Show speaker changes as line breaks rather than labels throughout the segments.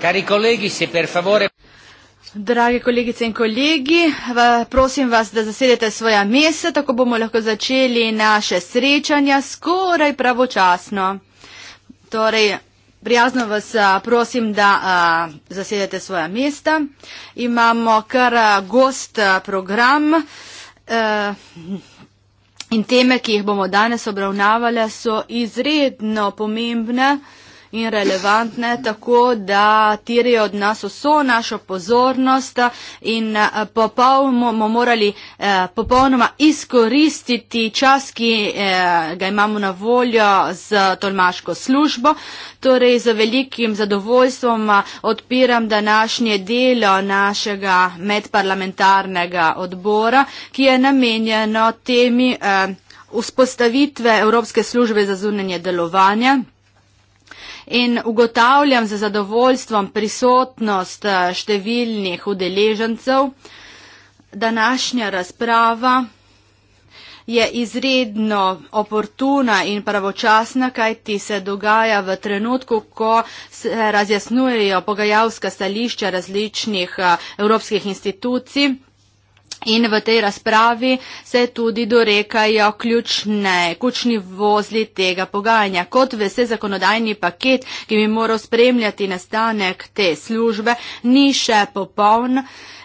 Cari colleghi, se per favore.
Drage kolegice in kolegi, prosim vas, da zasedete svoja mesta, tako bomo lahko začeli naše srečanja skoraj pravočasno. Torej, prijazno vas prosim, da zasedete svoja mesta. Imamo kar gost program in teme, ki jih bomo danes obravnavali, so izredno pomembne in relevantne, tako da tirejo od nas vso našo pozornost eh, in eh, bomo morali eh, popolnoma izkoristiti čas, ki ga imamo na voljo z tolmaško službo. Torej, z velikim zadovoljstvom odpiram današnje delo našega medparlamentarnega odbora, ki je namenjeno temi vzpostavitve Evropske službe za zunanje delovanje in ugotavljam z zadovoljstvom prisotnost eh, številnih udeležencev. Današnja razprava je izredno oportuna in pravočasna, kaj ti se dogaja v trenutku, ko se razjasnujejo pogajalska stališča različnih eh, evropskih institucij. In v tej razpravi se tudi dorekajo ključne, ključni vozli tega pogajanja. Kot vse zakonodajni paket, ki bi moral spremljati nastanek te službe, ni še popoln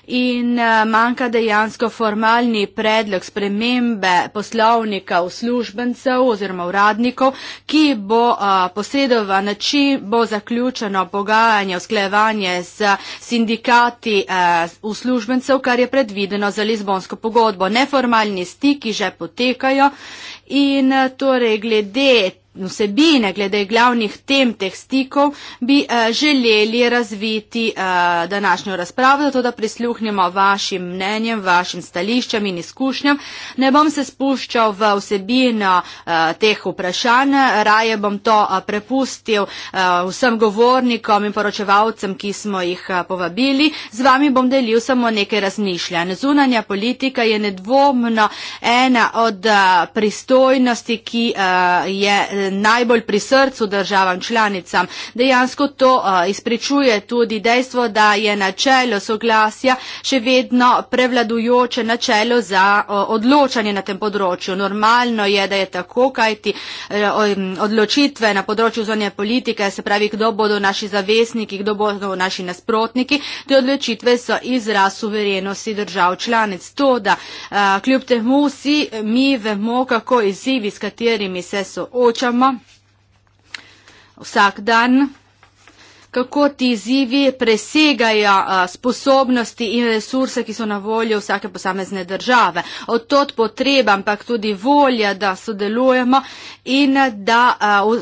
in eh, manjka dejansko formalni predlog spremembe poslovnika uslužbencev oziroma uradnikov, ki bo eh, posredovan, če bo zaključeno pogajanje, usklejevanje s sindikati eh, uslužbencev, kar je predvideno za Lizbonsko pogodbo. Neformalni stiki že potekajo in torej glede vsebine, glede glavnih tem teh stikov, bi uh, želeli razviti uh, današnjo razpravo, zato da prisluhnemo vašim mnenjem, vašim stališčem in izkušnjam. Ne bom se spuščal v vsebino uh, teh vprašanj, raje bom to uh, prepustil uh, vsem govornikom in poročevalcem, ki smo jih uh, povabili. Z vami bom delil samo nekaj razmišljanj. Zunanja politika je nedvomno ena od uh, pristojnosti, ki uh, je najbolj pri srcu državam članicam. Dejansko to izprečuje tudi dejstvo, da je načelo soglasja še vedno prevladujoče načelo za odločanje na tem področju. Normalno je, da je tako, kajti e, odločitve na področju zvonje politike, se pravi, kdo bodo naši zavesniki, kdo bodo naši nasprotniki, te odločitve so izraz suverenosti držav članic. To, da kljub temu vsi mi vemo, kako izzivi, s katerimi se soočamo, Vsak dan kako ti izzivi presegajo sposobnosti in resurse, ki so na voljo vsake posamezne države. Od tot potreba, ampak tudi volja, da sodelujemo in da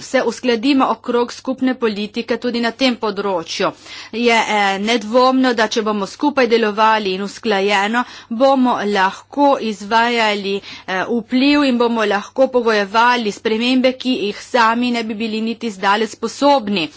se uskladimo okrog skupne politike tudi na tem področju. Je e, nedvomno, da če bomo skupaj delovali in usklajeno, bomo lahko izvajali e, vpliv in bomo lahko pogojevali spremembe, ki jih sami ne bi bili niti zdale sposobni.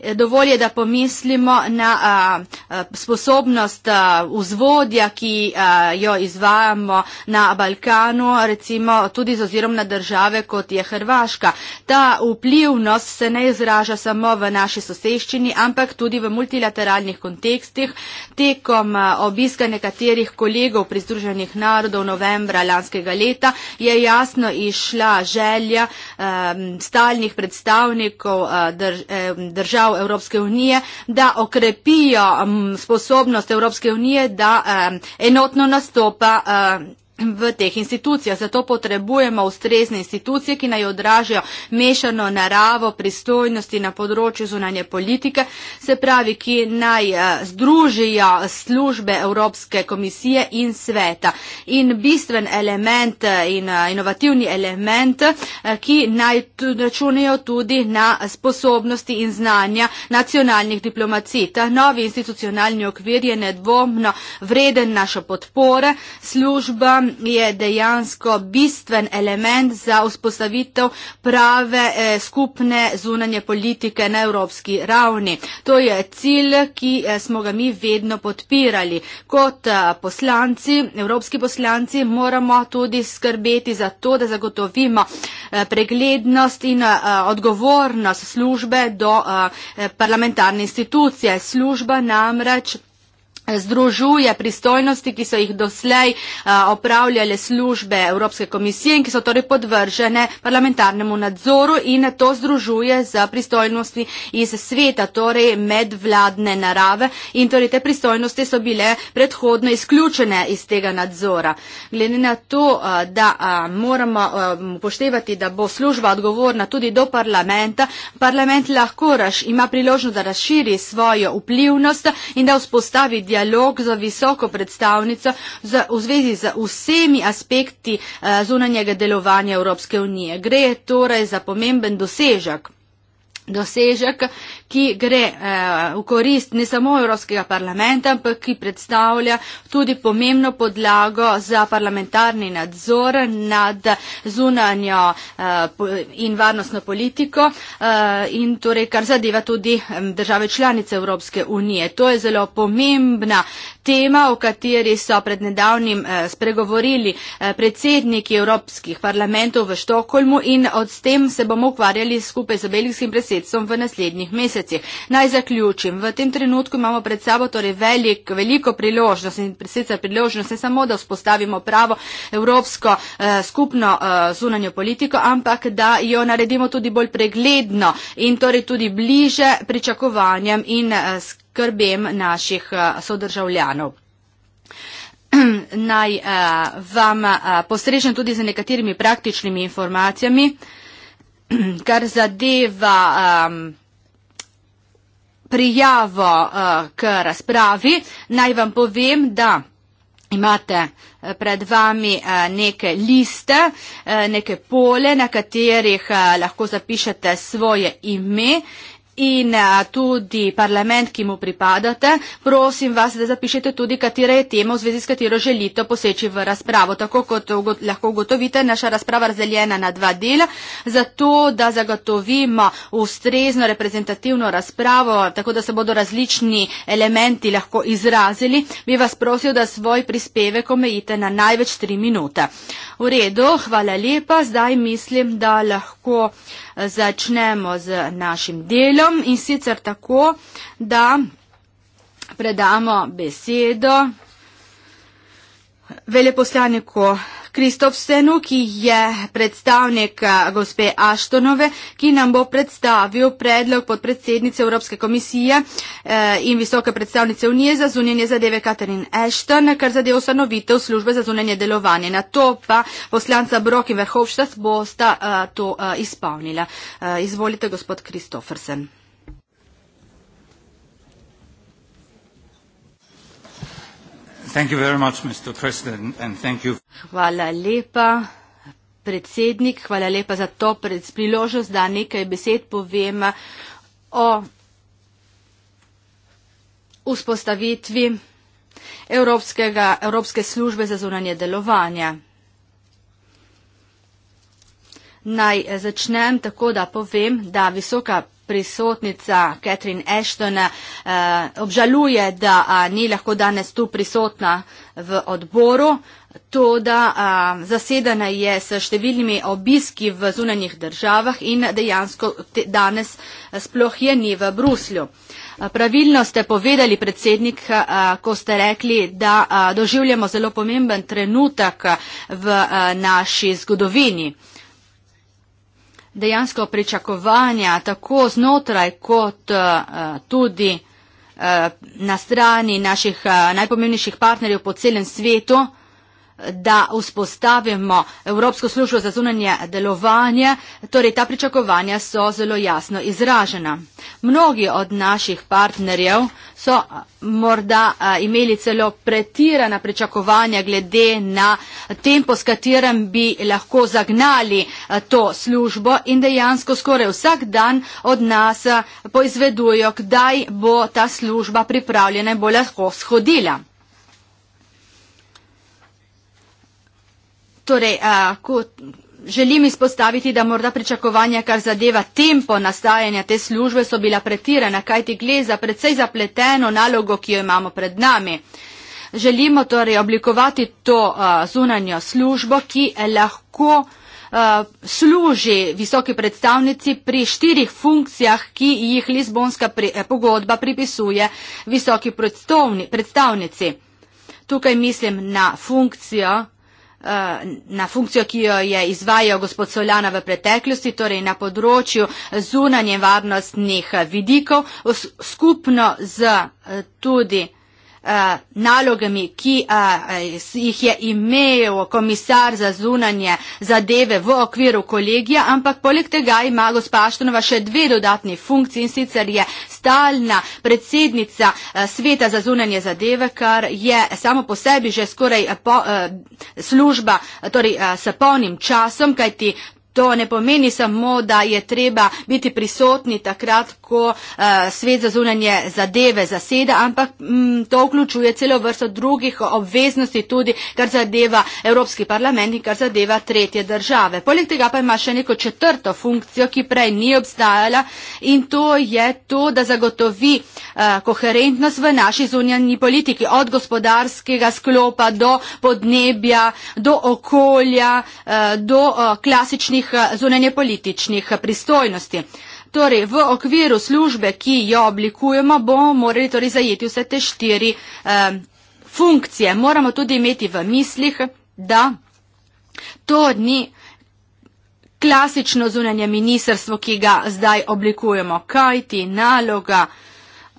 Eh, dovolj je, da pomislimo na a, a, sposobnost a, vzvodja, ki a, jo izvajamo na Balkanu, recimo tudi z ozirom na države, kot je Hrvaška. Ta vplivnost se ne izraža samo v naši soseščini, ampak tudi v multilateralnih kontekstih. Tekom a, obiska nekaterih kolegov pri Združenih narodov novembra lanskega leta je jasno išla želja a, stalnih predstavnikov a, drž, a, držav držav Evropske unije, da okrepijo mm, sposobnost Evropske unije, da enotno nastopa v teh institucijah. Zato potrebujemo ustrezne institucije, ki naj odražajo mešano naravo pristojnosti na področju zunanje politike, se pravi, ki naj eh, združijo službe Evropske komisije in sveta. In bistven element eh, in eh, inovativni element, ki naj računijo tudi na sposobnosti in znanja nacionalnih diplomacij. Ta novi institucionalni okvir je nedvomno vreden naše podpore službam je dejansko bistven element za vzpostavitev prave eh, skupne zunanje politike na evropski ravni. To je cilj, ki eh, smo ga mi vedno podpirali. Kot eh, poslanci, evropski poslanci, moramo tudi skrbeti za to, da zagotovimo preglednost in odgovornost službe do parlamentarne institucije. Služba namreč združuje pristojnosti, ki so jih doslej opravljale službe Evropske komisije in ki so torej podvržene parlamentarnemu nadzoru in to združuje z pristojnosti iz sveta, torej medvladne narave in torej te pristojnosti so bile predhodno izključene iz tega nadzora. Glede na to, da moramo poštevati, da bo služba odgovorna tudi do parlamenta, parlament lahko raš, ima priložnost, da razširi svojo vplivnost in da vzpostavi dialog dialog z visoko predstavnico v zvezi z vsemi aspekti eh, zunanjega delovanja Evropske unije. Gre torej za pomemben dosežek dosežek, ki gre eh, v korist ne samo Evropskega parlamenta, ampak ki predstavlja tudi pomembno podlago za parlamentarni nadzor nad zunanjo eh, in varnostno politiko eh, in torej kar zadeva tudi države članice Evropske unije. To je zelo pomembna tema, o kateri so pred nedavnim eh, spregovorili eh, predsedniki evropskih parlamentov v Štokolmu in od s tem se bomo ukvarjali skupaj z belgijskim predsedstvom v naslednjih mesecih. Naj zaključim. V tem trenutku imamo pred sabo torej velik, veliko priložnost in predsedstva priložnost ne samo, da vzpostavimo pravo evropsko eh, skupno zunanjo politiko, ampak da jo naredimo tudi bolj pregledno in torej tudi bliže pričakovanjem in skrbi skrbem naših eh, sodržavljanov. Naj eh, vam eh, postrežem tudi z nekaterimi praktičnimi informacijami, kar zadeva prijavo k razpravi. Naj vam povem, da imate pred vami neke liste, neke pole, na katerih lahko zapišete svoje ime in tudi parlament, ki mu pripadate, prosim vas, da zapišete tudi, katera je tema, v zvezi s katero želite poseči v razpravo. Tako kot lahko ugotovite, naša razprava razdeljena na dva dela, zato da zagotovimo ustrezno reprezentativno razpravo, tako da se bodo različni elementi lahko izrazili, bi vas prosil, da svoj prispevek omejite na največ tri minute. V redu, hvala lepa, zdaj mislim, da lahko začnemo z našim delom in sicer tako, da predamo besedo veleposlaniku Kristofsenu, ki je predstavnik eh, gospe Aštonove, ki nam bo predstavil predlog podpredsednice Evropske komisije eh, in visoke predstavnice Unije za zunanje zadeve Katarin Ešton, kar zadeva ustanovitev službe za zunanje delovanje. Na to pa poslanca Brok in Verhofštas bosta eh, to izpolnila. Izvolite, gospod Kristofersen. Hvala lepa, predsednik. Hvala lepa za to priložnost, da nekaj besed povem o vzpostavitvi Evropske službe za zunanje delovanje. Naj eh, začnem tako, da povem, da visoka prisotnica Catherine Ashton eh, obžaluje, da eh, ni lahko danes tu prisotna v odboru. To, da a, eh, zasedana je s številnimi obiski v zunanjih državah in dejansko te, danes sploh je ni v Bruslju. A, pravilno ste povedali, predsednik, a, ko ste rekli, da a, doživljamo zelo pomemben trenutek v a, naši zgodovini. A, dejansko pričakovanja tako znotraj kot eh, tudi eh, na strani naših eh, najpomembnejših partnerjev po celem svetu da vzpostavimo Evropsko službo za zunanje delovanje, torej ta pričakovanja so zelo jasno izražena. Mnogi od naših partnerjev so morda imeli celo pretirana pričakovanja glede na tempo, s katerem bi lahko zagnali to službo in dejansko skoraj vsak dan od nas poizvedujo, kdaj bo ta služba pripravljena in bo lahko shodila. Torej, a, kot želim izpostaviti, da morda pričakovanja, kar zadeva tempo nastajanja te službe, so bila pretirana, kaj ti gre za predvsej zapleteno nalogo, ki jo imamo pred nami. Želimo torej oblikovati to a, zunanjo službo, ki lahko a, služi visoki predstavnici pri štirih funkcijah, ki jih Lizbonska pri, a, e, pogodba pripisuje visoki predstavnici. Tukaj mislim na funkcijo na funkcijo, ki jo je izvajal gospod Soljana v preteklosti, torej na področju zunanje varnostnih vidikov, skupno z eh, tudi Eh, nalogami, ki a, eh, jih je imel komisar za zunanje zadeve v okviru kolegija, ampak poleg tega ima gospaštonova še dve dodatni funkciji in sicer je stalna predsednica a, eh, sveta za zunanje zadeve, kar je samo po sebi že skoraj a, po, a, služba, a, torej a, s polnim časom, kajti To ne pomeni samo, da je treba biti prisotni takrat, ko eh, svet za zunanje zadeve zaseda, ampak mm, to vključuje celo vrsto drugih obveznosti, tudi kar zadeva Evropski parlament in kar zadeva tretje države. Poleg tega pa ima še neko četrto funkcijo, ki prej ni obstajala in to je to, da zagotovi eh, koherentnost v naši zunanji politiki od gospodarskega sklopa do podnebja, do okolja, eh, do klasičnih svojih eh, zunanjepolitičnih eh, pristojnosti. Torej, v okviru službe, ki jo oblikujemo, bomo morali torej zajeti vse te štiri eh, funkcije. Moramo tudi imeti v mislih, da to ni klasično zunanje ministrstvo, ki ga zdaj oblikujemo. Kaj ti naloga,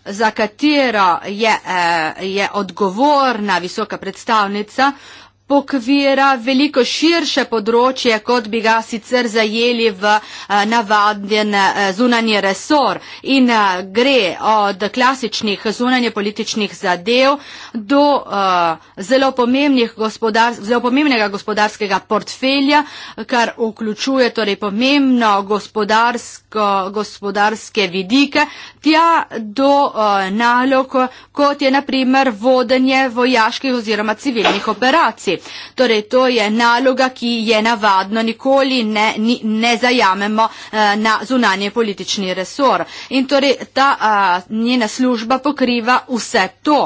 za katero je, eh, je odgovorna visoka predstavnica, eh, pokvira veliko širše področje, kot bi ga sicer zajeli v eh, navaden eh, zunanji resor in eh, gre od klasičnih zunanje političnih zadev do zelo, gospodar, zelo pomembnega gospodarskega portfelja, kar vključuje torej pomembno gospodarsko, gospodarske vidike, tja do nalog, kot je naprimer vodenje vojaških oziroma civilnih operacij. Torej, to je naloga, ki je navadno nikoli ne, ni, ne zajamemo eh, na zunanje politični resor. In torej, ta eh, njena služba pokriva vse to.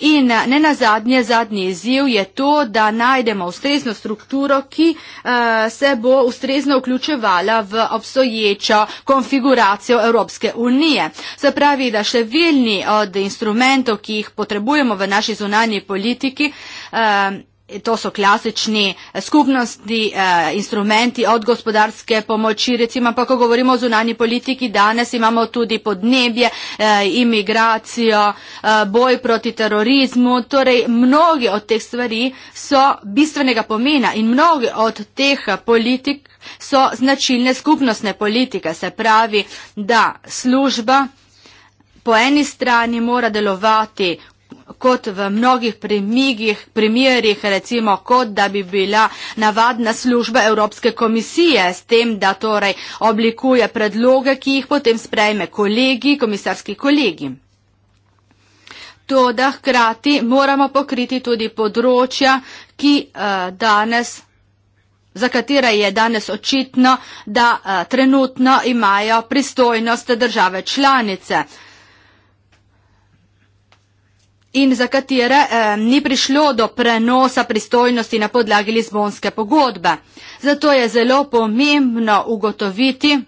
In eh, ne na zadnje, zadnji izziv je to, da najdemo ustrezno strukturo, ki eh, se bo ustrezno vključevala v obstoječo konfiguracijo Evropske unije. Se pravi, da številni od instrumentov, ki jih potrebujemo v naši zunanji politiki, eh, To so klasični eh, skupnosti, eh, instrumenti od gospodarske pomoči, recimo pa, ko govorimo o zunani politiki, danes imamo tudi podnebje, eh, imigracijo, eh, boj proti terorizmu. Torej, mnogi od teh stvari so bistvenega pomena in mnogi od teh politik so značilne skupnostne politike. Se pravi, da služba. Po eni strani mora delovati kot v mnogih primigih, primerih, recimo kot da bi bila navadna služba Evropske komisije s tem, da torej oblikuje predloge, ki jih potem sprejme kolegi, komisarski kolegi. To, da hkrati moramo pokriti tudi področja, ki uh, danes za katera je danes očitno, da a, eh, trenutno imajo pristojnost države članice in za katere eh, ni prišlo do prenosa pristojnosti na podlagi Lizbonske pogodbe. Zato je zelo pomembno ugotoviti,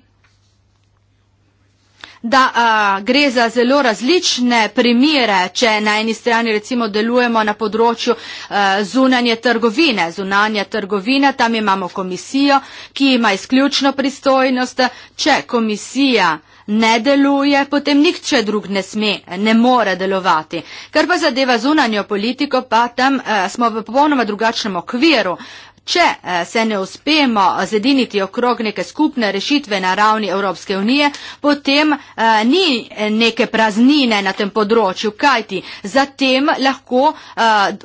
da a, gre za zelo različne primere, če na eni strani recimo delujemo na področju a, e, zunanje trgovine. Zunanje trgovine, tam imamo komisijo, ki ima izključno pristojnost, če komisija a, ne deluje, potem nihče drug ne sme, ne more delovati. Kar pa zadeva zunanjo politiko, pa tam eh, smo v popolnoma drugačnem okviru. Če eh, se ne uspemo zediniti okrog neke skupne rešitve na ravni Evropske unije, potem eh, ni eh, neke praznine na tem področju, kajti zatem lahko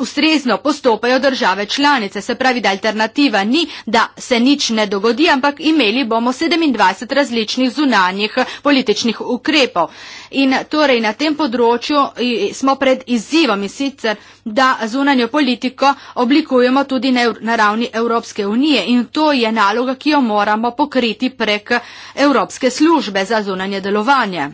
ustrezno postopajo države članice. Se pravi, da alternativa ni, da se nič ne dogodi, ampak imeli bomo 27 različnih zunanjih političnih ukrepov. In torej na tem področju smo pred izzivom in sicer, da zunanjo politiko oblikujemo tudi na ravni Evropske unije in to je naloga, ki jo moramo pokriti prek Evropske službe za zunanje delovanje.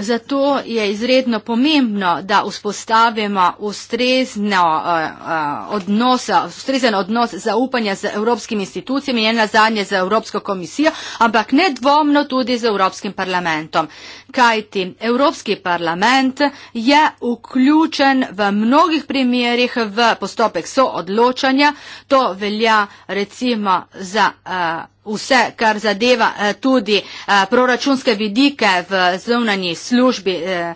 Zato je izredno pomembno, da vzpostavimo ustrezno, uh, uh, odnos, ustrezen odnos zaupanja z evropskimi institucijami in ena zadnje z Evropsko komisijo, ampak nedvomno tudi z Evropskim parlamentom. Kajti Evropski parlament je vključen v mnogih primerjih v postopek soodločanja, to velja recimo za. Uh, vse, kar zadeva eh, tudi eh, proračunske vidike v zunanji službi, eh,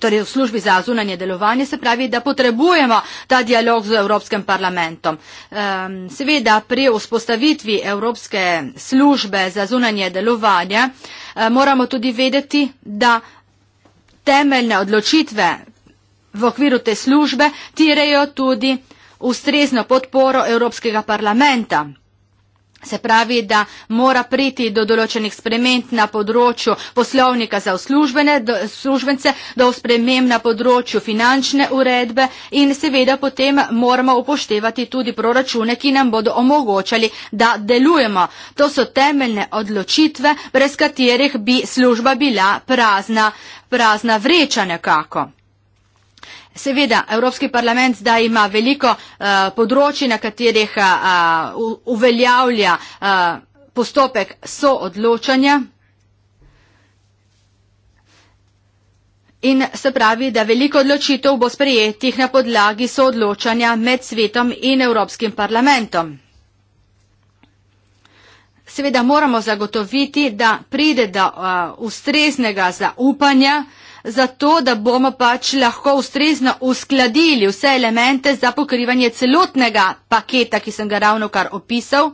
torej v službi za zunanje delovanje, se pravi, da potrebujemo ta dialog z Evropskim parlamentom. Ehm, seveda pri vzpostavitvi Evropske službe za zunanje delovanje moramo tudi vedeti, da temeljne odločitve v okviru te službe tirejo tudi ustrezno podporo Evropskega parlamenta. Se pravi, da mora priti do določenih sprememb na področju poslovnika za uslužbene, do, službence, do sprememb na področju finančne uredbe in seveda potem moramo upoštevati tudi proračune, ki nam bodo omogočali, da delujemo. To so temeljne odločitve, brez katerih bi služba bila prazna, prazna vreča nekako. Seveda, Evropski parlament zdaj ima veliko uh, eh, področji, na katerih uh, uveljavlja uh, postopek soodločanja. In se pravi, da veliko odločitev bo sprejetih na podlagi soodločanja med svetom in Evropskim parlamentom. Seveda moramo zagotoviti, da pride do uh, ustreznega zaupanja uh, zato, da bomo pač lahko ustrezno uskladili vse elemente za pokrivanje celotnega paketa, ki sem ga ravno kar opisal,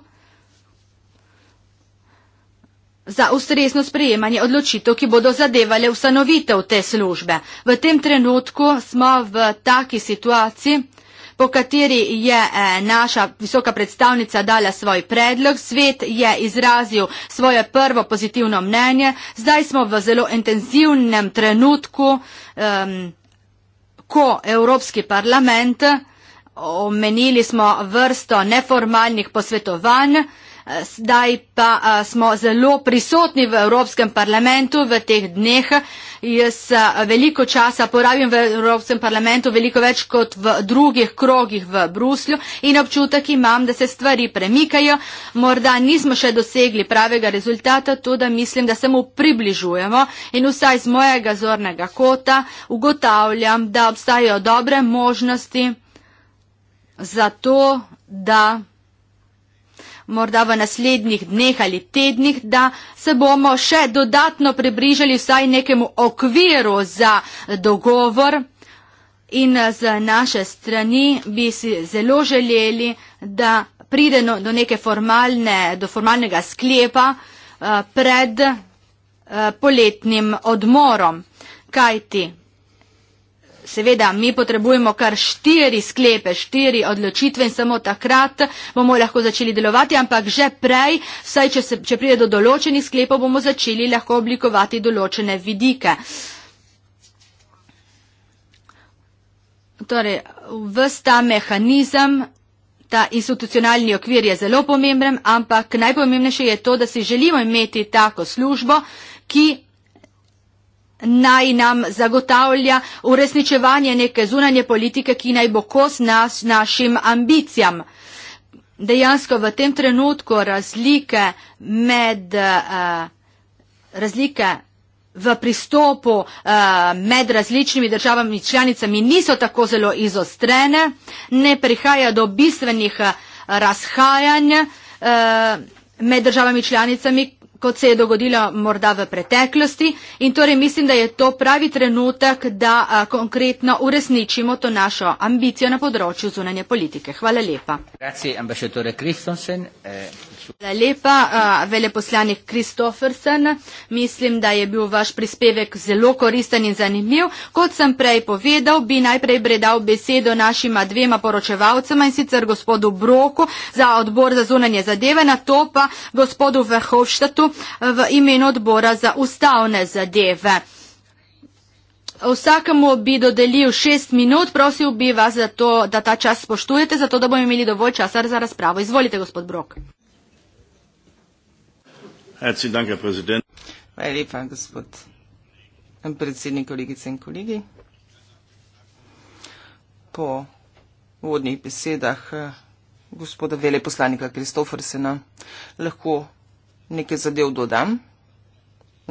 za ustrezno sprejemanje odločitev, ki bodo zadevale ustanovitev te službe. V tem trenutku smo v taki situaciji, po kateri je eh, naša visoka predstavnica dala svoj predlog, svet je izrazil svoje prvo pozitivno mnenje, zdaj smo v zelo intenzivnem trenutku, ko Evropski parlament omenili smo vrsto neformalnih posvetovanj, zdaj pa smo zelo prisotni v Evropskem parlamentu v teh dneh. Jaz veliko časa porabim v Evropskem parlamentu, veliko več kot v drugih krogih v Bruslju in občutek imam, da se stvari premikajo. Morda nismo še dosegli pravega rezultata, to da mislim, da se mu približujemo in vsaj z mojega zornega kota ugotavljam, da obstajajo dobre možnosti za to, da morda v naslednjih dneh ali tednih, da se bomo še dodatno približali vsaj nekemu okviru za dogovor. In eh, z naše strani bi si zelo želeli, da pride no, do neke formalne, do formalnega sklepa eh, pred eh, poletnim odmorom. Kajti Seveda, mi potrebujemo kar štiri sklepe, štiri odločitve in samo takrat bomo lahko začeli delovati, ampak že prej, saj če, se, če pride do določenih sklepov, bomo začeli lahko oblikovati določene vidike. Torej, vsta mehanizem, ta institucionalni okvir je zelo pomemben, ampak najpomembnejše je to, da si želimo imeti tako službo, ki naj nam zagotavlja uresničevanje neke zunanje politike, ki naj bo kos nas našim ambicijam. Dejansko v tem trenutku razlike med uh, razlike v pristopu uh, med različnimi državami članicami niso tako zelo izostrene, ne prihaja do bistvenih eh, razhajanj uh, med državami članicami, kot se je dogodilo morda v preteklosti in torej mislim, da je to pravi trenutek, da a, konkretno uresničimo to našo ambicijo na področju zunanje politike. Hvala lepa. Grazie, Hvala lepa, veleposlanik Kristofersen. Mislim, da je bil vaš prispevek zelo koristen in zanimiv. Kot sem prej povedal, bi najprej predal besedo našima dvema poročevalcema in sicer gospodu Broku za odbor za zunanje zadeve, na to pa gospodu Vehovštatu v imenu odbora za ustavne zadeve. Vsakemu bi dodelil šest minut, prosil bi vas, to, da ta čas spoštujete, zato da bomo imeli dovolj časa za razpravo. Izvolite, gospod Brok.
Hvala lepa, gospod predsednik, kolegice in kolegi. Po vodnih besedah eh, gospoda veleposlanika Kristofersena lahko nekaj zadev dodam.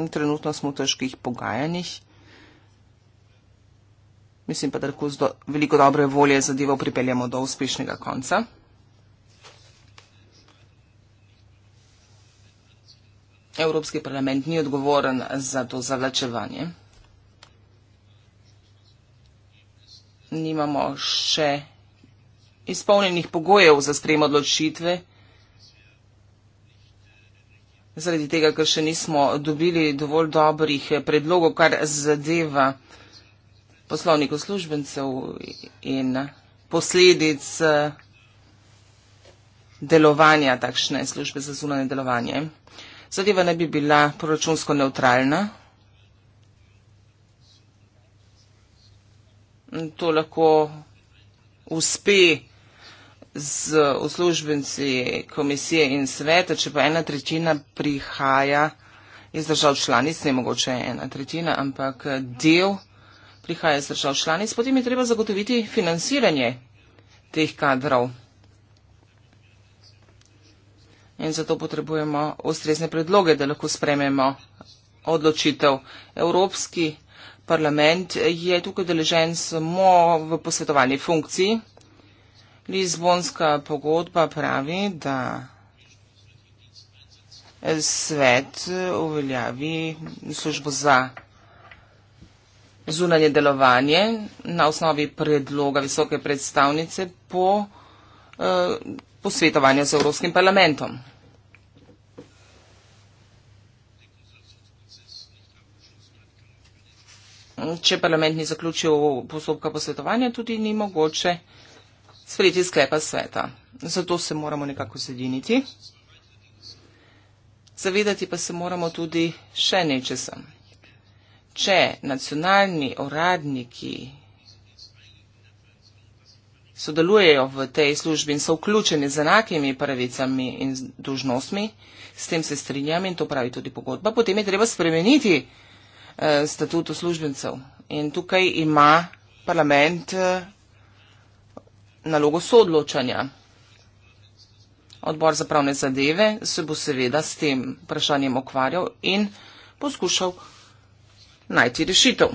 Trenutno smo v težkih pogajanjih. Mislim pa, da lahko z do, veliko dobre volje zadevo pripeljamo do uspešnega konca. Evropski parlament ni odgovoren za to zavlačevanje. Nimamo še izpolnjenih pogojev za sprejem odločitve, zaradi tega, ker še nismo dobili dovolj dobrih predlogov, kar zadeva poslovnik uslužbencev in posledic eh, delovanja takšne službe za zunanje delovanje. Zadeva ne bi bila proračunsko neutralna. To lahko uspe z uslužbenci komisije in sveta, če pa ena tretjina prihaja iz držav članic, ne mogoče ena tretjina, ampak del prihaja iz držav članic, potem je treba zagotoviti financiranje teh kadrov in zato potrebujemo ustrezne predloge, da lahko sprememo odločitev. Evropski parlament je tukaj deležen samo v posvetovalni funkciji. Lizbonska pogodba pravi, da svet uveljavi službo za zunanje delovanje na osnovi predloga visoke predstavnice po eh, posvetovanju z Evropskim parlamentom. če parlament ni zaključil postopka posvetovanja, tudi ni mogoče sprejeti sklepa sveta. Zato se moramo nekako sediniti. Zavedati pa se moramo tudi še nečesa. Če nacionalni uradniki sodelujejo v tej službi in so vključeni z enakimi pravicami in dužnostmi, s tem se strinjam in to pravi tudi pogodba, potem je treba spremeniti Eh, statut uslužbencev. In tukaj ima parlament eh, nalogo soodločanja. Odbor za pravne zadeve se bo seveda s tem vprašanjem okvarjal in poskušal najti rešitev.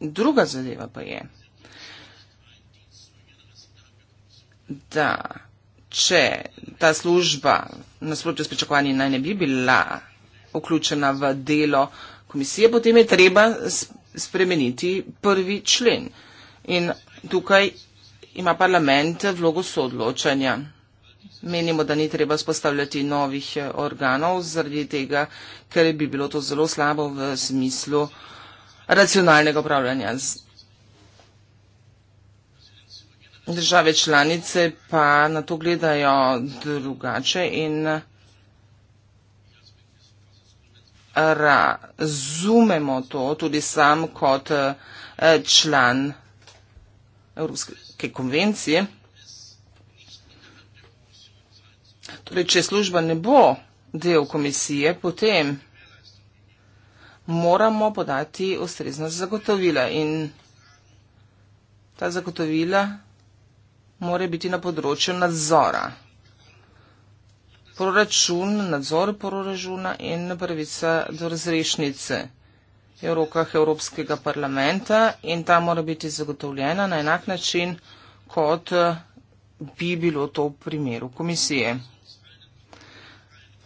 Druga zadeva pa je, da če ta služba nasprotno s pričakovanji naj ne bi bila vključena v delo komisije, potem je treba spremeniti prvi člen. In tukaj ima parlament vlogo soodločanja. Menimo, da ni treba spostavljati novih eh, organov zaradi tega, ker bi bilo to zelo slabo v smislu racionalnega upravljanja. Države članice pa na to gledajo drugače in razumemo to tudi sam kot eh, član Evropske konvencije. Torej, če služba ne bo del komisije, potem moramo podati ustrezna zagotovila in ta zagotovila mora biti na področju nadzora proračun, nadzor proračuna in pravica do razrešnice je v rokah Evropskega parlamenta in ta mora biti zagotovljena na enak način, kot eh, bi bilo to v primeru komisije.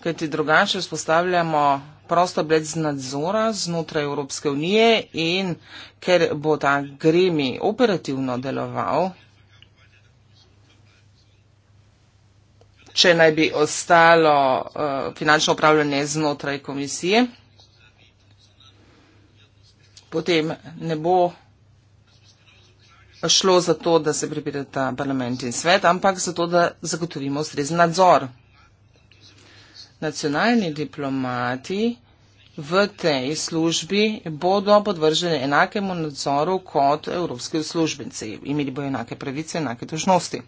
Kajti drugače spostavljamo prosto brez nadzora znotraj Evropske unije in ker bo ta gremi operativno deloval, če naj bi ostalo uh, finančno upravljanje znotraj komisije, potem ne bo šlo za to, da se pripirata parlament in svet, ampak za to, da zagotovimo ustrezen nadzor. Nacionalni diplomati v tej službi bodo podvrženi enakemu nadzoru kot evropski uslužbenci. Imeli bodo enake pravice, enake dožnosti.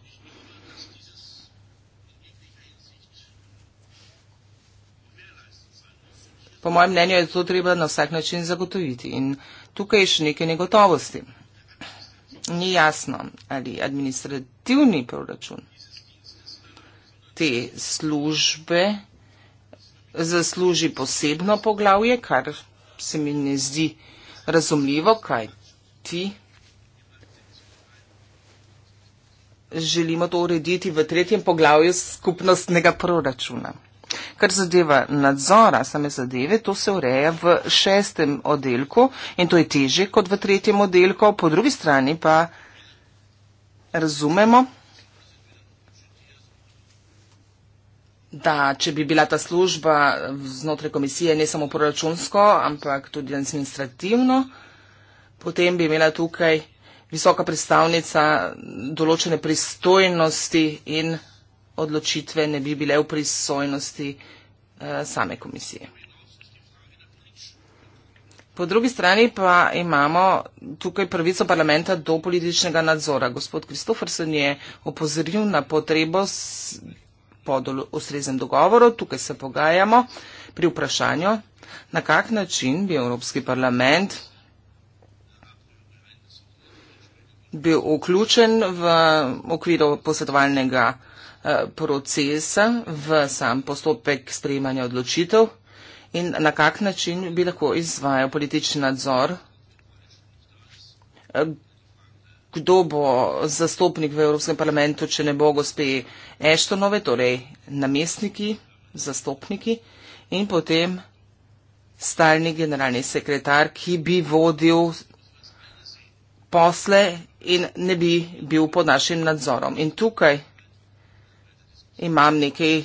Po mojem mnenju je to treba na vsak način zagotoviti in tukaj je še nekaj negotovosti. Ni jasno, ali administrativni proračun te službe zasluži posebno poglavje, kar se mi ne zdi razumljivo, kaj ti želimo to urediti v tretjem poglavju skupnostnega proračuna. Kar zadeva nadzora same zadeve, to se ureja v šestem oddelku in to je teže kot v tretjem oddelku, po drugi strani pa razumemo, da če bi bila ta služba znotraj komisije ne samo proračunsko, ampak tudi administrativno, potem bi imela tukaj visoka predstavnica določene pristojnosti in odločitve ne bi bile v pristojnosti eh, same komisije. Po drugi strani pa imamo tukaj pravico parlamenta do političnega nadzora. Gospod Kristofersen je opozoril na potrebo po ustreznem dogovoru, tukaj se pogajamo pri vprašanju, na kak način bi Evropski parlament bil vključen v okviru posvetovalnega Eh, procesa v sam postopek sprejemanja odločitev in na kak način bi lahko izvajal politični nadzor, eh, kdo bo zastopnik v Evropskem parlamentu, če ne bo gospe Eštonove, torej namestniki, zastopniki in potem stalni generalni sekretar, ki bi vodil posle in ne bi bil pod našim nadzorom. In tukaj imam nekaj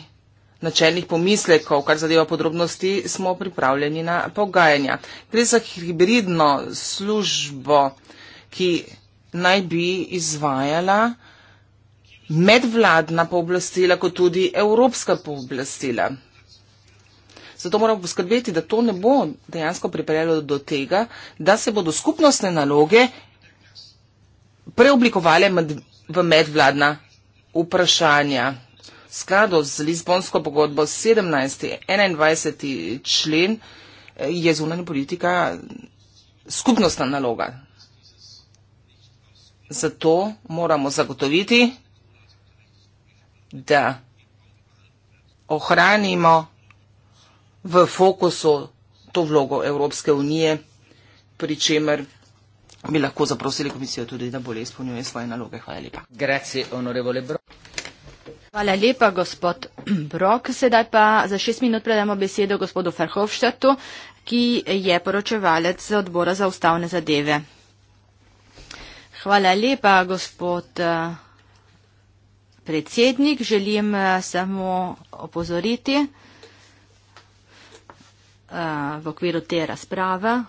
načelnih pomislekov, kar zadeva podrobnosti, smo pripravljeni na pogajanja. Gre za hibridno službo, ki naj bi izvajala medvladna pooblastila, kot tudi evropska pooblastila. Zato moramo poskrbeti, da to ne bo dejansko pripeljalo do tega, da se bodo skupnostne naloge preoblikovale med, v medvladna vprašanja skladu z Lizbonsko pogodbo 17. 21. člen eh, je zunanja politika skupnostna naloga. Zato moramo zagotoviti, da ohranimo v fokusu to vlogo Evropske unije, pri čemer bi lahko zaprosili komisijo tudi, da bolje izpolnjuje svoje naloge. Hvala lepa. Grazie,
Hvala lepa, gospod Brok. Sedaj pa za šest minut predamo besedo gospodu Ferhovštatu, ki je poročevalec odbora za ustavne zadeve. Hvala lepa, gospod eh, predsednik. Želim eh, samo opozoriti eh, v okviru te razprave.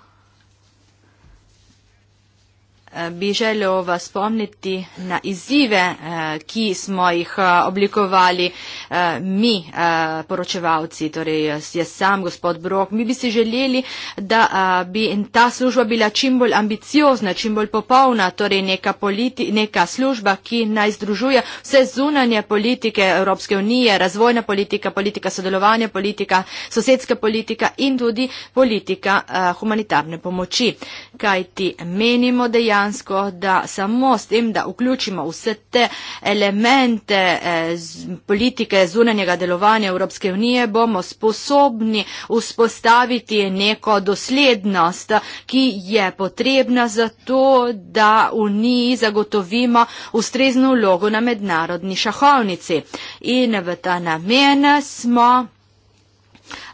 Eh, bi želel vas spomniti na izzive, eh, ki smo jih eh, oblikovali mi, poročevalci, torej jaz sam, gospod Brok. Mi bi si želeli, da bi ta služba bila čim bolj ambiciozna, čim bolj popolna, torej neka, politi, neka služba, ki naj združuje vse zunanje politike Evropske unije, razvojna politika, politika sodelovanja, politika sosedska politika in tudi politika humanitarne pomoči. Kaj ti menimo, da je dejansko, da samo s tem, da vključimo vse te elemente eh, z, politike zunanjega delovanja Evropske unije, bomo sposobni vzpostaviti neko doslednost, ki je potrebna za to, da Uniji zagotovimo ustrezno vlogo na mednarodni šahovnici. In v ta namen smo.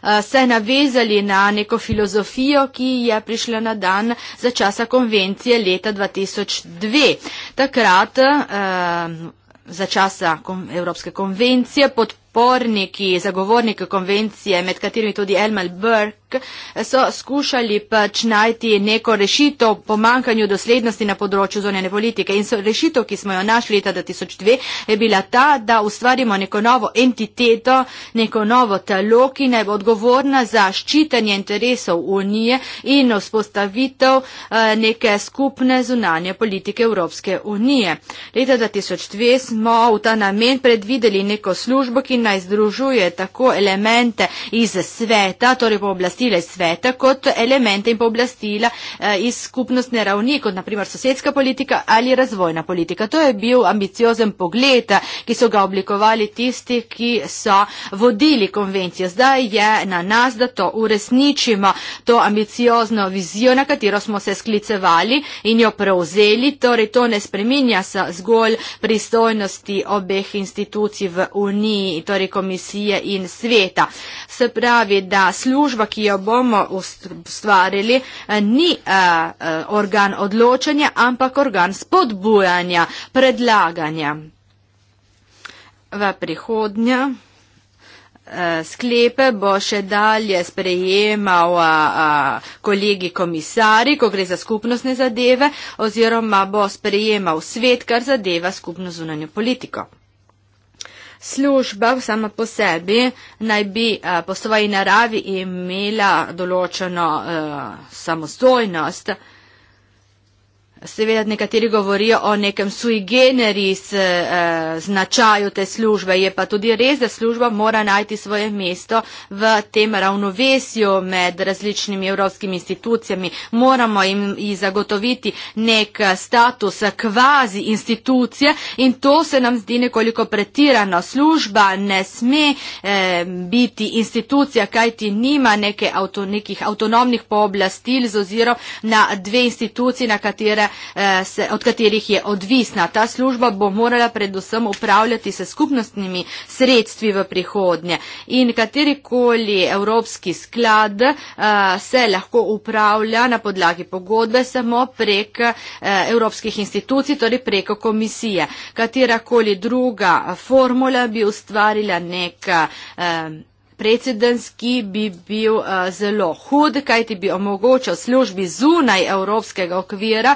Eh, se navezali na neko filozofijo, ki je prišla na dan za časa konvencije leta 2002. Takrat eh, za časa Evropske konvencije podporniki, zagovorniki konvencije, med katerimi tudi Elmar Burke, so skušali pač najti neko rešitev pomankanju doslednosti na področju zonjene politike. In so, rešitev, ki smo jo našli leta 2002, je bila ta, da ustvarimo neko novo entiteto, neko novo telo, ki naj bo odgovorna za ščitanje interesov Unije in vzpostavitev eh, neke skupne zunanje politike Evropske unije. Leta 2002 smo v ta namen predvideli neko službo, ki naj združuje tako elemente iz sveta, torej po oblasti pooblastile sveta kot elemente in pooblastila eh, iz skupnostne ravni, kot naprimer sosedska politika ali razvojna politika. To je bil ambiciozen pogled, eh, ki so ga oblikovali tisti, ki so vodili konvencijo. Zdaj je na nas, da to uresničimo, to ambiciozno vizijo, na katero smo se sklicevali in jo prevzeli. Torej, to ne spreminja zgolj pristojnosti obeh institucij v Uniji, torej komisije in sveta. Se pravi, da služba, ki jo bomo ustvarili, eh, ni eh, eh, organ odločanja, ampak organ spodbujanja, predlaganja. V prihodnje sklepe bo še dalje sprejemal kolegi komisari, ko gre za skupnostne zadeve, oziroma bo sprejemal svet, kar zadeva skupno zunanjo politiko. Služba sama po sebi naj bi eh, po svoji naravi imela določeno eh, samostojnost. Seveda nekateri govorijo o nekem sui generis eh, značaju te službe, je pa tudi res, da služba mora najti svoje mesto v tem ravnovesju med različnimi evropskimi institucijami. Moramo jim zagotoviti nek eh, status eh, kvazi institucije in to se nam zdi nekoliko pretirano. Služba ne sme eh, biti institucija, kajti nima neke avto, nekih avtonomnih pooblastil z oziro na dve instituciji, na katere Eh, se, od katerih je odvisna. Ta služba bo morala predvsem upravljati se skupnostnimi sredstvi v prihodnje. In katerikoli evropski sklad eh, se lahko upravlja na podlagi pogodbe samo prek eh, evropskih institucij, torej preko komisije. Katerakoli druga formula bi ustvarila neka precedenski bi bil eh, zelo hud, kajti bi omogočal službi zunaj evropskega okvira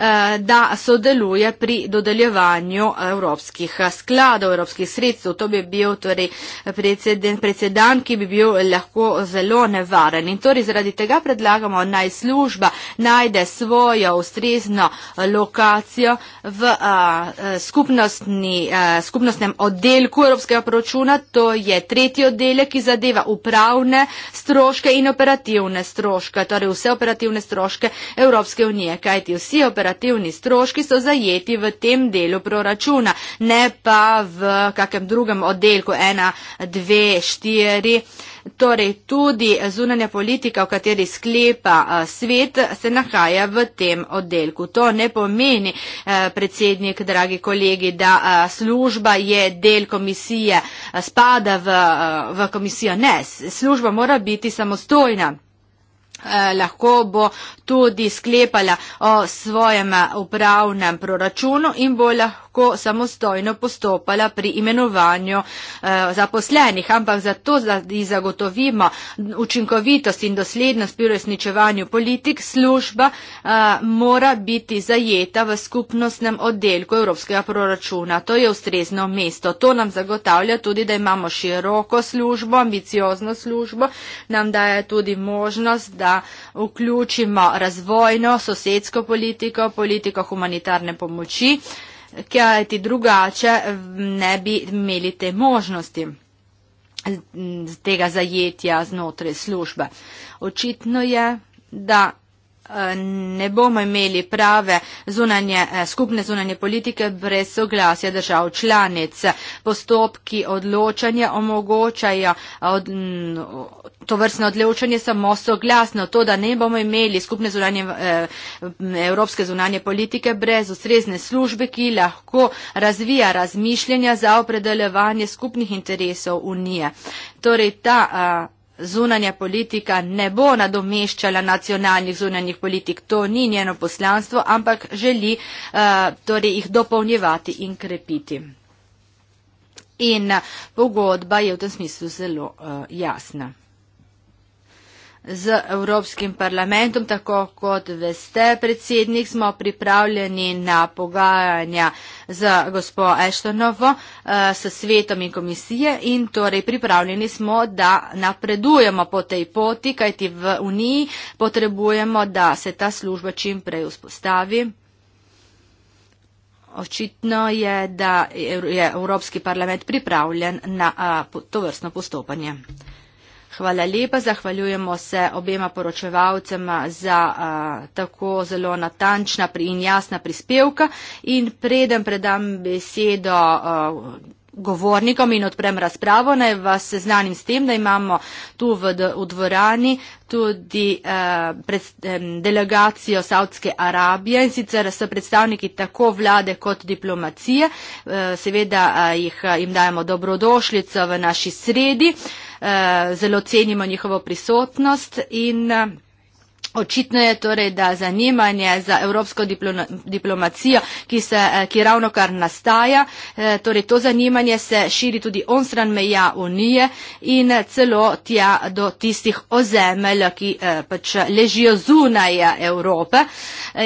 Eh, da sodeluje pri dodeljevanju evropskih skladov, evropskih sredstev. To bi bil torej preceden, precedan, ki bi bil lahko zelo nevaren. In torej zaradi tega predlagamo naj služba najde svojo ustrezno lokacijo v a, eh, a, eh, skupnostnem oddelku evropskega proračuna. To je tretji oddelek, ki zadeva upravne stroške in operativne stroške, torej vse operativne stroške Evropske unije. Kajti vsi operativne operativni stroški so zajeti v tem delu proračuna, ne pa v kakem drugem oddelku 1, 2, 4. Torej tudi zunanja politika, v kateri sklepa svet, se nahaja v tem oddelku. To ne pomeni, predsednik, dragi kolegi, da služba je del komisije, spada v, v komisijo. Ne, služba mora biti samostojna. Eh, lahko bo tudi sklepala o svojem eh, upravnem proračunu in bo lahko samostojno postopala pri imenovanju eh, zaposlenih. Ampak zato, da ji zagotovimo učinkovitost in doslednost pri uresničevanju politik, služba mora biti zajeta v skupnostnem oddelku Evropskega proračuna. To je ustrezno mesto. To nam zagotavlja tudi, da imamo široko službo, ambiciozno službo, nam daje tudi možnost, da da vključimo razvojno, sosedsko politiko, politiko humanitarne pomoči, ker ti drugače ne bi imeli te možnosti tega zajetja znotraj službe. Očitno je, da ne bomo imeli prave zunanje, eh, skupne zunanje politike brez soglasja držav članic. Postopki odločanja omogočajo eh, od, to vrstno odločanje samo soglasno, to da ne bomo imeli skupne zunanje, eh, evropske zunanje politike brez ustrezne službe, ki lahko razvija razmišljanja za opredeljevanje skupnih interesov Unije. Torej, ta, a, zunanja politika ne bo nadomeščala nacionalnih zunanjih politik. To ni njeno poslanstvo, ampak želi eh, torej jih dopolnjevati in krepiti. In eh, pogodba je v tem smislu zelo eh, jasna z Evropskim parlamentom, tako kot veste, predsednik, smo pripravljeni na pogajanja z gospo Eštonovo, eh, s svetom in komisije in torej pripravljeni smo, da napredujemo po tej poti, kajti v Uniji potrebujemo, da se ta služba čim prej vzpostavi. Očitno je, da je Evropski parlament pripravljen na eh, to vrstno postopanje. Hvala lepa, zahvaljujemo se obema poročevalcema za a, tako zelo natančna in jasna prispevka. In preden predam besedo a, govornikom in odprem razpravo. Naj vas seznanim s tem, da imamo tu v, v dvorani tudi eh, pred, eh, delegacijo Saudske Arabije in sicer so predstavniki tako vlade kot diplomacije. Eh, seveda eh, jih, eh, jim dajemo dobrodošljico v naši sredi, eh, zelo cenimo njihovo prisotnost in eh, Očitno je torej, da zanimanje za evropsko diplomacijo, ki, se, eh, ki ravno kar nastaja, eh, torej to zanimanje se širi tudi onstran meja Unije in eh, celo tja do tistih ozemelj, ki pač ležijo zunaj Evrope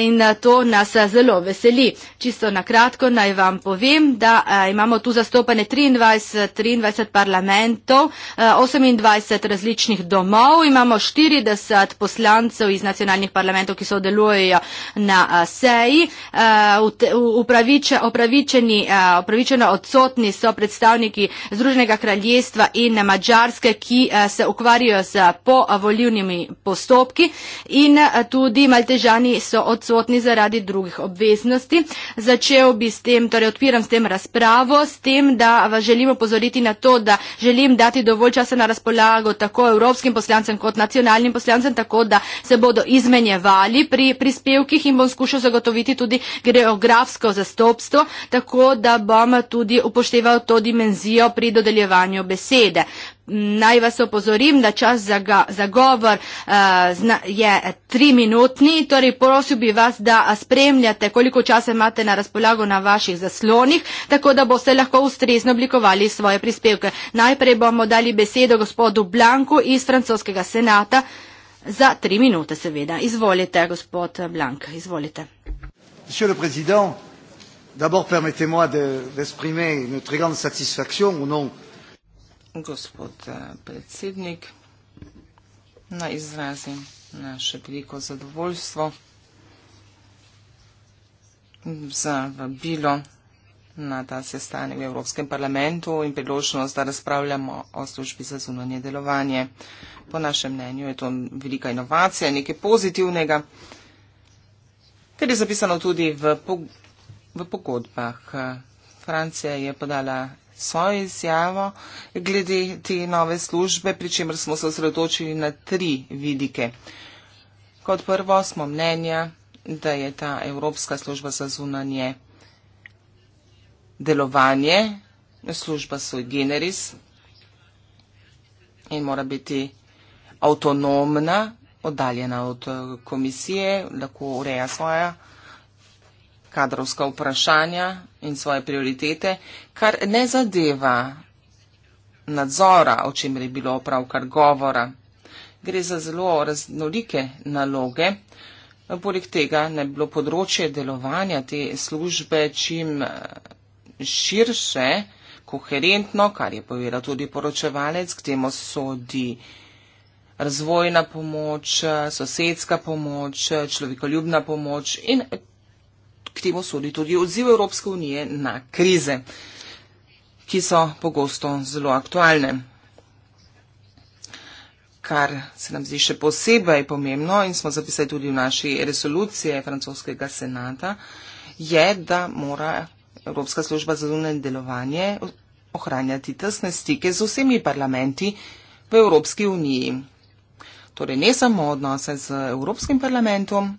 in to nas zelo veseli. Čisto nakratko naj vam povem, da imamo tu zastopane 23, 23 parlamentov, 28 različnih domov, imamo 40 poslancev iz nacionalnih parlamentov, ki sodelujejo na uh, seji. Uh, upravič, uh, upravičeno odsotni so predstavniki Združenega kraljestva in Mačarske, ki uh, se ukvarjajo z povoljivnimi postopki in uh, tudi maltežani so odsotni zaradi drugih obveznosti. Začel bi s tem, torej odpiram s tem razpravo, s tem, da vas želim opozoriti na to, da želim dati dovolj časa na razpolago tako evropskim poslancem kot nacionalnim poslancem, tako da se bodo izmenjevali pri prispevkih in bom skušal zagotoviti tudi geografsko zastopstvo, tako da bom tudi upošteval to dimenzijo pri dodeljevanju besede. Naj vas opozorim, da čas za, ga, za govor uh, je tri minutni, torej prosil bi vas, da spremljate, koliko časa imate na razpolago na vaših zaslonih, tako da boste lahko ustrezno oblikovali svoje prispevke. Najprej bomo dali besedo gospodu Blanku iz francoskega senata. Za tri minute, seveda. Izvolite, gospod Blank, izvolite.
Monsieur le Président,
d'abord permettez-moi d'exprimer de, une très grande satisfaction au nom. Gospod eh, predsednik, na izrazim naše veliko zadovoljstvo za vabilo na ta sestanek v Evropskem parlamentu in priložnost, da razpravljamo o službi za zunanje delovanje. Po našem mnenju je to velika inovacija, nekaj pozitivnega, ker je zapisano tudi v, po, v pogodbah. Francija je podala svojo izjavo glede te nove službe, pri čemer smo se osredotočili na tri vidike. Kot prvo smo mnenja, da je ta Evropska služba za zunanje delovanje, služba sui generis in mora biti avtonomna, oddaljena od eh, komisije, lahko ureja svoja kadrovska vprašanja in svoje prioritete, kar ne zadeva nadzora, o čem je bilo pravkar govora. Gre za zelo raznolike naloge. Poleg tega ne bi bilo področje delovanja te službe čim eh, širše, koherentno, kar je povedal tudi poročevalec, k temu sodi razvojna pomoč, eh, sosedska pomoč, eh, človekoljubna pomoč in k temu sodi tudi odziv Evropske unije na krize, ki so pogosto zelo aktualne. Kar se nam zdi še posebej pomembno in smo zapisali tudi v naši resoluciji francoskega senata, je, da mora Evropska služba za zunanje delovanje ohranjati tesne stike z vsemi parlamenti v Evropski uniji torej ne samo odnose z Evropskim parlamentom,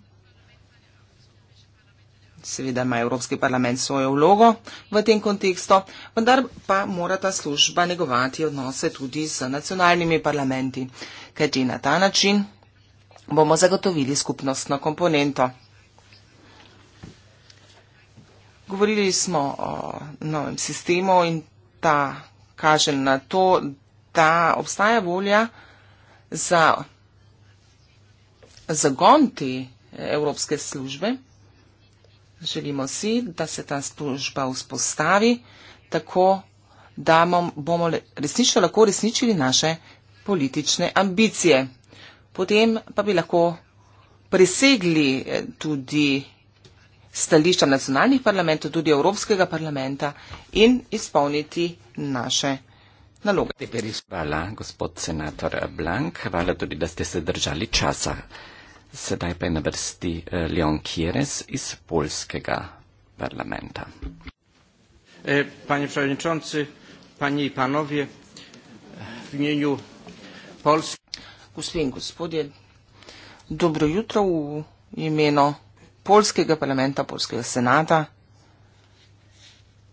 seveda ima Evropski parlament svojo vlogo v tem kontekstu, vendar pa mora ta služba negovati odnose tudi z nacionalnimi parlamenti, kajti na ta način bomo zagotovili skupnostno komponento. Govorili smo o novem sistemu in ta kaže na to, da obstaja volja za zagon te evropske službe. Želimo si, da se ta služba vzpostavi tako, da bomo resnično lahko resničili naše politične ambicije. Potem pa bi lahko presegli eh, tudi stališča nacionalnih parlamentov, tudi Evropskega parlamenta in izpolniti naše
naloge. Hvala, gospod senator Blank. Hvala tudi, da ste se držali časa. Sedaj pa je na vrsti eh, Leon Kieres iz polskega parlamenta. E, panie przewodniczący, panie i panowie,
w imieniu Polski. Gospodin, gospodje, dobro jutro v imenu polskega parlamenta, polskega senata.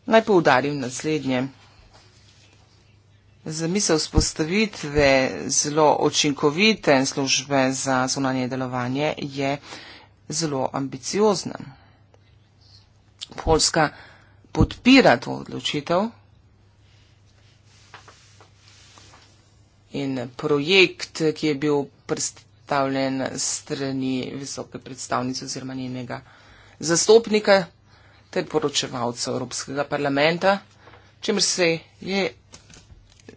Naj poudarim naslednje zamisel spostavitve zelo očinkovite službe za zunanje delovanje je zelo ambiciozna. Polska podpira to odločitev in projekt, ki je bil predstavljen strani visoke predstavnice oziroma njenega zastopnika ter poročevalca Evropskega parlamenta, čemer se je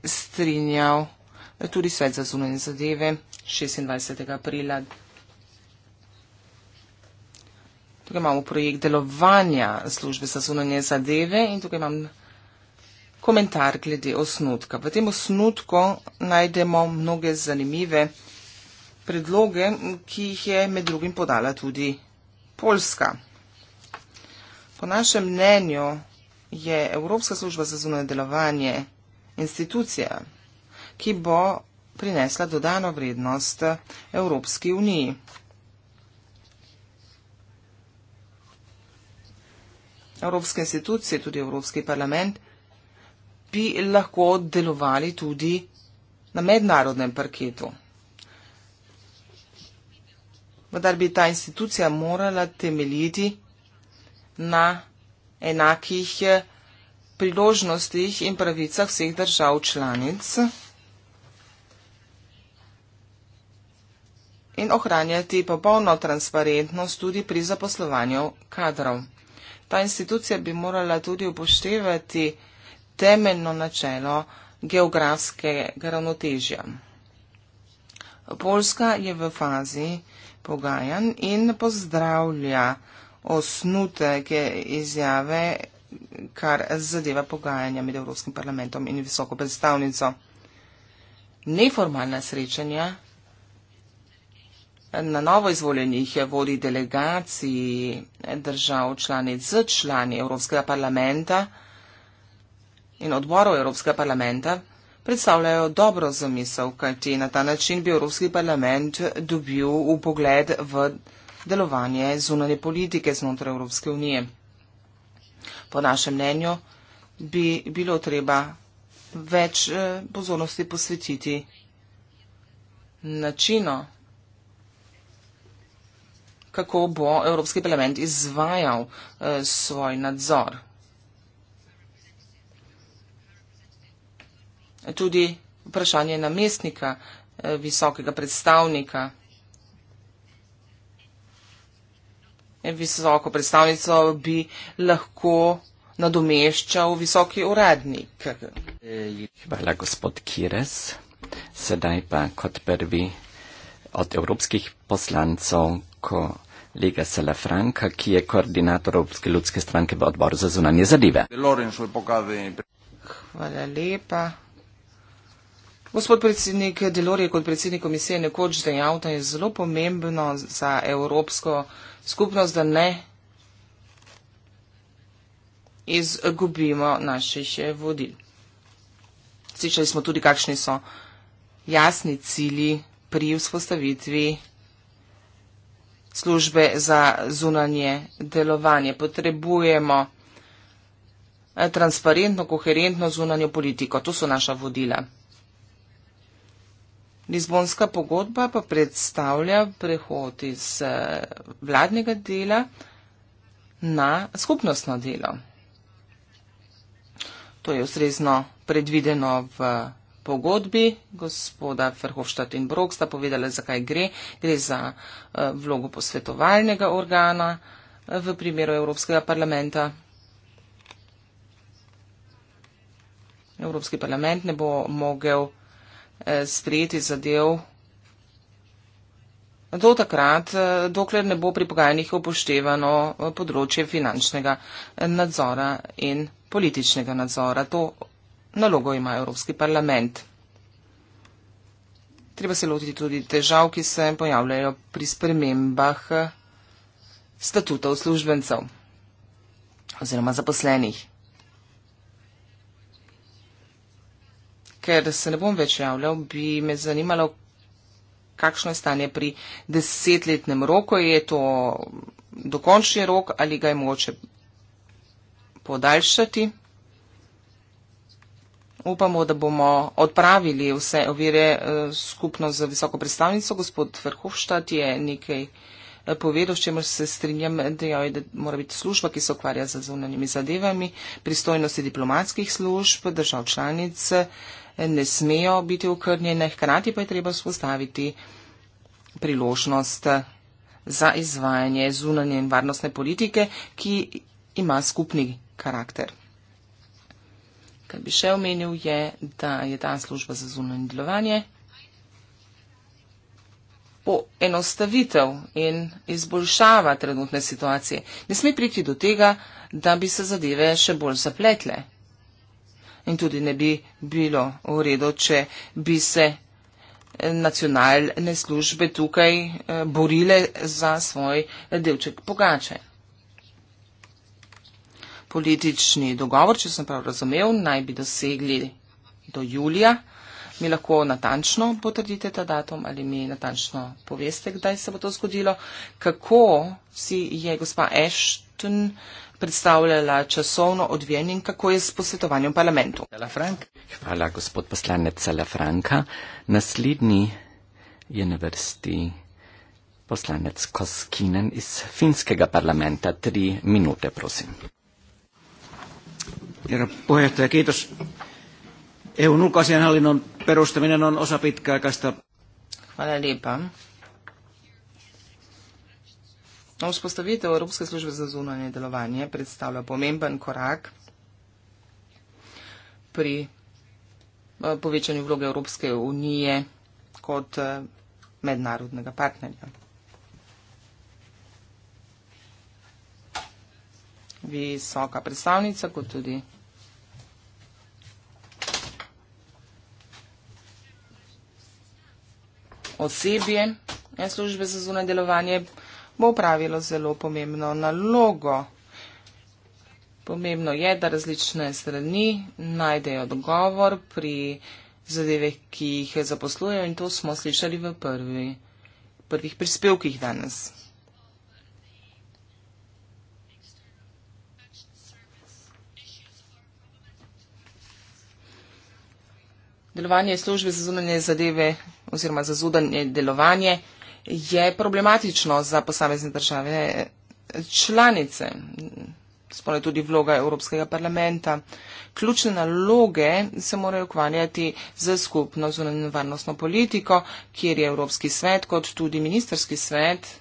strinjal tudi svet za zunanje zadeve 26. aprila. Tukaj imamo projekt delovanja službe za zunanje zadeve in tukaj imam komentar glede osnutka. V tem osnutku najdemo mnoge zanimive predloge, ki jih je med drugim podala tudi Poljska. Po našem mnenju je Evropska služba za zunanje delovanje institucija, ki bo prinesla dodano vrednost Evropski uniji. Evropske institucije, tudi Evropski parlament, bi lahko delovali tudi na mednarodnem parketu. Vendar bi ta institucija morala temeljiti na enakih priložnostih in pravicah vseh držav članic in ohranjati popolno transparentnost tudi pri zaposlovanju kadrov. Ta institucija bi morala tudi upoštevati temeljno načelo geografskega ravnotežja. Polska je v fazi pogajanj in pozdravlja osnutek izjave kar zadeva pogajanja med Evropskim parlamentom in visoko predstavnico. Neformalna srečanja na novo izvoljenih vodi delegaciji držav članic z člani Evropskega parlamenta in odborov Evropskega parlamenta predstavljajo dobro zamisel, kajti na ta način bi Evropski parlament dobil v pogled v delovanje zunanje politike znotraj Evropske unije po našem mnenju, bi bilo treba več eh, pozornosti posvetiti načino, kako bo Evropski parlament izvajal eh, svoj nadzor. Tudi vprašanje namestnika eh, visokega predstavnika. visoko predstavnico bi lahko nadomeščal visoki urednik.
Hvala, gospod Kires. Sedaj pa kot prvi od evropskih poslancov kolega Sela Franka, ki je koordinator Evropske ljudske stranke v odboru za zunanje zadeve.
Hvala lepa. Gospod predsednik Delor je kot predsednik komisije nekoč dejal, da je zelo pomembno za evropsko skupnost, da ne izgubimo naših eh, vodil. Slišali smo tudi, kakšni so jasni cili pri vzpostavitvi službe za zunanje delovanje. Potrebujemo eh, transparentno, koherentno zunanjo politiko. To so naša vodila. Lizbonska pogodba pa predstavlja prehod iz eh, vladnega dela na skupnostno delo. To je ustrezno predvideno v pogodbi. Gospoda Ferhofštat in Brok sta povedala, zakaj gre. Gre za eh, vlogo posvetovalnega organa eh, v primeru Evropskega parlamenta. Evropski parlament ne bo mogel. Eh, sprejeti zadev do takrat, eh, dokler ne bo pri pogajanjih upoštevano eh, področje finančnega nadzora in političnega nadzora. To nalogo ima Evropski parlament. Treba se lotiti tudi težav, ki se pojavljajo pri spremembah statutov službencev oziroma zaposlenih. ker se ne bom več javljal, bi me zanimalo, kakšno je stanje pri desetletnem roku. Je to dokončni rok ali ga je mogoče podaljšati? Upamo, da bomo odpravili vse ovire eh, skupno z visoko predstavnico. Gospod Verhofstadt je nekaj eh, povedal, s čemer se strinjam, da mora biti služba, ki se ukvarja z zunanjimi zadevami, pristojnosti diplomatskih služb, držav članic ne smejo biti okrnjene, hkrati pa je treba spostaviti priložnost za izvajanje zunanje in varnostne politike, ki ima skupni karakter. Kaj bi še omenil je, da je ta služba za zunanje delovanje poenostavitev in izboljšava trenutne situacije. Ne sme priti do tega, da bi se zadeve še bolj zapletle in tudi ne bi bilo v redu, če bi se nacionalne službe tukaj eh, borile za svoj delček pogače. Politični dogovor, če sem prav razumev, naj bi dosegli do julija. Mi lahko natančno potrdite ta datum ali mi natančno poveste, kdaj se bo to zgodilo. Kako si je gospa Ashton predstavljala časovno odvijanje in kako je s posvetovanjem v parlamentu.
Hvala, gospod poslanec Salafranka. Naslednji je na vrsti poslanec Koskinen iz finskega parlamenta. Tri minute, prosim. Herra pojetaja, kiitos. EU-nukasijanhallinnon perustaminen on osa pitkäaikaista. Hvala lepa.
No, vzpostavitev Evropske službe za zunanje delovanje predstavlja pomemben korak pri eh, povečanju vloge Evropske unije kot eh, mednarodnega partnerja. Visoka predstavnica, kot tudi osebje eh, službe za zunanje delovanje bo upravilo zelo pomembno nalogo. Pomembno je, da različne strani najdejo odgovor pri zadeve, ki jih zaposlujejo in to smo slišali v prvi, prvih prispevkih danes. Delovanje službe za zunanje zadeve oziroma za zunanje delovanje je problematično za posamezne države članice, spomne tudi vloga Evropskega parlamenta. Ključne naloge se morajo ukvarjati z skupno zunanjo varnostno politiko, kjer je Evropski svet kot tudi ministerski svet.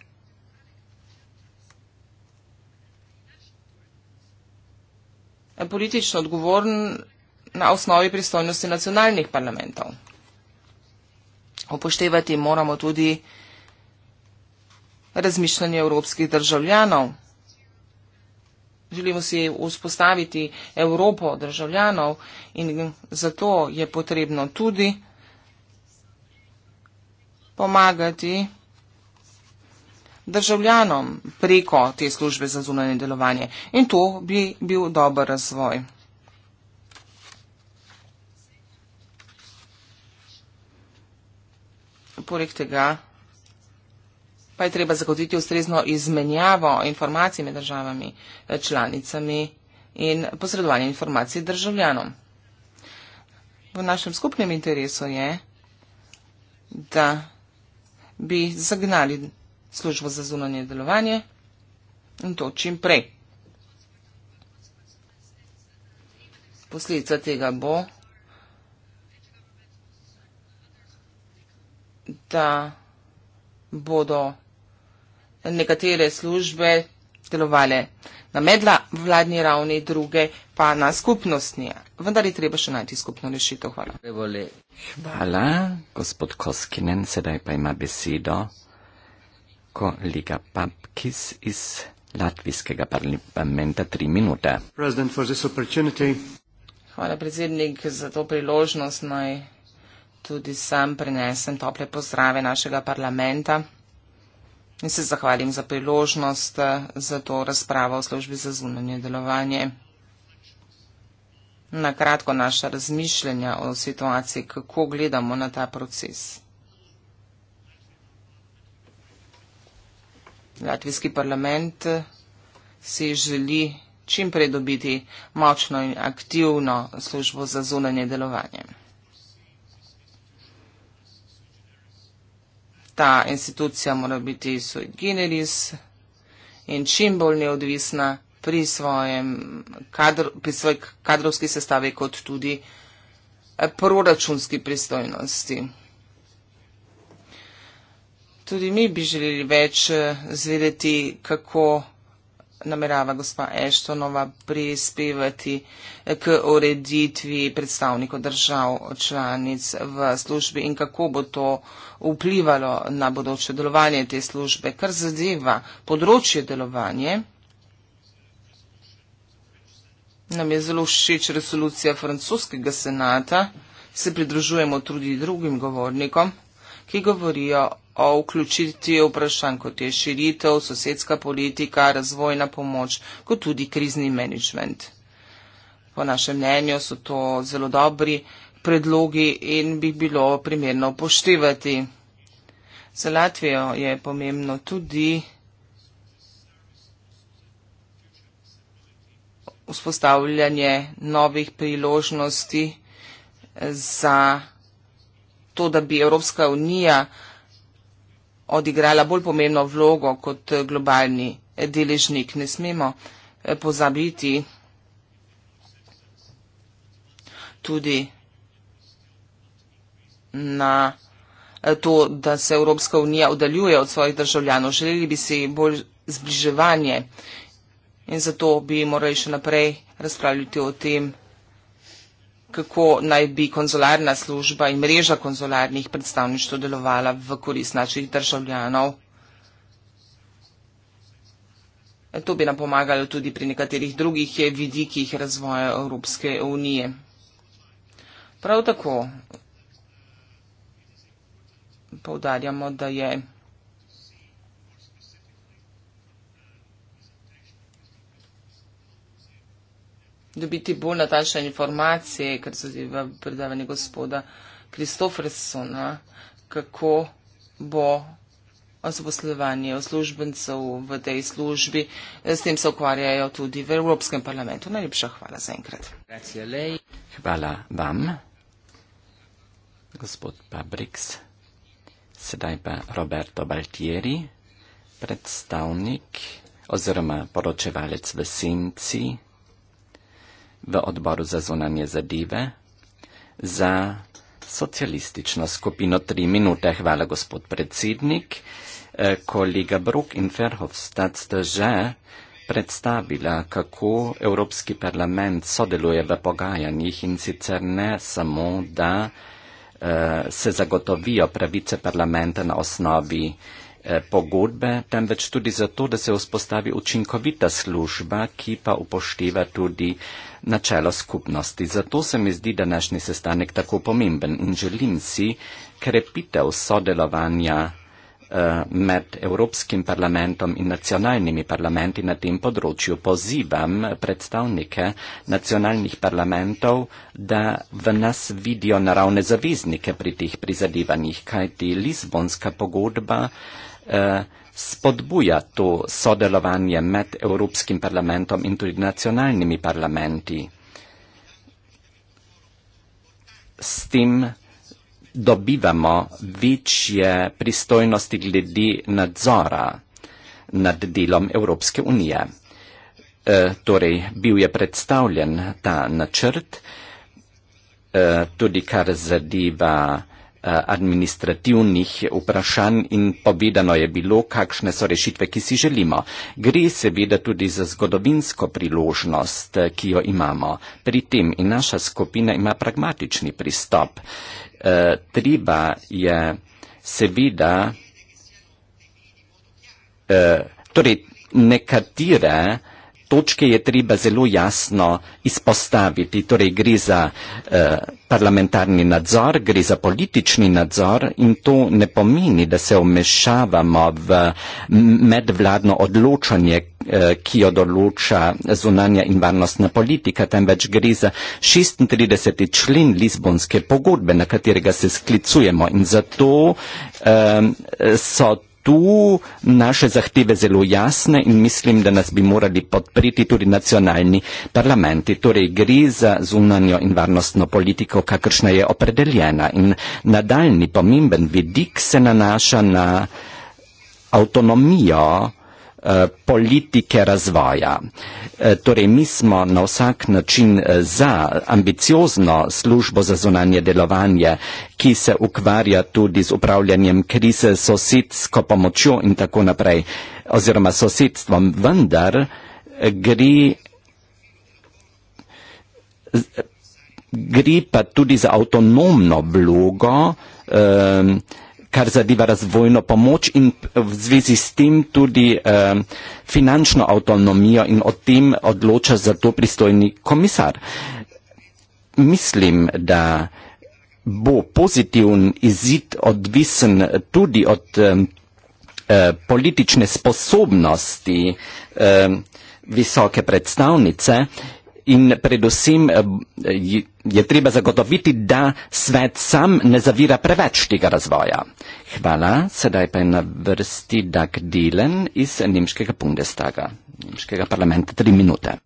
politično odgovoren na osnovi pristojnosti nacionalnih parlamentov. Upoštevati moramo tudi uh, razmišljanje evropskih državljanov. Želimo si vzpostaviti Evropo državljanov in zato je potrebno tudi pomagati državljanom preko te službe za zunanje delovanje. In to bi bil dober razvoj. Poleg tega pa je treba zagotoviti ustrezno izmenjavo informacij med državami eh, članicami in posredovanje informacij državljanom. V našem skupnem interesu je, da bi zagnali službo za zunanje delovanje in to čim prej. Posledica tega bo, da bodo nekatere službe delovale na medvladni ravni, druge pa na skupnostni. Vendar je treba še najti skupno rešitev. Hvala.
Hvala, gospod Koskinen, sedaj pa ima besedo kolega Papkis iz Latvijskega parlamenta tri minute.
Hvala, predsednik, za to priložnost. Naj tudi sam prinesem tople pozdrave našega parlamenta. In se zahvalim za priložnost eh, za to razpravo v službi za zunanje delovanje. Na kratko naša razmišljanja o situaciji, kako gledamo na ta proces. Latvijski parlament eh, si želi čim prej dobiti močno in aktivno službo za zunanje delovanje. ta institucija mora biti sui generis in čim bolj neodvisna pri, kadr, pri svoj kadrovski sestavi, kot tudi eh, proračunski pristojnosti. Tudi mi bi želeli več eh, zvedeti, kako namerava gospa Eštonova prispevati k ureditvi predstavnikov držav članic v službi in kako bo to vplivalo na bodoče delovanje te službe, kar zadeva področje delovanje. Nam je zelo všeč resolucija francoskega senata, se pridružujemo tudi drugim govornikom, ki govorijo o vključiti vprašanj, kot je širitev, sosedska politika, razvojna pomoč, kot tudi krizni menedžment. Po našem mnenju so to zelo dobri predlogi in bi bilo primerno upoštevati. Za Latvijo je pomembno tudi vzpostavljanje novih priložnosti za to, da bi Evropska unija odigrala bolj pomembno vlogo kot globalni deležnik. Ne smemo eh, pozabiti tudi na eh, to, da se Evropska unija oddaljuje od svojih državljanov. Želeli bi si bolj zbliževanje in zato bi morali še naprej razpravljati o tem, kako naj bi konzularna služba in mreža konzularnih predstavništv delovala v korist naših državljanov. To bi nam pomagalo tudi pri nekaterih drugih vidikih razvoja Evropske unije. Prav tako poudarjamo, da je. dobiti bolj natančne informacije, kar so tudi v predavanju gospoda Kristofersona, kako bo zaposlovanje uslužbencev v tej službi. S tem se ukvarjajo tudi v Evropskem parlamentu. Najlepša hvala za enkrat.
Hvala vam, gospod Pabriks. Sedaj pa Roberto Baltieri, predstavnik oziroma poročevalec v Senci v odboru za zunanje zadeve za socialistično skupino tri minute. Hvala, gospod predsednik. Eh, kolega Brok in Ferhofstad ste že predstavila, kako Evropski parlament sodeluje v pogajanjih in sicer ne samo, da eh, se zagotovijo pravice parlamenta na osnovi Eh, pogodbe, temveč tudi zato, da se vzpostavi učinkovita služba, ki pa upošteva tudi načelo skupnosti. Zato se mi zdi današnji sestanek tako pomemben in želim si krepitev sodelovanja eh, med Evropskim parlamentom in nacionalnimi parlamenti na tem področju. Pozivam predstavnike nacionalnih parlamentov, da v nas vidijo naravne zaveznike pri teh prizadevanjih, kajti Lizbonska pogodba Eh, spodbuja to sodelovanje med Evropskim parlamentom in tudi nacionalnimi parlamenti. S tem dobivamo večje pristojnosti glede nadzora nad delom Evropske unije. E, torej, bil je predstavljen ta načrt, e, tudi kar zadeva administrativnih vprašanj in povedano je bilo, kakšne so rešitve, ki si želimo. Gre seveda tudi za zgodovinsko priložnost, ki jo imamo. Pri tem in naša skupina ima pragmatični pristop. Eh, treba je seveda. Eh, torej, nekatere uh, točke je treba zelo jasno izpostaviti. Torej gre za eh, parlamentarni nadzor, gre za politični nadzor in to ne pomeni, da se omešavamo v medvladno odločanje, eh, ki jo določa zunanja in varnostna politika, temveč gre za 36. člen Lizbonske pogodbe, na katerega se sklicujemo in zato eh, so tu naše zahteve zelo jasne in mislim, da nas bi morali podpriti tudi nacionalni parlamenti. Torej gre za zunanjo in varnostno politiko, kakršna je opredeljena. In nadaljni pomemben vidik se nanaša na avtonomijo Eh, politike razvoja. Eh, torej, mi smo na vsak način eh, za ambiciozno službo za zunanje delovanje, ki se ukvarja tudi z upravljanjem krize, sosedsko pomočjo in tako naprej, oziroma sosedstvom, vendar gre, gre pa tudi za avtonomno blogo. Eh, kar zadeva razvojno pomoč in v zvezi s tem tudi eh, finančno avtonomijo in o tem odloča za to pristojni komisar. Mislim, da bo pozitiven izid odvisen tudi od eh, eh politične sposobnosti eh, visoke predstavnice in predvsem eh, je treba zagotoviti, da svet sam ne zavira preveč tega razvoja. Hvala, sedaj pa je na vrsti Dag Dilen iz Nemškega Bundestaga, Nemškega parlamenta, tri minute.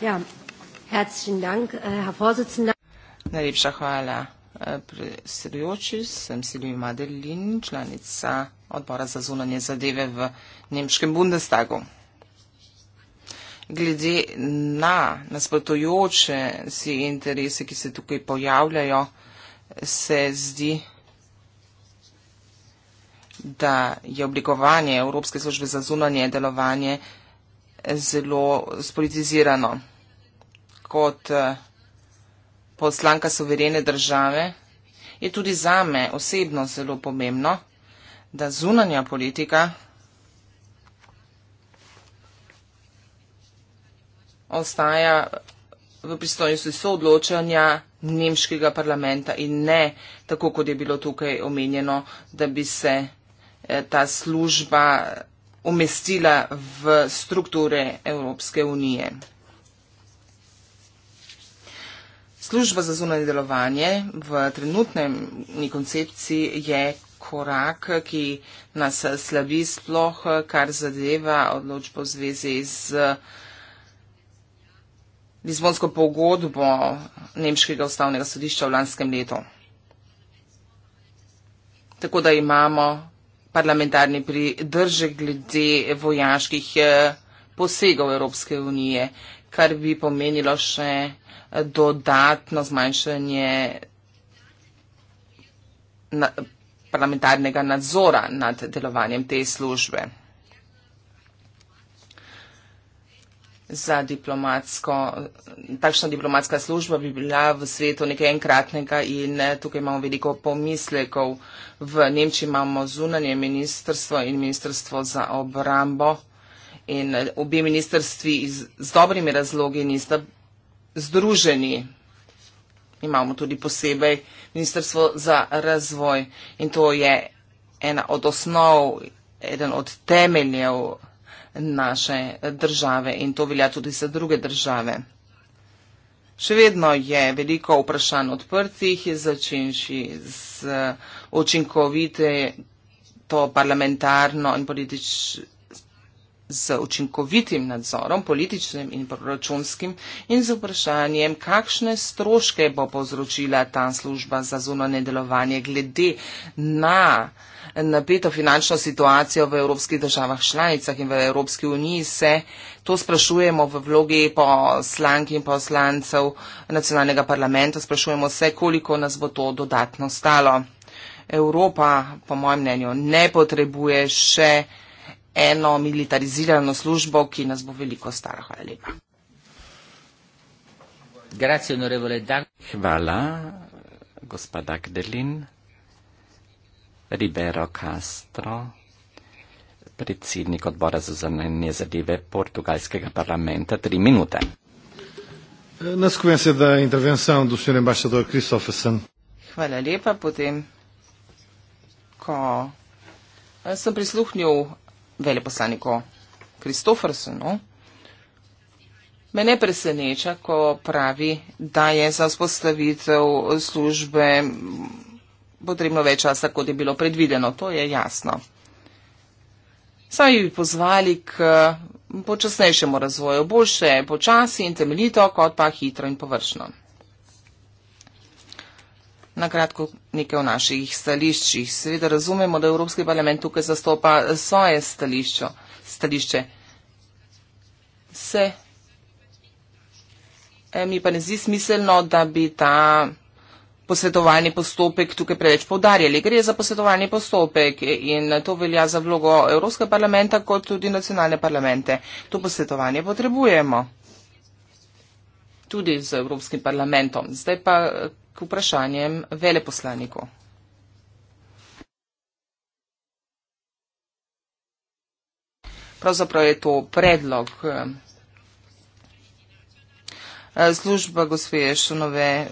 Ja, herzlichen Dank, äh, Herr Vorsitzender.
Najlepša hvala. Predsedujoči, sem Silvi Madelin, članica odbora za zunanje zadeve v Nemškem Bundestagu. Glede na nasprotujoče si interese, ki se tukaj pojavljajo, se zdi, da je oblikovanje Evropske službe za zunanje delovanje zelo spolitizirano. Kot uh, poslanka suverene države, je tudi za me osebno zelo pomembno, da zunanja politika ostaja v pristojnosti soodločanja nemškega parlamenta in ne tako, kot je bilo tukaj omenjeno, da bi se eh, ta služba umestila v strukture Evropske unije. služba za zunanje delovanje v trenutni koncepciji je korak, ki nas slabi sploh, kar zadeva odločbo v zvezi z Lizbonsko pogodbo Nemškega ustavnega sodišča v lanskem letu. Tako da imamo parlamentarni pridržek glede vojaških eh, posegov Evropske unije, kar bi pomenilo še dodatno zmanjšanje na, parlamentarnega nadzora nad delovanjem te službe. Za diplomatsko, takšna diplomatska služba bi bila v svetu nekaj enkratnega in eh, tukaj imamo veliko pomislekov. V Nemčiji imamo zunanje ministrstvo in ministrstvo za obrambo in eh, obi ministrstvi z, z dobrimi razlogi nista združeni. Imamo tudi posebej Ministrstvo za razvoj in to je ena od osnov, eden od temeljev naše države in to velja tudi za druge države. Še vedno je veliko vprašanj odprtih, začenši z učinkovite to parlamentarno in politično z učinkovitim nadzorom, političnim in proračunskim, in z vprašanjem, kakšne stroške bo povzročila ta služba za zunanje delovanje glede na napeto finančno situacijo v evropskih državah članicah in v Evropski uniji se to sprašujemo v vlogi poslank in poslancev nacionalnega parlamenta, sprašujemo se, koliko nas bo to dodatno stalo. Evropa, po mojem mnenju, ne potrebuje še eno militarizirano službo, ki nas bo veliko stara. Hvala lepa.
Hvala, gospoda Gdelin, Ribero Castro, predsednik odbora za zanenje zadeve portugalskega parlamenta, tri minute.
Hvala lepa. Potem, ko eh, sem prisluhnil veleposlaniku Kristofersonu. Mene preseneča, ko pravi, da je za vzpostavitev službe potrebno več časa, kot je bilo predvideno. To je jasno. Sami bi pozvali k počasnejšemu razvoju, boljše počasi in temeljito, kot pa hitro in površno na kratko nekaj o naših stališčih. Seveda razumemo, da Evropski parlament tukaj zastopa svoje stališče. stališče. Se, e, mi pa ne zdi smiselno, da bi ta posvetovalni postopek tukaj preveč povdarjali. Gre za posvetovalni postopek in to velja za vlogo Evropskega parlamenta kot tudi nacionalne parlamente. To posvetovanje potrebujemo tudi z Evropskim parlamentom. Zdaj pa k vprašanjem veleposlaniku. Pravzaprav je to predlog. Eh, služba gospe Šunove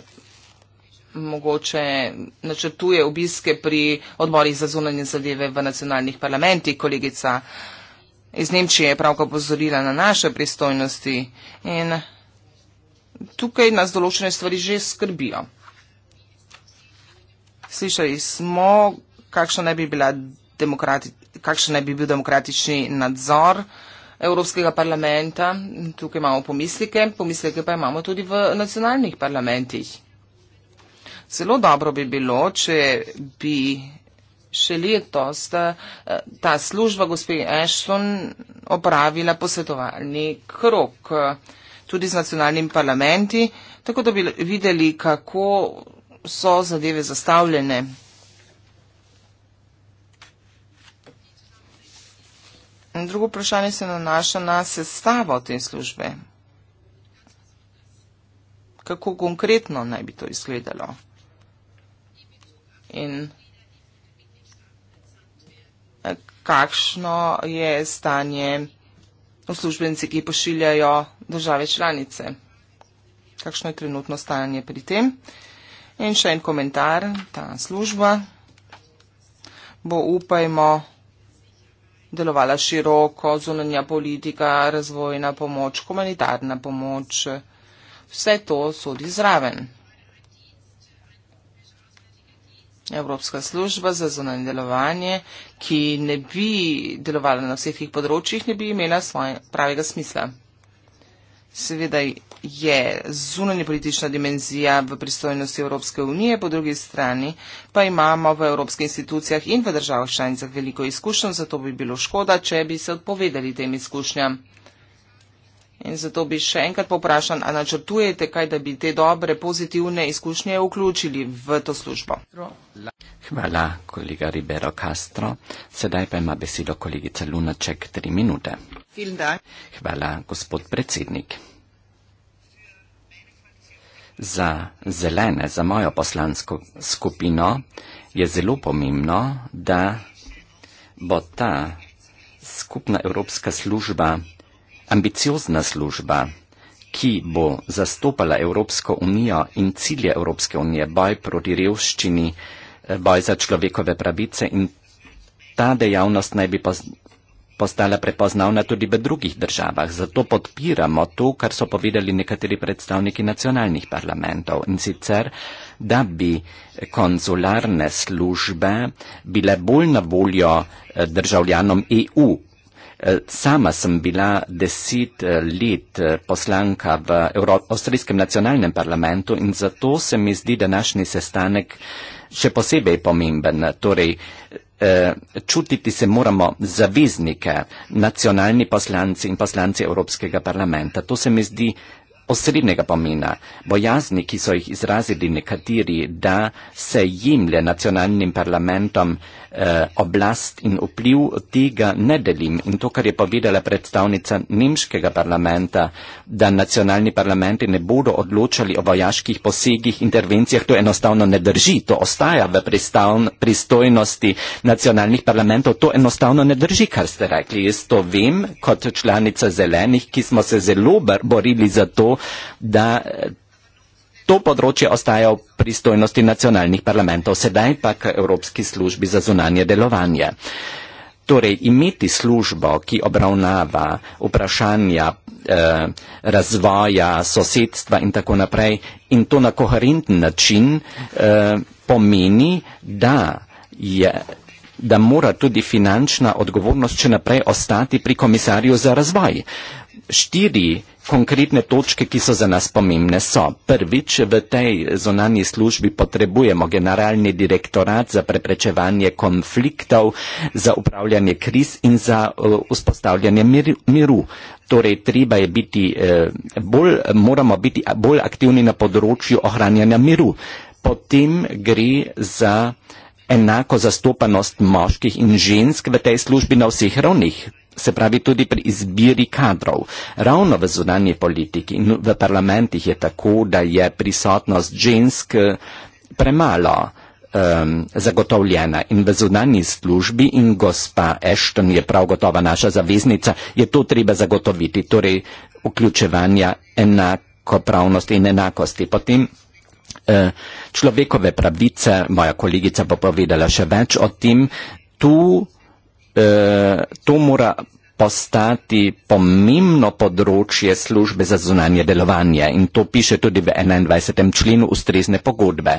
mogoče načrtuje obiske pri odborih za zunanje zadeve v nacionalnih parlamentih. Kolegica iz Nemčije je pravko pozorila na naše pristojnosti in tukaj nas določene stvari že skrbijo slišali smo, kakšen naj bi bila demokrati, kakšen naj bi bil demokratični nadzor Evropskega parlamenta. Tukaj imamo pomislike, pomislike pa imamo tudi v nacionalnih parlamentih. Zelo dobro bi bilo, če bi še letos ta, eh, ta služba gospe Ashton opravila posvetovalni krok eh, tudi z nacionalnimi parlamenti, tako da bi videli, kako so zadeve zastavljene. Drugo vprašanje se nanaša na sestavo te službe. Kako konkretno naj bi to izgledalo? In eh, kakšno je stanje uslužbenci, ki pošiljajo države članice? Kakšno je trenutno stanje pri tem? In še en komentar, ta služba bo upajmo delovala široko, zunanja politika, razvojna pomoč, humanitarna pomoč, vse to sodi zraven. Evropska služba za zunanje delovanje, ki ne bi delovala na vseh tih področjih, ne bi imela svojega pravega smisla. Seveda je zunanje politična dimenzija v pristojnosti Evropske unije, po drugi strani pa imamo v evropskih institucijah in v državah članicah veliko izkušenj, zato bi bilo škoda, če bi se odpovedali tem izkušnjam. In zato bi še enkrat poprašal, a načrtujete kaj, da bi te dobre, pozitivne izkušnje vključili v to službo?
Hvala, kolega Ribero Castro. Sedaj pa ima besedo kolegica Lunaček tri minute. Hvala, gospod predsednik za zelene, za mojo poslansko skupino, je zelo pomembno, da bo ta skupna evropska služba ambiciozna služba, ki bo zastopala Evropsko unijo in cilje Evropske unije, boj proti revščini, boj za človekove pravice in ta dejavnost naj bi postala prepoznavna tudi v drugih državah, zato podpiramo to, kar so povedali nekateri predstavniki nacionalnih parlamentov in sicer, da bi konzularne službe bile bolj na voljo eh, državljanom EU. Eh, sama sem bila deset eh, let poslanka v Euro Avstrijskem nacionalnem parlamentu in zato se mi zdi današnji sestanek še posebej pomemben. Torej, Eh, čutiti se moramo zaveznike, nacionalni poslanci in poslanci Evropskega parlamenta. To se mi zdi osrednjega pomena. Bojazni, ki so jih izrazili nekateri, da se jimlje nacionalnim parlamentom eh, Eh, oblast in vpliv tega ne delim. In to, kar je povedala predstavnica nemškega parlamenta, da nacionalni parlamenti ne bodo odločali o vojaških posegih, intervencijah, to enostavno ne drži. To ostaja v pristojnosti nacionalnih parlamentov. To enostavno ne drži, kar ste rekli. Jaz to vem kot članica zelenih, ki smo se zelo borili za to, da To področje ostaja v pristojnosti nacionalnih parlamentov, sedaj pa k Evropski službi za zunanje delovanje. Torej, imeti službo, ki obravnava vprašanja eh, razvoja, sosedstva in tako naprej, in to na koherenten način, eh, pomeni, da, je, da mora tudi finančna odgovornost še naprej ostati pri komisarju za razvoj štiri konkretne točke, ki so za nas pomembne. So. Prvič, v tej zonanji službi potrebujemo generalni direktorat za preprečevanje konfliktov, za upravljanje kriz in za uh, vzpostavljanje mir, miru. Torej, treba je biti uh, bolj, moramo biti bolj aktivni na področju ohranjanja miru. Potem gre za enako zastopanost moških in žensk v tej službi na vseh ravnih se pravi tudi pri izbiri kadrov. Ravno v zunanji politiki in v parlamentih je tako, da je prisotnost žensk eh, premalo um, zagotovljena in v zunanji službi in gospa Ashton je prav gotova naša zaveznica, je to treba zagotoviti, torej vključevanja enakopravnosti in enakosti. Potem uh, človekove pravice, moja kolegica bo povedala še več o tem, tu Eh, to mora postati pomembno področje službe za zunanje delovanje in to piše tudi v 21. členu ustrezne pogodbe.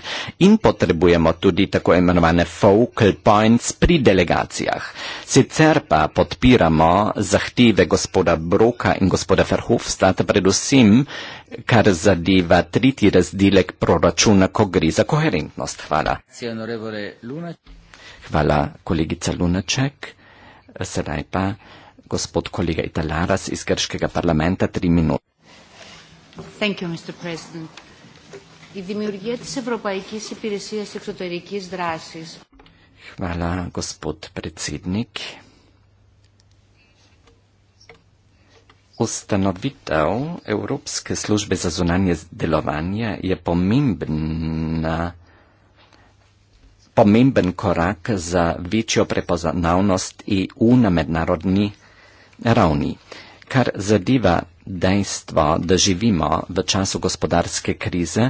In potrebujemo tudi tako imenovane focal points pri delegacijah. Sicer pa podpiramo zahteve gospoda Broka in gospoda Verhofstata predvsem, kar zadeva tretji razdelek proračuna, ko gre za koherentnost. Hvala. Hvala, kolegica Lunaček. Sedaj pa gospod kolega Italaras iz Grškega parlamenta, tri minute.
Thank you, Mr. President. Η δημιουργία της Ευρωπαϊκής Υπηρεσίας Εξωτερικής Δράσης.
Χαλά, господ Πρεσίδνικ. Ουστανοβίταο Ευρώπσκε Σλούσβε Ζαζονάνια Δελοβάνια για πομίμπνα pomemben korak za večjo prepoznavnost EU na mednarodni ravni. Kar zadeva dejstvo, da živimo v času gospodarske krize,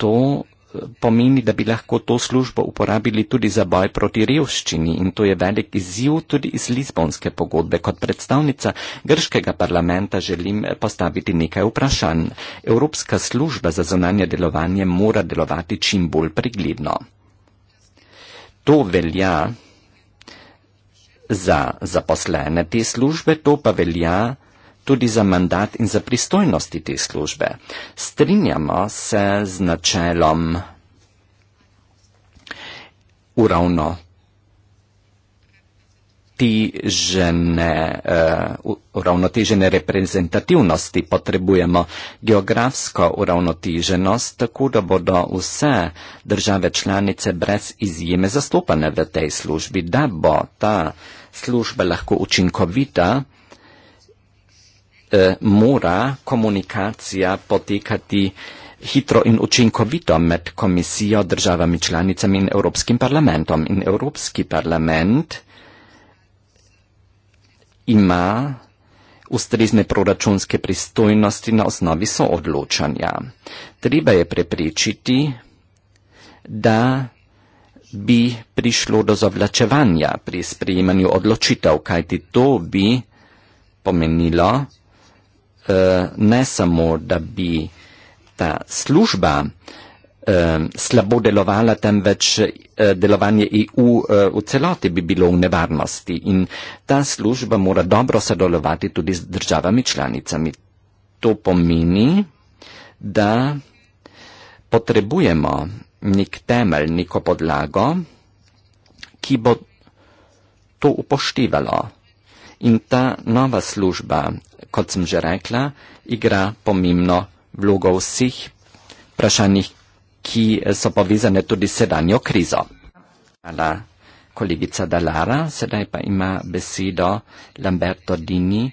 to eh, pomeni, da bi lahko to službo uporabili tudi za boj proti revščini in to je velik izziv tudi iz Lizbonske pogodbe. Kot predstavnica grškega parlamenta želim postaviti nekaj vprašanj. Evropska služba za zonanje delovanje mora delovati čim bolj pregledno. To velja za zaposlene te službe, to pa velja tudi za mandat in za pristojnosti te službe. Strinjamo se z načelom uravno uravnotežene, uh, uravnotežene reprezentativnosti. Potrebujemo geografsko uravnoteženost, tako da bodo vse države članice brez izjeme zastopane v tej službi, da bo ta služba lahko učinkovita. Eh, mora komunikacija potekati hitro in učinkovito med komisijo, državami članicami in Evropskim parlamentom. In Evropski parlament eh, ima ustrezne proračunske pristojnosti na osnovi soodločanja. Treba je preprečiti, da bi prišlo do zavlačevanja pri sprejemanju odločitev, kajti to bi pomenilo eh, ne samo, da bi ta služba Ehm, slabo delovala, temveč eh, delovanje EU eh, v celoti bi bilo v nevarnosti in ta služba mora dobro sodelovati tudi z državami članicami. To pomeni, da potrebujemo nek temelj, neko podlago, ki bo to upoštevalo. In ta nova služba, kot sem že rekla, igra pomembno vlogo vseh vprašanjih, ki so povezane tudi s sedanjo krizo. Hvala, kolegica Dalara. Sedaj pa ima besedo Lamberto Dini,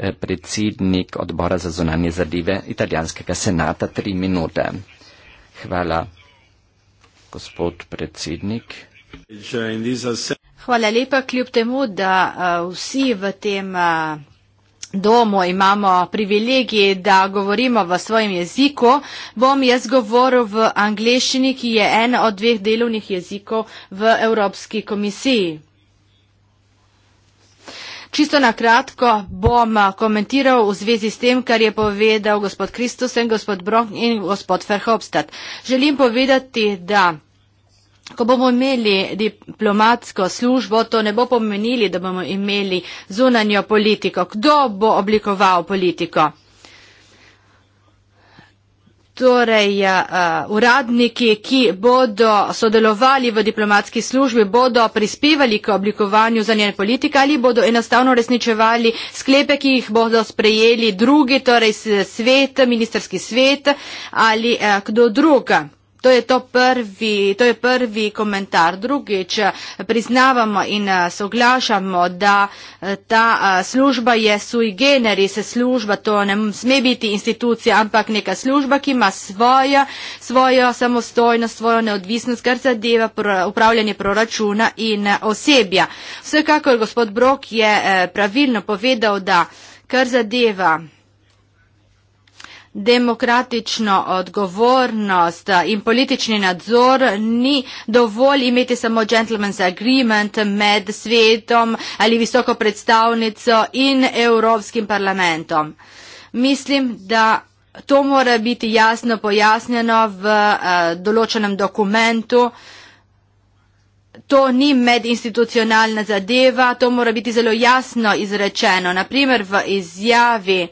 eh, predsednik odbora za zunanje zadeve italijanskega senata. Tri minute. Hvala, gospod predsednik.
Hvala lepa, kljub temu, da uh, vsi v tem uh, domu imamo privilegij, da govorimo v svojem jeziku, bom jaz govoril v angleščini, ki je en od dveh delovnih jezikov v Evropski komisiji. Čisto na kratko bom komentiral v zvezi s tem, kar je povedal gospod Kristusen, gospod Bronk in gospod Verhofstadt. Želim povedati, da Ko bomo imeli diplomatsko službo, to ne bo pomenili, da bomo imeli zunanjo politiko. Kdo bo oblikoval politiko? Torej, uh, uradniki, ki bodo sodelovali v diplomatski službi, bodo prispevali k oblikovanju zanje politike ali bodo enostavno resničevali sklepe, ki jih bodo sprejeli drugi, torej svet, ministerski svet ali uh, kdo druga. To je, to, prvi, to je prvi komentar. Drugič, priznavamo in eh, soglašamo, da eh, ta eh, služba je sui generis služba, to ne sme biti institucija, ampak neka služba, ki ima svojo, svojo samostojnost, svojo neodvisnost, kar zadeva upravljanje proračuna in osebja. Vsekakor gospod Brok je pravilno povedal, da kar zadeva demokratično odgovornost in politični nadzor ni dovolj imeti samo gentleman's agreement med svetom ali visoko predstavnico in Evropskim parlamentom. Mislim, da to mora biti jasno pojasnjeno v eh, določenem dokumentu. To ni medinstitucionalna zadeva, to mora biti zelo jasno izrečeno. Naprimer, v izjavi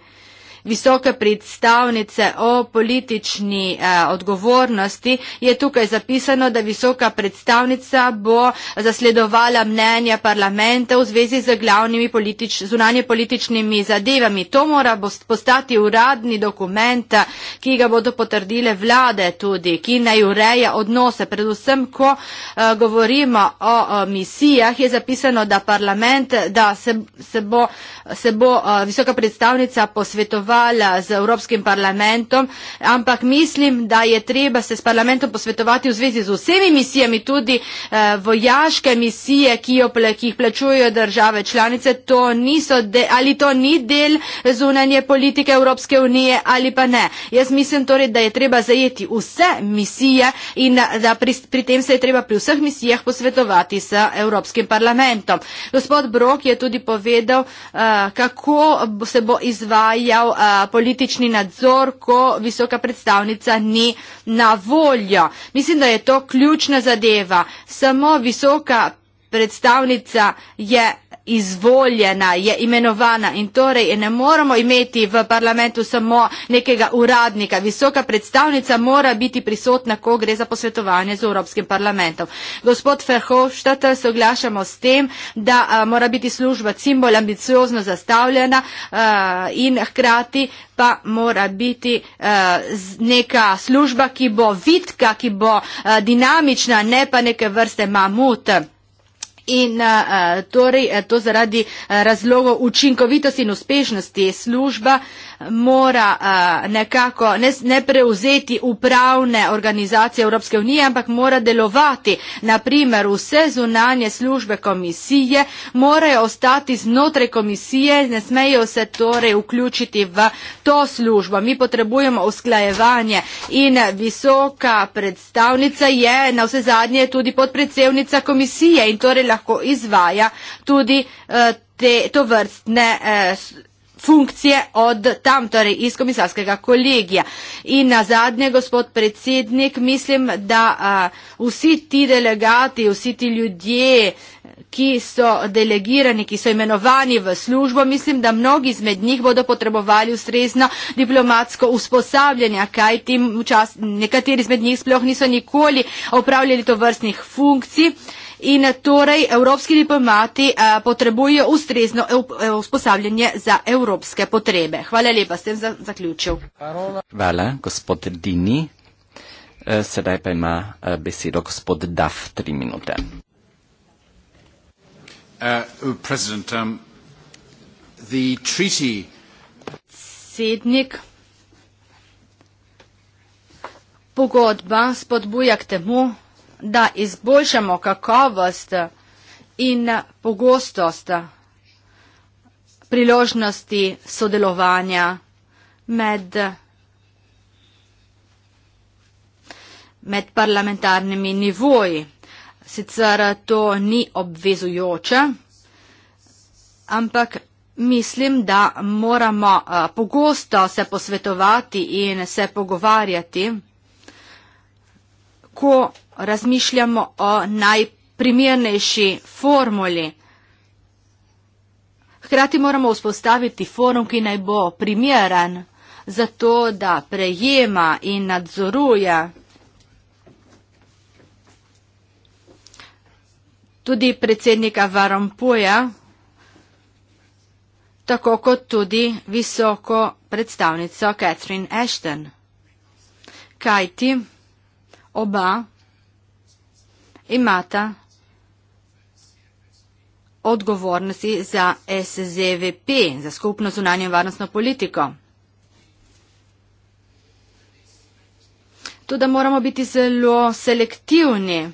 visoke predstavnice o politični eh, odgovornosti, je tukaj zapisano, da visoka predstavnica bo zasledovala mnenja parlamenta v zvezi z glavnimi politič, zunanje političnimi zadevami. To mora postati uradni dokument, eh, ki ga bodo potrdile vlade tudi, ki naj ureja odnose. Predvsem, ko eh, govorimo o, o misijah, je zapisano, da parlament, da se, se bo, se bo eh, visoka predstavnica posvetovala posvetovala z Evropskim parlamentom, ampak mislim, da je treba se s parlamentom posvetovati v zvezi z vsemi misijami, tudi eh, vojaške misije, ki, ople, ki jih plačujejo države članice. To de, ali to ni del zunanje politike Evropske unije ali pa ne. Jaz mislim torej, da je treba zajeti vse misije in da pri, pri tem se je treba pri vseh misijah posvetovati s Evropskim parlamentom. Gospod Brok je tudi povedal, eh, kako se bo izvajal eh, politični nadzor, ko visoka predstavnica ni na voljo. Mislim, da je to ključna zadeva. Samo visoka predstavnica je izvoljena, je imenovana in torej ne moramo imeti v parlamentu samo nekega uradnika. Visoka predstavnica mora biti prisotna, ko gre za posvetovanje z Evropskim parlamentom. Gospod Ferhofštater, soglašamo s tem, da a, mora biti služba čim bolj ambiciozno zastavljena a, in hkrati pa mora biti a, neka služba, ki bo vitka, ki bo a, dinamična, ne pa neke vrste mamut. In torej to zaradi razlogov učinkovitosti in uspešnosti služba mora uh, nekako ne, ne preuzeti upravne organizacije Evropske unije, ampak mora delovati. Naprimer, vse zunanje službe komisije morajo ostati znotraj komisije, ne smejo se torej vključiti v to službo. Mi potrebujemo usklajevanje in visoka predstavnica je na vse zadnje tudi podpredsednica komisije in torej lahko izvaja tudi uh, te, to vrstne uh, eh, funkcije od tam, torej iz komisarskega kolegija. In na zadnje, gospod predsednik, mislim, da a, vsi ti delegati, vsi ti ljudje, ki so delegirani, ki so imenovani v službo, mislim, da mnogi izmed njih bodo potrebovali ustrezno diplomatsko usposabljanje, kaj tim včasih, nekateri izmed njih sploh niso nikoli opravljali to vrstnih funkcij in eh, torej evropski diplomati eh, potrebujejo ustrezno e, e, usposabljanje za evropske potrebe. Hvala lepa, s tem za zaključil.
Hvala, gospod Dini. Eh, sedaj pa ima besedo gospod Daf, tri minute. Oh, um,
Predsednik, pogodba spodbuja k temu, da izboljšamo kakovost in pogostost priložnosti sodelovanja med, med parlamentarnimi nivoji. Sicer to ni obvezujoče, ampak mislim, da moramo pogosto se posvetovati in se pogovarjati, ko razmišljamo o najprimernejši formuli. Hkrati moramo vzpostaviti forum, ki naj bo primeren za to, da prejema in nadzoruje. Tudi predsednika Varompuja, tako kot tudi visoko predstavnico Catherine Ashton. Kajti, oba imata odgovornosti za SZVP, za skupno zunanje in varnostno politiko. Tudi moramo biti zelo selektivni,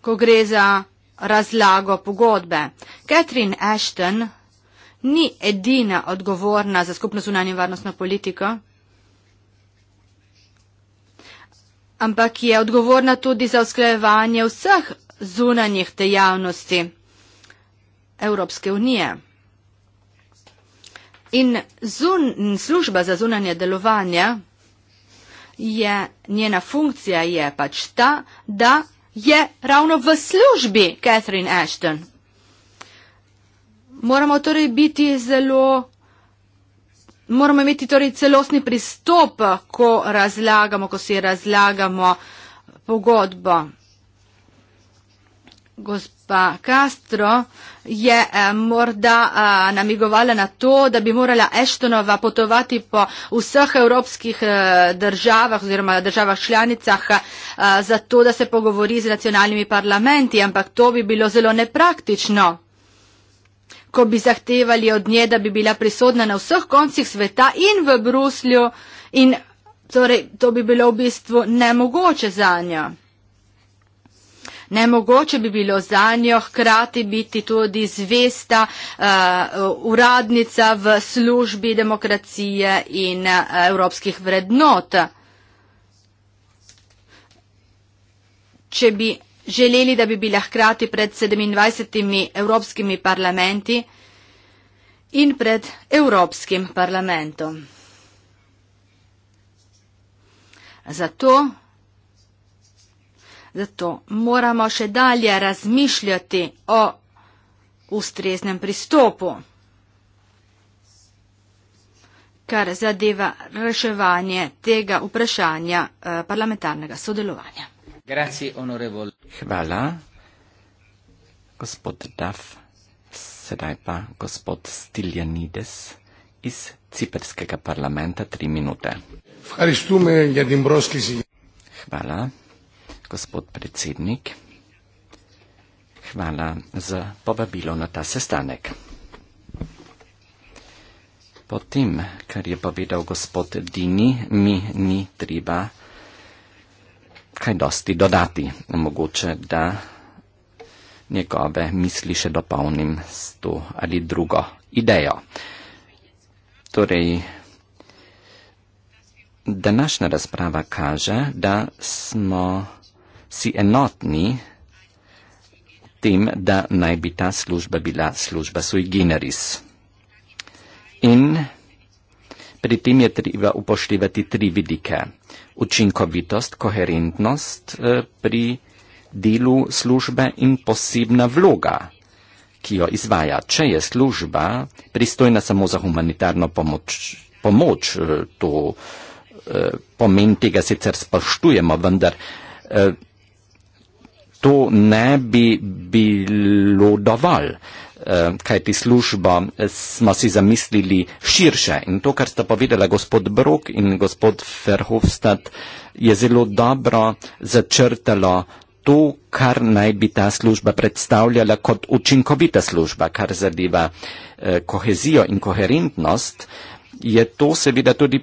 ko gre za razlago pogodbe. Catherine Ashton ni edina odgovorna za skupno zunanje in varnostno politiko. ampak je odgovorna tudi za usklajevanje vseh zunanjih dejavnosti Evropske unije. In zun, služba za zunanje delovanje je, njena funkcija je pač ta, da je ravno v službi Catherine Ashton. Moramo torej biti zelo moramo imeti torej celostni pristop, ko razlagamo, ko si razlagamo pogodbo. Gospa Castro je eh, morda eh, namigovala na to, da bi morala Eštonova potovati po vseh evropskih eh, državah oziroma državah članicah eh, za to, da se pogovori z nacionalnimi parlamenti, ampak to bi bilo zelo nepraktično ko bi zahtevali od nje, da bi bila prisotna na vseh koncih sveta in v Bruslju, in torej, to bi bilo v bistvu nemogoče za njo. Nemogoče bi bilo za njo hkrati biti tudi zvesta uh, uradnica v službi demokracije in uh, evropskih vrednot. Če bi želeli, da bi bila hkrati pred 27 evropskimi parlamenti in pred Evropskim parlamentom. Zato, zato moramo še dalje razmišljati o ustreznem pristopu, kar zadeva reševanje tega vprašanja eh, parlamentarnega sodelovanja.
Grazie, onorevole.
Hvala. Gospod Daf, sedaj pa gospod Stiljanides iz Ciperskega parlamenta, tri minute. Hvala, gospod predsednik. Hvala za povabilo na ta sestanek. Potem, kar je povedal gospod Dini, mi ni treba kaj dosti dodati. Mogoče, da njegove misli še dopolnim s to ali drugo idejo. Torej, današnja razprava kaže, da smo si enotni tem, da naj bi ta služba bila služba sui generis. In pri tem je treba upoštevati tri vidike učinkovitost, koherentnost eh, pri delu službe in posebna vloga, ki jo izvaja. Če je služba pristojna samo za humanitarno pomoč, pomoč eh, to eh, pomen tega sicer spoštujemo, vendar to ne bi bilo dovolj. Eh, kaj ti služba eh, smo si zamislili širše. In to, kar sta povedala gospod Brok in gospod Verhofstadt, je zelo dobro začrtalo to, kar naj bi ta služba predstavljala kot učinkovita služba, kar zadeva eh, kohezijo in koherentnost, je to seveda tudi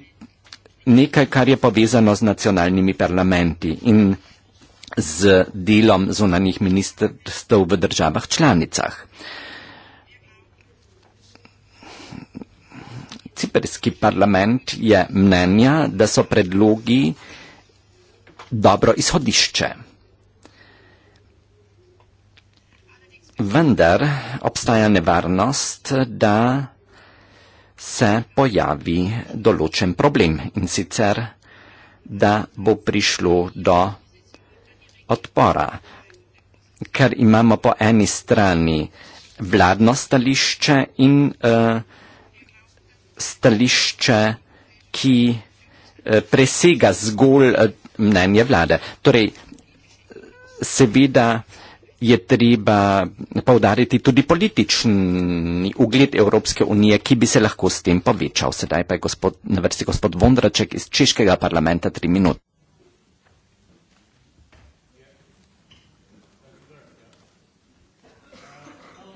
nekaj, kar je povezano z nacionalnimi parlamenti in z delom zunanjih ministrstv v državah članicah. Ciperski parlament je mnenja, da so predlogi dobro izhodišče. Vendar obstaja nevarnost, da se pojavi določen problem in sicer, da bo prišlo do odpora, ker imamo po eni strani vladno stališče in uh, stališče, ki eh, presega zgolj eh, mnenje vlade. Torej, seveda je treba povdariti tudi politični ugled Evropske unije, ki bi se lahko s tem povečal. Sedaj pa je gospod, na vrsti gospod Vondraček iz Češkega parlamenta tri minute.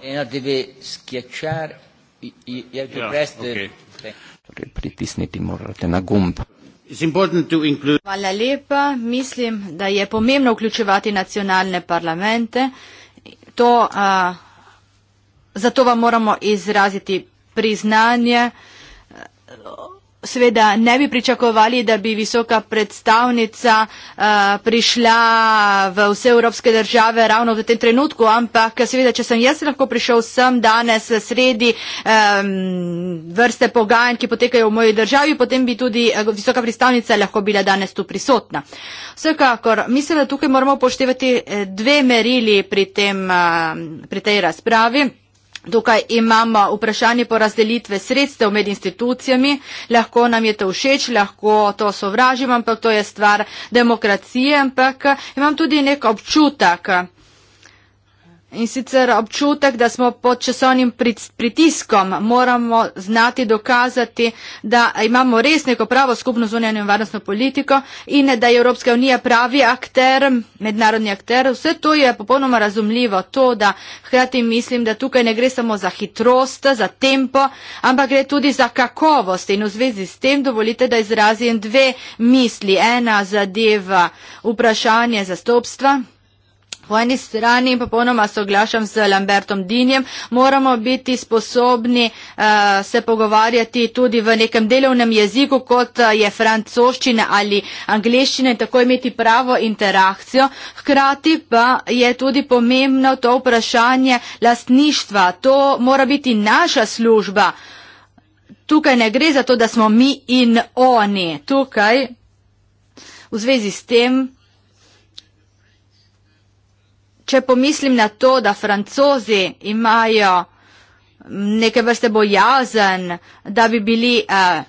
Ja, okay. Torej, torej pritisniti morate na gumb.
Hvala lepa. Mislim, da je pomembno vključevati nacionalne parlamente. To, a, zato vam moramo izraziti priznanje seveda ne bi pričakovali, da bi visoka predstavnica a, eh, prišla v vse evropske države ravno v tem trenutku, ampak seveda, če sem jaz lahko prišel sem danes sredi a, vrste pogajanj, ki potekajo v moji državi, potem bi tudi eh, visoka predstavnica lahko bila danes tu prisotna. Vsekakor, mislim, da tukaj moramo poštevati eh, dve merili pri, tem, a, pri tej razpravi. Tukaj imamo vprašanje porazdelitve sredstev med institucijami. Lahko nam je to všeč, lahko to sovražim, ampak to je stvar demokracije. Ampak imam tudi nek občutek, In sicer občutek, da smo pod časovnim pritiskom, moramo znati dokazati, da imamo res neko pravo skupno zunanjo in varnostno politiko in da je Evropska unija pravi akter, mednarodni akter. Vse to je popolnoma razumljivo, to, da hkrati mislim, da tukaj ne gre samo za hitrost, za tempo, ampak gre tudi za kakovost. In v zvezi s tem dovolite, da izrazim dve misli. Ena zadeva vprašanje zastopstva. Po eni strani pa ponoma soglašam z Lambertom Dinjem, moramo biti sposobni uh, se pogovarjati tudi v nekem delovnem jeziku, kot eh, je francoščina ali angliščina in tako imeti pravo interakcijo. Hkrati pa je tudi pomembno to vprašanje lastništva. To mora biti naša služba. Tukaj ne gre za to, da smo mi in oni. Tukaj v zvezi s tem če pomislim na to, da francozi imajo neke vrste bojazen, da bi bili uh,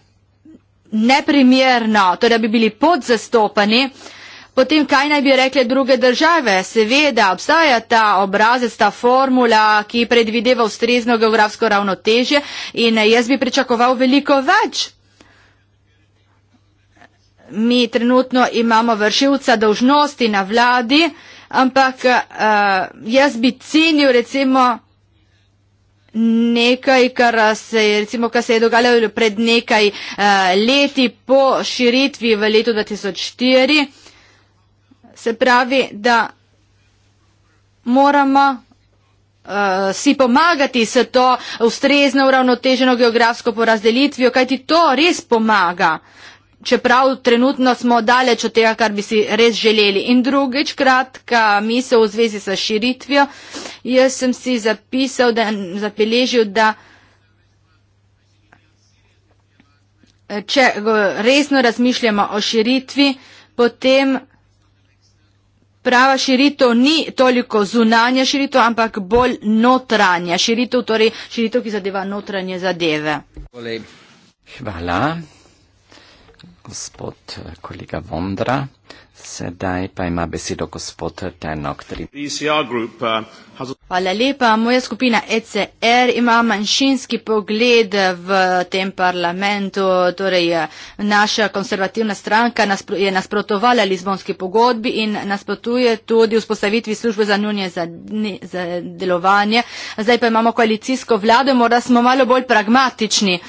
neprimerno, torej da bi bili podzastopani, potem kaj naj bi rekle druge države? Seveda obstaja ta obrazec, ta formula, ki predvideva ustrezno geografsko ravnotežje in jaz bi pričakoval veliko več. Mi trenutno imamo vršilca dolžnosti na vladi, uh, ampak uh, jaz bi cenil recimo nekaj, kar se je, recimo, kar se je dogajalo pred nekaj uh, leti po širitvi v letu 2004. Se pravi, da moramo uh, si pomagati s to ustrezno uravnoteženo geografsko porazdelitvijo, kajti to res pomaga. Uh, čeprav trenutno smo daleč od tega, kar bi si res želeli. In drugič, kratka misel v zvezi s širitvijo. Jaz sem si zapisal, da, zapeležil, da eh, če resno razmišljamo o širitvi, potem prava širitev ni toliko zunanja širitev, ampak bolj notranja širitev, torej širitev, ki zadeva notranje zadeve.
Hvala gospod eh, kolega Vondra. Sedaj pa ima besedo gospod Tenok. Eh,
Hvala lepa. Moja skupina ECR ima manjšinski pogled v tem parlamentu. Torej, eh, naša konservativna stranka je nasprotovala Lizbonski pogodbi in nasprotuje tudi vzpostavitvi službe za nunje za, za delovanje. Zdaj pa imamo koalicijsko vlado, morda smo malo bolj pragmatični.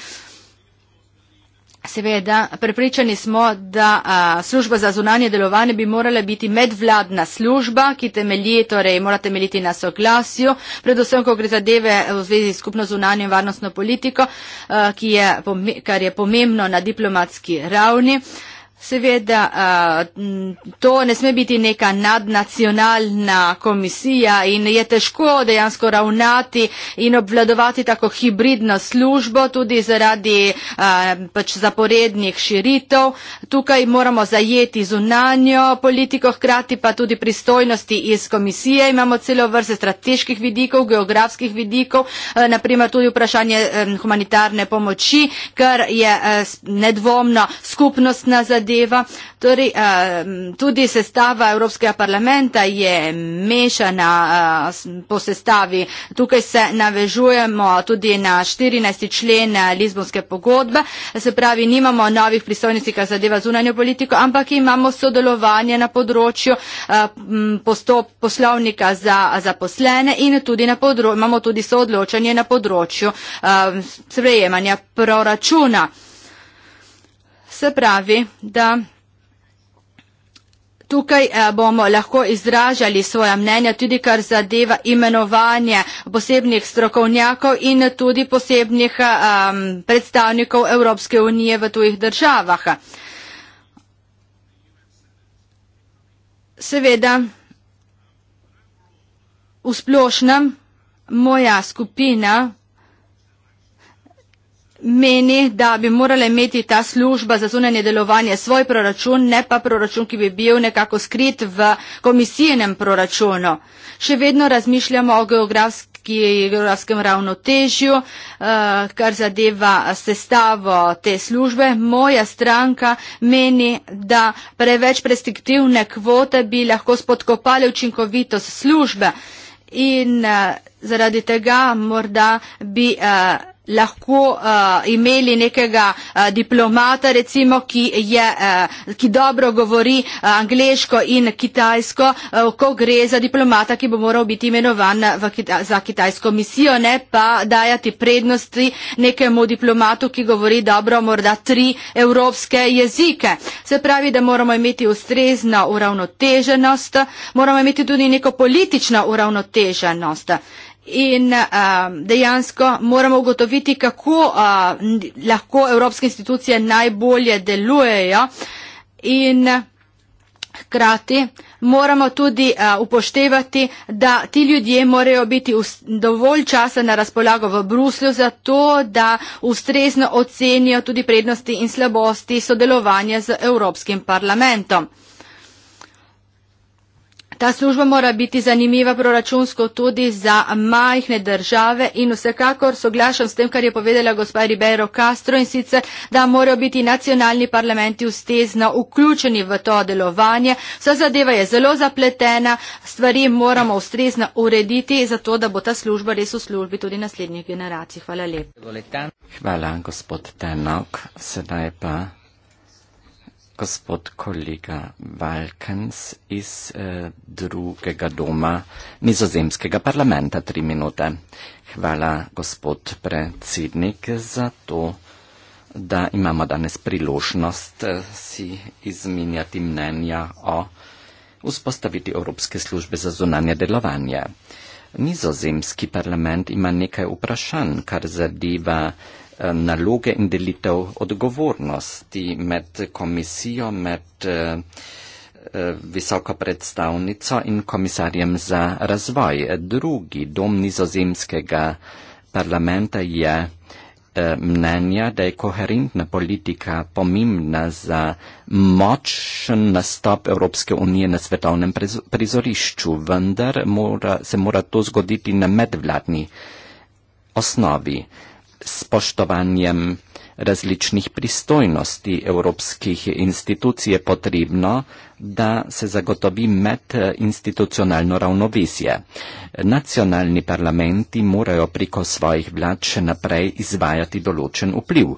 Seveda, prepričani smo, da a, služba za zunanje delovanje bi morala biti medvladna služba, ki temelji, torej mora temeljiti na soglasju, predvsem, ko gre za deve v zvezi s skupno zunanjo in varnostno politiko, a, je, kar je pomembno na diplomatski ravni. A, Seveda, to ne sme biti neka nadnacionalna komisija in je težko dejansko ravnati in obvladovati tako hibridno službo tudi zaradi pač zaporednih širitev. Tukaj moramo zajeti zunanjo politiko, hkrati pa tudi pristojnosti iz komisije. Imamo celo vrste strateških vidikov, geografskih vidikov, naprimer tudi vprašanje humanitarne pomoči, kar je nedvomno skupnostna zadeva zadeva. Torej, tudi sestava Evropskega parlamenta je mešana po sestavi. Tukaj se navežujemo tudi na 14. člen eh, Lizbonske pogodbe. Se pravi, nimamo novih pristojnosti, kar zadeva zunanjo politiko, ampak imamo sodelovanje na področju postop, poslovnika za zaposlene in tudi podro, imamo tudi soodločanje na področju sprejemanja proračuna. Se pravi, da tukaj eh, bomo lahko izražali svoja mnenja, tudi kar zadeva imenovanje posebnih strokovnjakov in tudi posebnih um, predstavnikov Evropske unije v tujih državah. Seveda, v splošnem moja skupina meni, da bi morala imeti ta služba za zunanje delovanje svoj proračun, ne pa proračun, ki bi bil nekako skrit v komisijenem proračunu. Še vedno razmišljamo o geografskem ravnotežju, eh, kar zadeva sestavo te službe. Moja stranka meni, da preveč prestiktivne kvote bi lahko spodkopale učinkovitost službe in eh, zaradi tega morda bi eh, lahko uh, imeli nekega uh, diplomata, recimo, ki, je, uh, ki dobro govori uh, angliško in kitajsko, uh, ko gre za diplomata, ki bo moral biti imenovan kita za kitajsko misijo, ne pa dajati prednosti nekemu diplomatu, ki govori dobro morda tri evropske jezike. Se pravi, da moramo imeti ustrezno uravnoteženost, moramo imeti tudi neko politično uravnoteženost. In um, dejansko moramo ugotoviti, kako uh, lahko evropske institucije najbolje delujejo. In hkrati moramo tudi uh, upoštevati, da ti ljudje morajo biti dovolj časa na razpolago v Bruslju za to, da ustrezno ocenijo tudi prednosti in slabosti sodelovanja z Evropskim parlamentom. Ta služba mora biti zanimiva proračunsko tudi za majhne države in vsekakor soglašam s tem, kar je povedala gospa Ribeiro Castro in sicer, da morajo biti nacionalni parlamenti ustezno vključeni v to delovanje. Vsa zadeva je zelo zapletena, stvari moramo ustrezno urediti, zato da bo ta služba res v službi tudi naslednjih generacij. Hvala lepa.
Hvala, gospod Tenok. Sedaj pa gospod kolega Valkens iz eh, drugega doma nizozemskega parlamenta. Tri minute. Hvala, gospod predsednik, za to, da imamo danes priložnost eh, si izmenjati mnenja o vzpostaviti Evropske službe za zunanje delovanje. Nizozemski parlament ima nekaj vprašanj, kar zadeva Eh, naloge in delitev odgovornosti med komisijo, med eh, eh, visoko predstavnico in komisarjem za razvoj. Drugi dom nizozemskega parlamenta je mnenja, da je koherentna politika pomembna za močen nastop Evropske unije na svetovnem prizorišču, vendar mora, se mora to zgoditi na medvladni osnovi s poštovanjem različnih pristojnosti evropskih institucij je potrebno, da se zagotovi med institucionalno ravnovesje. Nacionalni parlamenti morajo preko svojih vlad še naprej izvajati določen vpliv.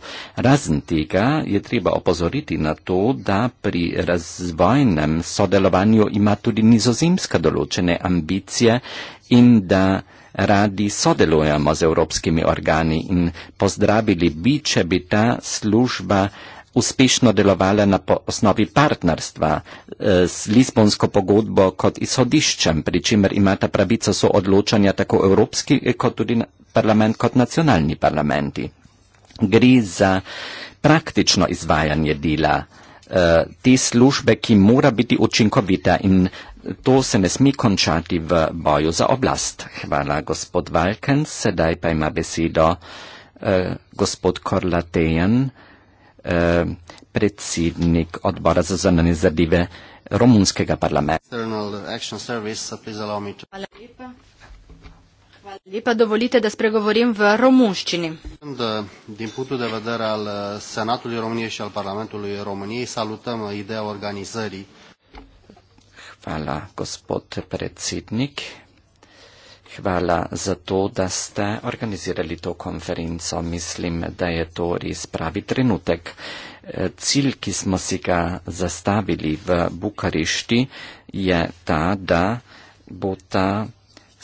Razen tega je treba opozoriti na to, da pri razvojnem sodelovanju ima tudi nizozemska določene ambicije in da radi sodelujemo z evropskimi organi in pozdravili bi, če bi ta služba uspešno delovala na osnovi partnerstva eh, s Lisbonsko pogodbo kot izhodiščem, pri čimer imata pravico so odločanja tako evropski eh, kot tudi parlament kot nacionalni parlamenti. Gre za praktično izvajanje dela eh, te službe, ki mora biti učinkovita in To se ne sme končati v boju za oblast. Hvala, gospod Valken. Sedaj pa ima besedo eh, gospod Korlatejen, eh, predsednik odbora za zanane zadeve Romunskega parlamenta.
Hvala
lepa. Hvala lepa, dovolite, da spregovorim v romunščini.
Din punctul de vedere al eh, Senatului României și al Parlamentului României salutăm ideea organizării Hvala, gospod
predsednik. Hvala za to, da ste organizirali to konferenco. Mislim, da je to res pravi trenutek. Cilj, ki smo si ga zastavili v Bukarišti, je ta, da bo ta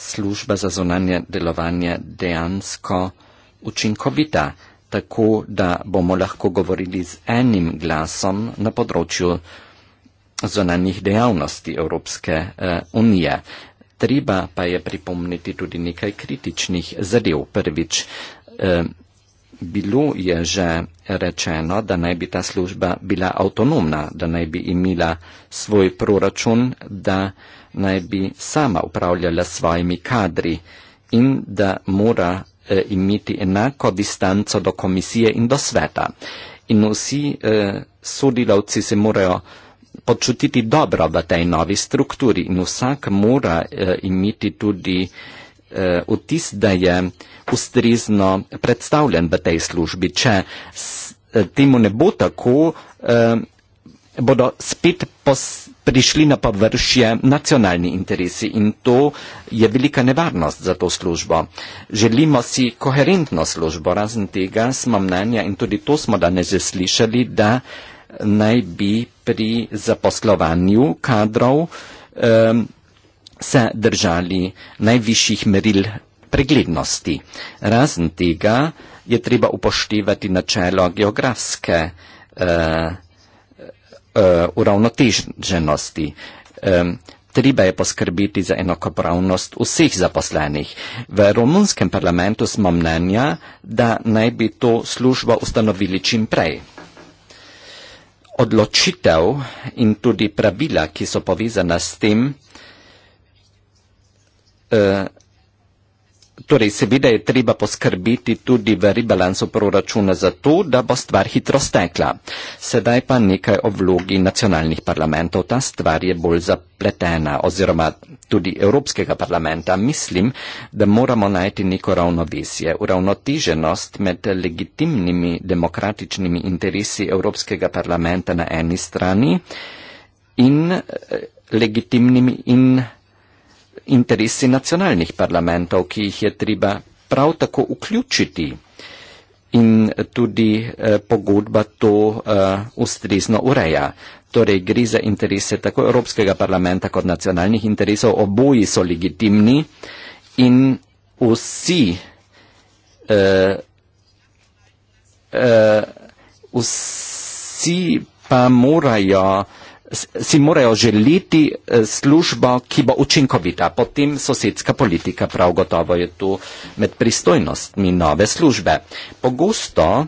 služba za zunanje delovanje dejansko učinkovita, tako da bomo lahko govorili z enim glasom na področju zonanjih dejavnosti Evropske eh, unije. Treba pa je pripomniti tudi nekaj kritičnih zadev. Prvič, eh, bilo je že rečeno, da naj bi ta služba bila avtonomna, da naj bi imela svoj proračun, da naj bi sama upravljala svojimi kadri in da mora eh, imeti enako distanco do komisije in do sveta. In vsi eh, sodelavci se morajo počutiti dobro v tej novi strukturi in vsak mora eh, imeti tudi eh, vtis, da je ustrezno predstavljen v tej službi. Če s, eh, temu ne bo tako, eh, bodo spet pos, prišli na površje nacionalni interesi in to je velika nevarnost za to službo. Želimo si koherentno službo, razen tega smo mnenja in tudi to smo danes že slišali, da naj bi pri zaposlovanju kadrov um, se držali najvišjih meril preglednosti. Razen tega je treba upoštevati načelo geografske uh, uh, uravnoteženosti. Um, treba je poskrbiti za enakopravnost vseh zaposlenih. V romunskem parlamentu smo mnenja, da naj bi to službo ustanovili čim prej odločitev in tudi pravila, ki so povezana s tem, eh, Torej, seveda je treba poskrbiti tudi v rebalansu proračuna za to, da bo stvar hitro stekla. Sedaj pa nekaj o vlogi nacionalnih parlamentov. Ta stvar je bolj zapletena oziroma tudi Evropskega parlamenta. Mislim, da moramo najti neko ravnovesje, uravnoteženost med legitimnimi demokratičnimi interesi Evropskega parlamenta na eni strani in eh, legitimnimi in interesi nacionalnih parlamentov, ki jih je treba prav tako vključiti in tudi eh, pogodba to eh, ustrezno ureja. Torej gre za interese tako Evropskega parlamenta kot nacionalnih interesov, oboji so legitimni in vsi, eh, eh, vsi pa morajo eh, si morajo želiti eh, službo, ki bo učinkovita. Potem sosedska politika prav gotovo je tu med pristojnostmi nove službe. Pogosto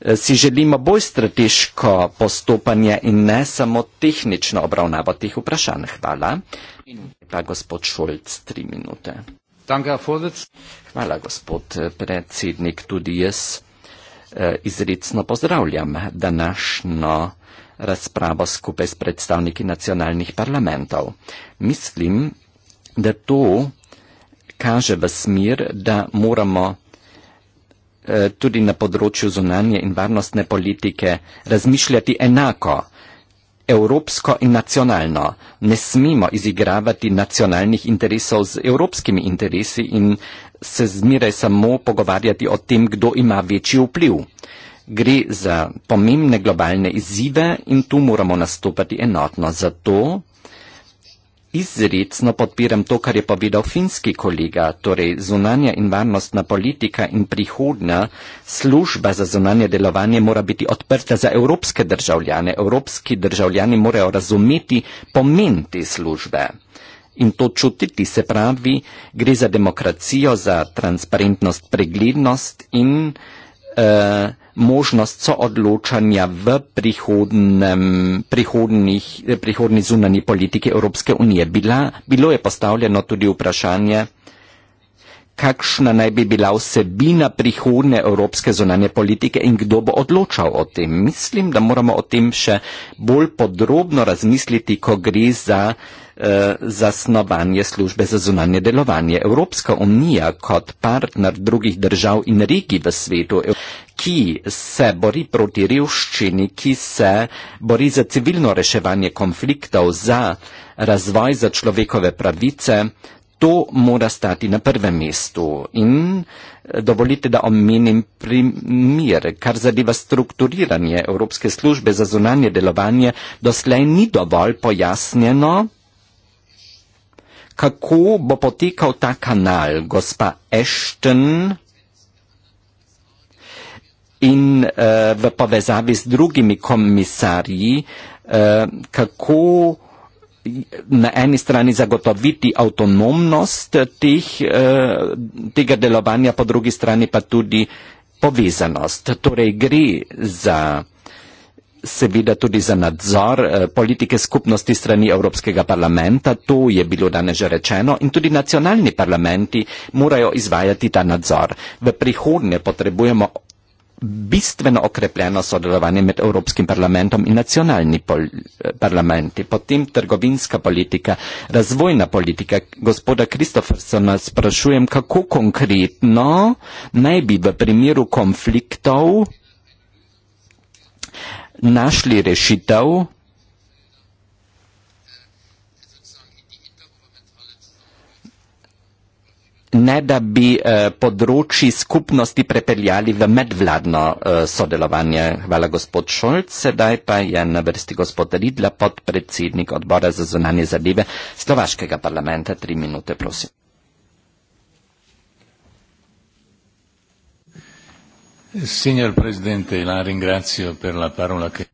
eh, si želimo bolj strateško postopanje in ne samo tehnično obravnavo teh vprašanj. Hvala. Pa gospod Šulc, tri minute. Hvala, gospod eh, predsednik, tudi jaz. E, izredno pozdravljam današnjo razpravo skupaj s predstavniki nacionalnih parlamentov. Mislim, da to kaže v smer, da moramo e, tudi na področju zunanje in varnostne politike razmišljati enako, evropsko in nacionalno. Ne smemo izigravati nacionalnih interesov z evropskimi interesi in se zmeraj samo pogovarjati o tem, kdo ima večji vpliv. Gre za pomembne globalne izzive in tu moramo nastopati enotno. Zato izredno podpiram to, kar je povedal finski kolega, torej zunanja in varnostna politika in prihodna služba za zunanje delovanje mora biti odprta za evropske državljane. Evropski državljani morajo razumeti pomen te službe. In to čutiti se pravi, gre za demokracijo, za transparentnost, preglednost in eh, možnost soodločanja v prihodnji zunani politiki Evropske unije. Bila, bilo je postavljeno tudi vprašanje, eh, kakšna naj bi bila vsebina prihodne evropske zonanje politike in kdo bo odločal o tem. Mislim, da moramo o tem še bolj podrobno razmisliti, ko gre za eh, zasnovanje službe za zunanje delovanje. Evropska unija kot partner drugih držav in regij v svetu, ki se bori proti revščini, ki se bori za civilno reševanje konfliktov, za razvoj, za človekove pravice, To mora stati na prvem mestu in eh, dovolite, da omenim primir, kar zadeva strukturiranje Evropske službe za zunanje delovanje, doslej ni dovolj pojasnjeno, kako bo potekal ta kanal, gospa Ashton, in uh, v povezavi z drugimi komisarji, uh, kako na eni strani zagotoviti avtonomnost tih, eh, eh, tega delovanja, po drugi strani pa tudi povezanost. Torej gre za seveda tudi za nadzor eh, politike skupnosti strani Evropskega parlamenta, to je bilo danes že rečeno, in tudi nacionalni parlamenti morajo izvajati ta nadzor. V prihodnje potrebujemo bistveno okrepljeno sodelovanje med Evropskim parlamentom in nacionalni pol, eh, parlamenti. Potem trgovinska politika, razvojna politika. Gospoda Kristofersona sprašujem, kako konkretno naj bi v primeru konfliktov našli rešitev ne da bi eh, področji skupnosti prepeljali v medvladno eh, sodelovanje. Hvala gospod Šolc, sedaj pa je na vrsti gospod Ridla, podpredsednik odbora za zunanje zadeve Slovaškega parlamenta. Tri minute, prosim.
Signor Presidente, la ringrazio per la parola che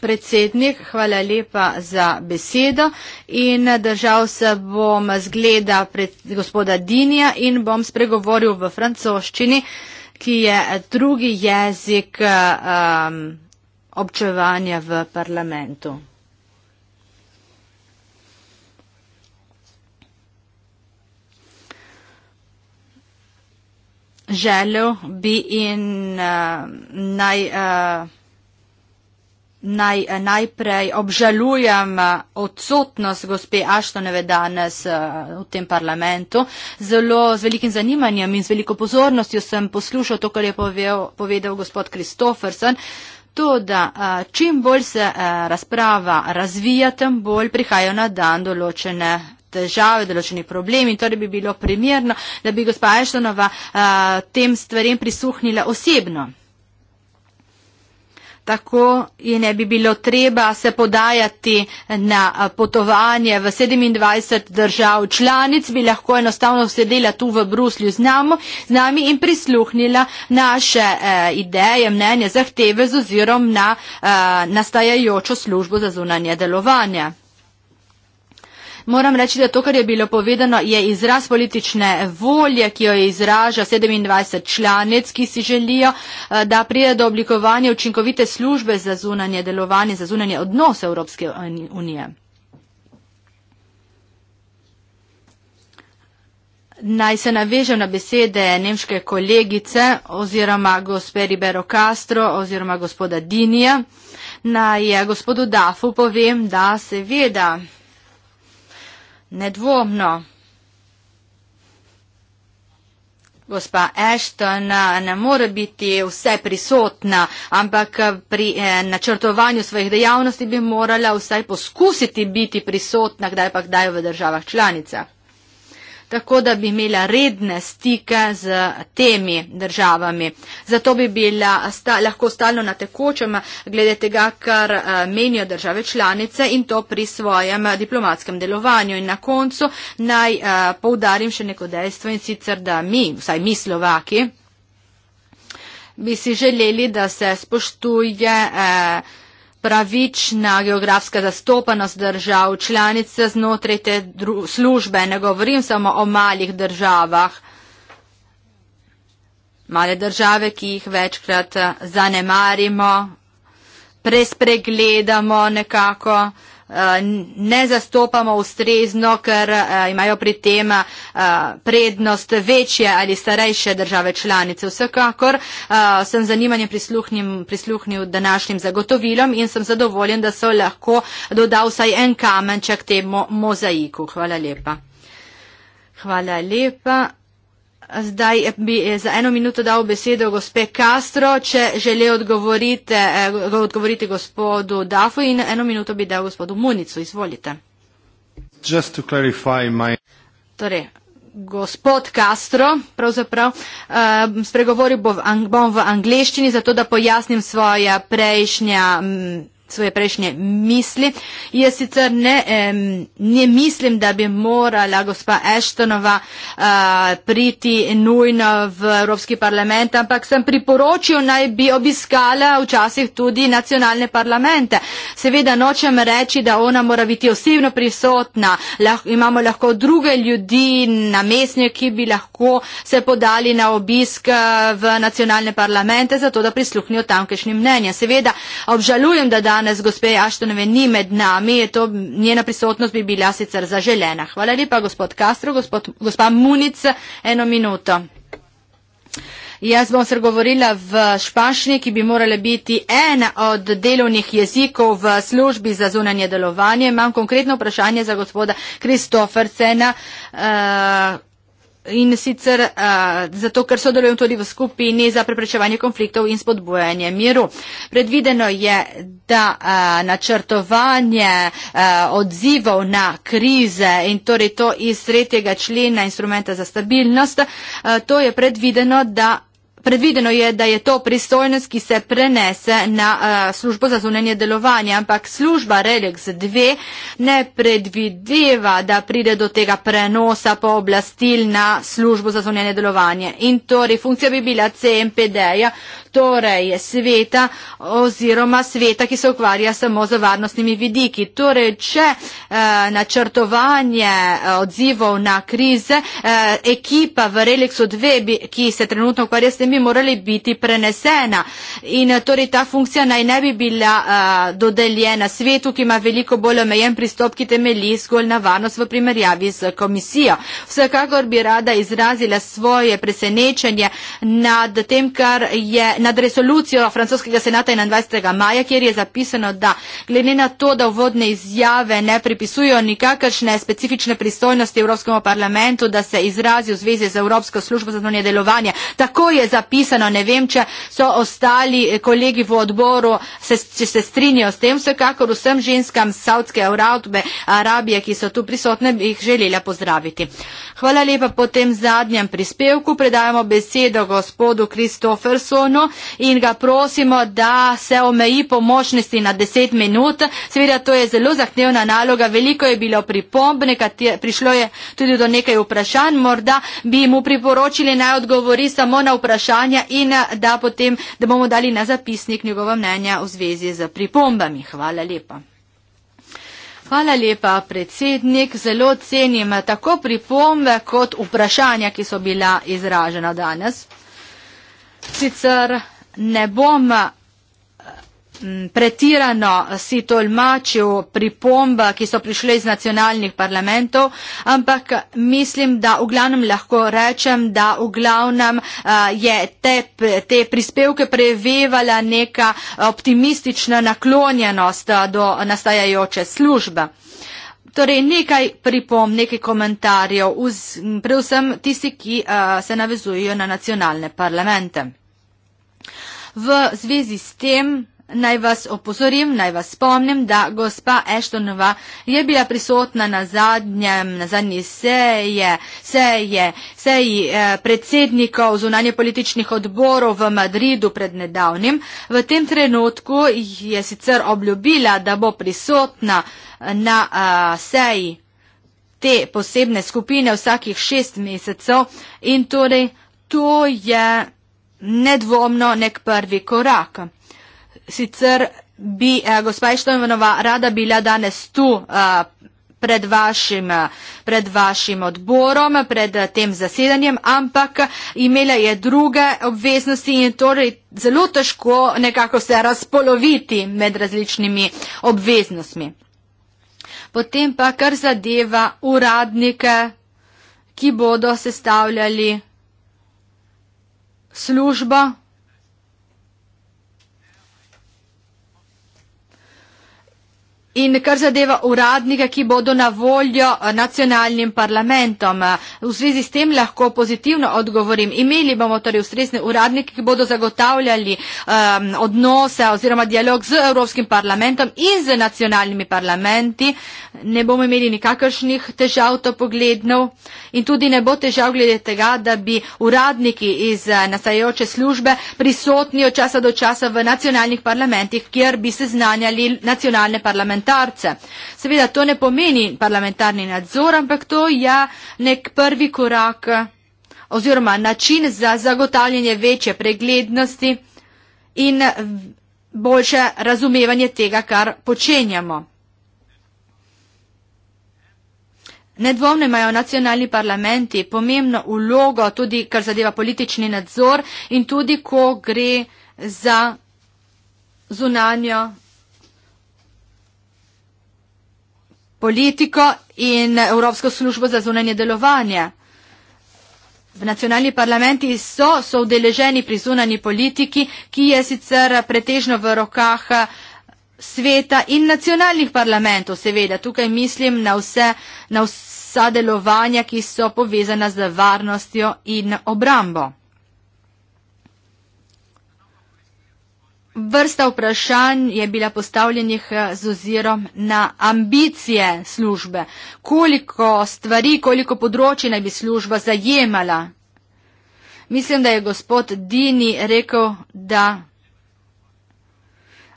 predsednik, hvala lepa za besedo in eh, držal se bom zgleda pred gospoda Dinija in bom spregovoril v francoščini, ki je eh, drugi jezik um, občevanja v parlamentu. Želel bi in uh, naj. Uh, Naj, eh, najprej obžalujem eh, odsotnost gospe Aštoneve danes eh, v tem parlamentu. Zelo z velikim zanimanjem in z veliko pozornostjo sem poslušal to, kar je povedal, povedal gospod Kristofersen. To, da čim bolj se razprava razvija, tem bolj prihajajo na dan določene težave, določeni problemi. Torej bi bilo primerno, da bi gospa Aštonova tem stvarem prisuhnila osebno tako je ne bi bilo treba se podajati na potovanje v 27 držav članic, bi lahko enostavno sedela tu v Bruslju z nami, z nami in prisluhnila naše eh, ideje, mnenje, zahteve z ozirom na eh, nastajajočo službo za zunanje delovanje. Moram reči, da to, kar je bilo povedano, je izraz politične volje, ki jo izraža 27 članic, ki si želijo, eh, da prije do oblikovanja učinkovite službe za zunanje delovanje, za zunanje odnose Evropske unije. Naj se navežem na besede nemške kolegice oziroma gospe Ribero Castro oziroma gospoda Dinija. Naj eh, gospodu Dafu povem, da seveda Nedvomno. Gospa Ashton ne more biti vse prisotna, ampak pri eh, načrtovanju svojih dejavnosti bi morala vsaj poskusiti biti prisotna, kdaj pa kdaj v državah članicah tako da bi imela redne stike z temi državami. Zato bi bila sta, lahko stalno na tekočem glede tega, kar eh, menijo države članice in to pri svojem diplomatskem delovanju. In na koncu naj eh, poudarim še neko dejstvo in sicer, da mi, vsaj mi Slovaki, bi si želeli, da se spoštuje eh, pravična geografska zastopanost držav članic znotraj te službe. Ne govorim samo o malih državah. Male države, ki jih večkrat zanemarimo, prespregledamo nekako. Eh, ne zastopamo ustrezno, ker eh, imajo pri tem eh, prednost večje ali starejše države članice. Vsekakor sem zanimanje prisluhnil današnjim zagotovilom in sem zadovoljen, da so lahko dodal vsaj en kamenček temu mozaiku. Hvala lepa. Hvala lepa. Zdaj bi eh, za eno minuto dal besedo gospe Castro, če želi odgovoriti, eh, odgovoriti gospodu Dafu in eno minuto bi dal gospodu Municu. Izvolite. Just to clarify my... Torej, gospod Castro, pravzaprav, eh, spregovoril bom v angleščini, zato da pojasnim svoja prejšnja mm, svoje prejšnje misli. Jaz sicer ne, ne mislim, da bi morala gospa Eštonova priti nujno v Evropski parlament, ampak sem priporočil, naj bi obiskala včasih tudi nacionalne parlamente. Seveda nočem reči, da ona mora biti osebno prisotna, lahko, imamo lahko druge ljudi na mestnje, ki bi lahko se podali na obisk v nacionalne parlamente, zato da prisluhnijo tamkešnjim mnenjem. Seveda obžalujem, da danes gospe Aštonove ni med nami, to, njena prisotnost bi bila sicer zaželena. Hvala lepa, gospod Castro, gospod, gospa Munic, eno minuto. Jaz bom se govorila v španščini, ki bi morala biti ena od delovnih jezikov v službi za zunanje delovanje. Imam konkretno vprašanje za gospoda Kristofercena. Uh, eh, in sicer uh, zato, ker sodelujem tudi v skupini za preprečevanje konfliktov in spodbujanje miru. Predvideno je, da uh, načrtovanje uh, odzivov na krize in torej to iz tretjega člena instrumenta za stabilnost, uh, to je predvideno, da Predvideno je, da je to pristojnost, ki se prenese na uh, službo za zunanje delovanje, ampak služba Relex 2 ne predvideva, da pride do tega prenosa pooblastil na službo za zunanje delovanje. In torej funkcija bi bila CMPD-ja, torej sveta oziroma sveta, ki se ukvarja samo z varnostnimi vidiki. Torej, če eh, načrtovanje eh, odzivov na krize, eh, ekipa v Relixu 2, ki se trenutno ukvarja s tem, bi morali biti prenesena. In eh, torej ta funkcija naj ne bi bila eh, dodeljena svetu, ki ima veliko bolj omejen pristop, ki temelji zgolj na varnost v primerjavi z komisijo. Vsekakor bi rada izrazila svoje presenečenje nad tem, kar je nad resolucijo francoskega senata 21. maja, kjer je zapisano, da glede na to, da uvodne izjave ne pripisujo nikakršne specifične pristojnosti Evropskemu parlamentu, da se izrazi v zvezi z Evropsko službo za zunanje delovanje. Tako je zapisano, ne vem, če so ostali eh, kolegi v odboru, se, če se strinjajo s tem, vsekakor vsem ženskam Saudske Arabije, Arabije, ki so tu prisotne, bi jih želela pozdraviti. Hvala lepa po tem zadnjem prispevku. Predajamo besedo gospodu Kristofersonu in ga prosimo, da se omeji po močnosti na 10 minut. Seveda, to je zelo zahtevna naloga, veliko je bilo pripomb, prišlo je tudi do nekaj vprašanj. Morda bi mu priporočili naj odgovori samo na vprašanja in da potem, da bomo dali na zapisnik njegova mnenja v zvezi z pripombami. Hvala lepa. Hvala lepa, predsednik. Zelo cenim tako pripombe kot vprašanja, ki so bila izražena danes. Sicer ne bom eh, pretirano si tolmačil pripomba, ki so prišle iz nacionalnih parlamentov, ampak mislim, da v glavnem lahko rečem, da v glavnem eh, je te, te prispevke prevevala neka optimistična naklonjenost eh, do nastajajoče službe. Torej, nekaj pripom, nekaj komentarjev, vz, predvsem tisti, ki uh, se navezujejo na nacionalne parlamente. V zvezi s tem Naj vas opozorim, naj vas spomnim, da gospa Eštonova je bila prisotna na zadnjem, na zadnji seje, seje, seji eh, predsednikov zunanje političnih odborov v Madridu pred nedavnim. V tem trenutku je sicer obljubila, da bo prisotna na eh, seji te posebne skupine vsakih šest mesecev in torej to je nedvomno nek prvi korak sicer bi eh, gospa Ištovenova rada bila danes tu eh, pred vašim, eh, pred vašim odborom, pred eh, tem zasedanjem, ampak imela je druge obveznosti in torej zelo težko nekako se razpoloviti med različnimi obveznostmi. Potem pa kar zadeva uradnike, ki bodo sestavljali službo In kar zadeva uradnike, ki bodo na voljo eh, nacionalnim parlamentom, eh, v zvezi s tem lahko pozitivno odgovorim. Imeli bomo torej ustrezne uradnike, ki bodo zagotavljali um, odnose oziroma dialog z Evropskim parlamentom in z nacionalnimi parlamenti. Ne bomo imeli nikakršnih težav to pogledno in tudi ne bo težav glede tega, da bi uradniki iz nastajajoče službe prisotni od časa do časa v nacionalnih parlamentih, kjer bi se znanjali nacionalne parlamente parlamentarce. Seveda to ne pomeni parlamentarni nadzor, ampak to je nek prvi korak oziroma način za zagotavljanje večje preglednosti in boljše razumevanje tega, kar počenjamo. Nedvomno imajo nacionalni parlamenti pomembno ulogo tudi, kar zadeva politični nadzor in tudi, ko gre za zunanjo politiko in Evropsko službo za zunanje delovanje. V nacionalni parlamenti so, so udeleženi pri zunanji politiki, ki je sicer pretežno v rokah eh, sveta in nacionalnih parlamentov, seveda. Tukaj mislim na, vse, na vsa delovanja, ki so povezana z varnostjo in obrambo. vrsta vprašanj je bila postavljenih eh, z ozirom na ambicije službe. Koliko stvari, koliko področji naj bi služba zajemala? Mislim, da je gospod Dini rekel, da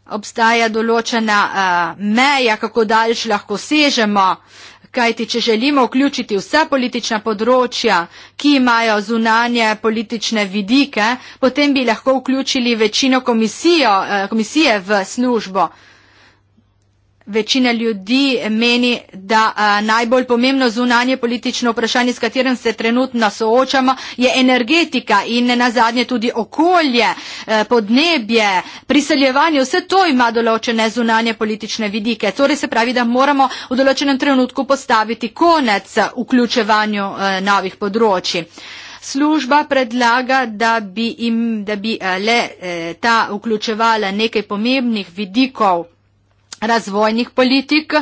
obstaja določena uh, meja, kako daljši lahko sežemo. Uh, Kajti, če želimo vključiti vsa politična področja, ki imajo zunanje politične vidike, potem bi lahko vključili večino komisijo, eh, komisije v službo večina ljudi meni, da a, najbolj pomembno zunanje politično vprašanje, s katerim se trenutno soočamo, je energetika in na zadnje tudi okolje, a, podnebje, priseljevanje, vse to ima določene zunanje politične vidike. Torej se pravi, da moramo v določenem trenutku postaviti konec vključevanju a, novih področji. Služba predlaga, da bi, im, da bi a, le a, e, ta vključevala nekaj pomembnih vidikov razvojnih politik,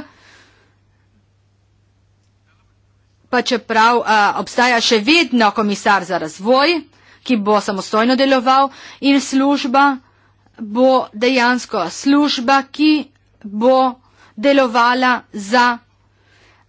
pa čeprav a, obstaja še vedno komisar za razvoj, ki bo samostojno deloval in služba bo dejansko služba, ki bo delovala za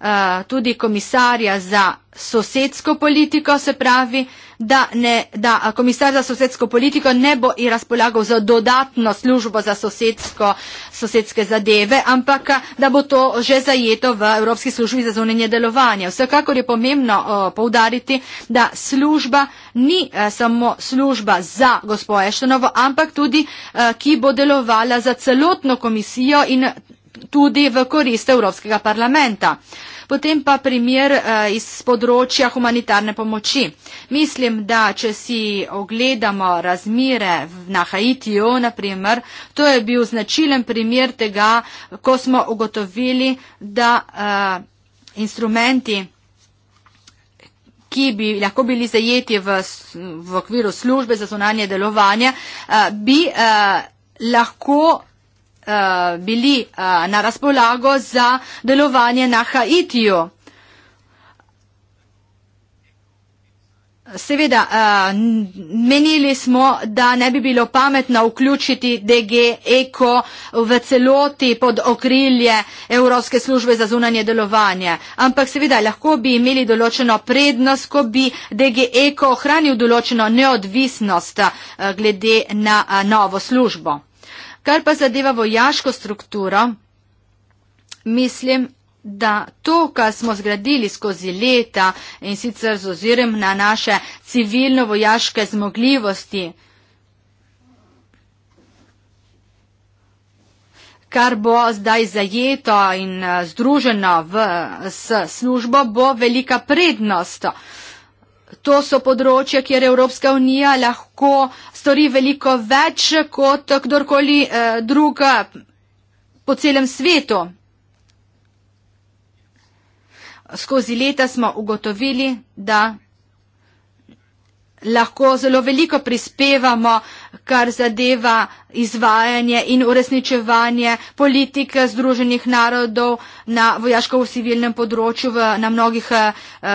a, tudi komisarja za sosedsko politiko, se pravi, da, ne, da komisar za sosedsko politiko ne bo in razpolagal za dodatno službo za sosedsko, sosedske zadeve, ampak da bo to že zajeto v Evropski službi za zunanje delovanje. Vsekakor je pomembno o, povdariti, da služba ni e, samo služba za gospod Eštonovo, ampak tudi, e, ki bo delovala za celotno komisijo in tudi v korist Evropskega parlamenta. Potem pa primer eh, iz področja humanitarne pomoči. Mislim, da če si ogledamo razmire na Haitiju, naprimer, to je bil značilen primer tega, ko smo ugotovili, da eh, instrumenti ki bi lahko bili zajeti v, v okviru službe za zunanje delovanje, eh, bi eh, lahko Eh, bili eh, na razpolago za delovanje na Haitiju. Seveda, eh, menili smo, da ne bi bilo pametno vključiti DG Eko v celoti pod okrilje Evropske službe za zunanje delovanje. Ampak seveda, lahko bi imeli določeno prednost, ko bi DG Eko ohranil določeno neodvisnost glede na novo službo. Kar pa zadeva vojaško strukturo, mislim, da to, kar smo zgradili skozi leta in sicer z ozirom na naše civilno-vojaške zmogljivosti, kar bo zdaj zajeto in eh, združeno v, s službo, bo velika prednost. Uh, to so področja, kjer Evropska unija lahko stori veliko več kot kdorkoli eh, druga eh, po celem svetu. Skozi leta smo ugotovili, da lahko zelo veliko prispevamo, kar zadeva izvajanje in uresničevanje politike Združenih narodov na vojaško-civilnem področju v, na mnogih, eh,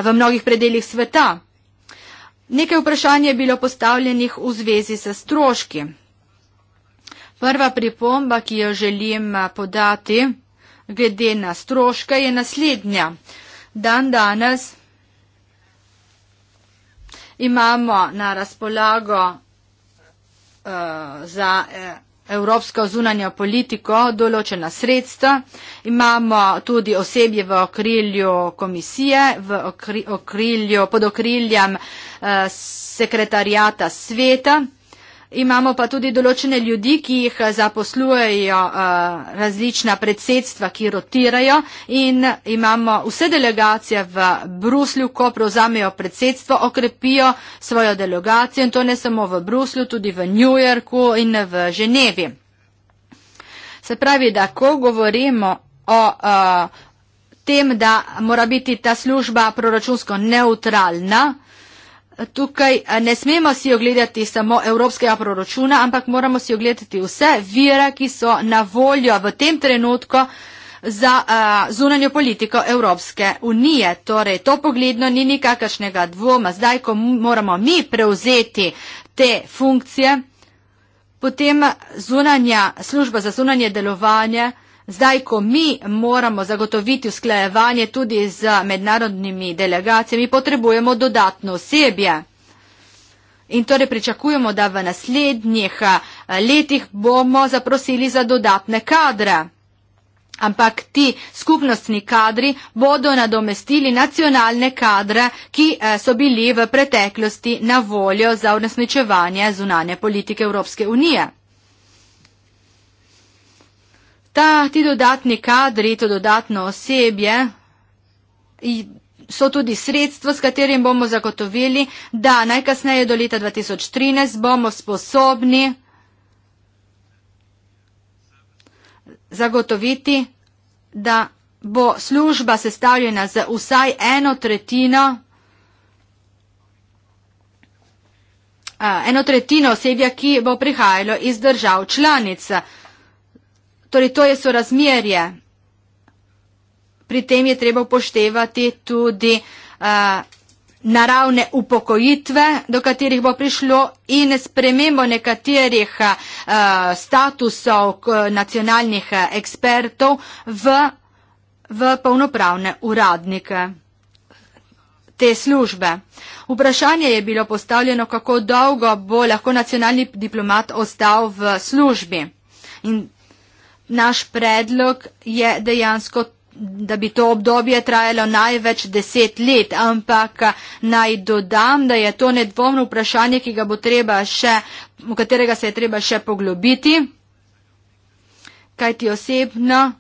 v mnogih predeljih sveta. Nekaj vprašanj je bilo postavljenih v zvezi s stroški. Prva pripomba, ki jo želim eh, podati glede na stroške, je naslednja. Dan danes imamo na razpolago uh, za. Uh, evropsko zunanjo politiko določena sredstva, imamo tudi osebje v okrilju komisije, v okrilju, pod okriljem eh, sekretarijata sveta. Imamo pa tudi določene ljudi, ki jih eh, zaposlujejo eh, različna predsedstva, ki rotirajo in imamo vse delegacije v Bruslju, ko prevzamejo predsedstvo, okrepijo svojo delegacijo in to ne samo v Bruslju, tudi v New Yorku in v Ženevi. Se pravi, da ko govorimo o eh, tem, da mora biti ta služba proračunsko neutralna, Tukaj eh, ne smemo si ogledati samo evropskega proračuna, ampak moramo si ogledati vse vire, ki so na voljo v tem trenutku za uh, zunanjo politiko Evropske unije. Torej, to pogledno ni nikakršnega dvoma. Zdaj, ko moramo mi prevzeti te funkcije, potem zunanja služba za zunanje delovanje uh, Zdaj, ko mi moramo zagotoviti usklajevanje tudi z mednarodnimi delegacijami, potrebujemo dodatno osebje. In torej pričakujemo, da v naslednjih eh, letih bomo zaprosili za dodatne kadre. Ampak ti skupnostni kadri bodo nadomestili nacionalne kadre, ki eh, so bili v preteklosti na voljo za uresničevanje zunanje politike Evropske unije. Ta, ti dodatni kadri, to dodatno osebje so tudi sredstvo, s katerim bomo zagotovili, da najkasneje do leta 2013 bomo sposobni zagotoviti, da bo služba sestavljena z vsaj eno tretjino, eno tretjino osebja, ki bo prihajalo iz držav članica. Torej, to je sorazmerje. Pri tem je treba upoštevati tudi uh, naravne upokojitve, do katerih bo prišlo in spremembo nekaterih uh, statusov uh, nacionalnih ekspertov v, v polnopravne uradnike te službe. Vprašanje je bilo postavljeno, kako dolgo bo lahko nacionalni diplomat ostal v službi. In Naš predlog je dejansko, da bi to obdobje trajalo največ deset let, ampak naj dodam, da je to nedvomno vprašanje, ki ga bo treba še, v katerega se je treba še poglobiti, kajti osebno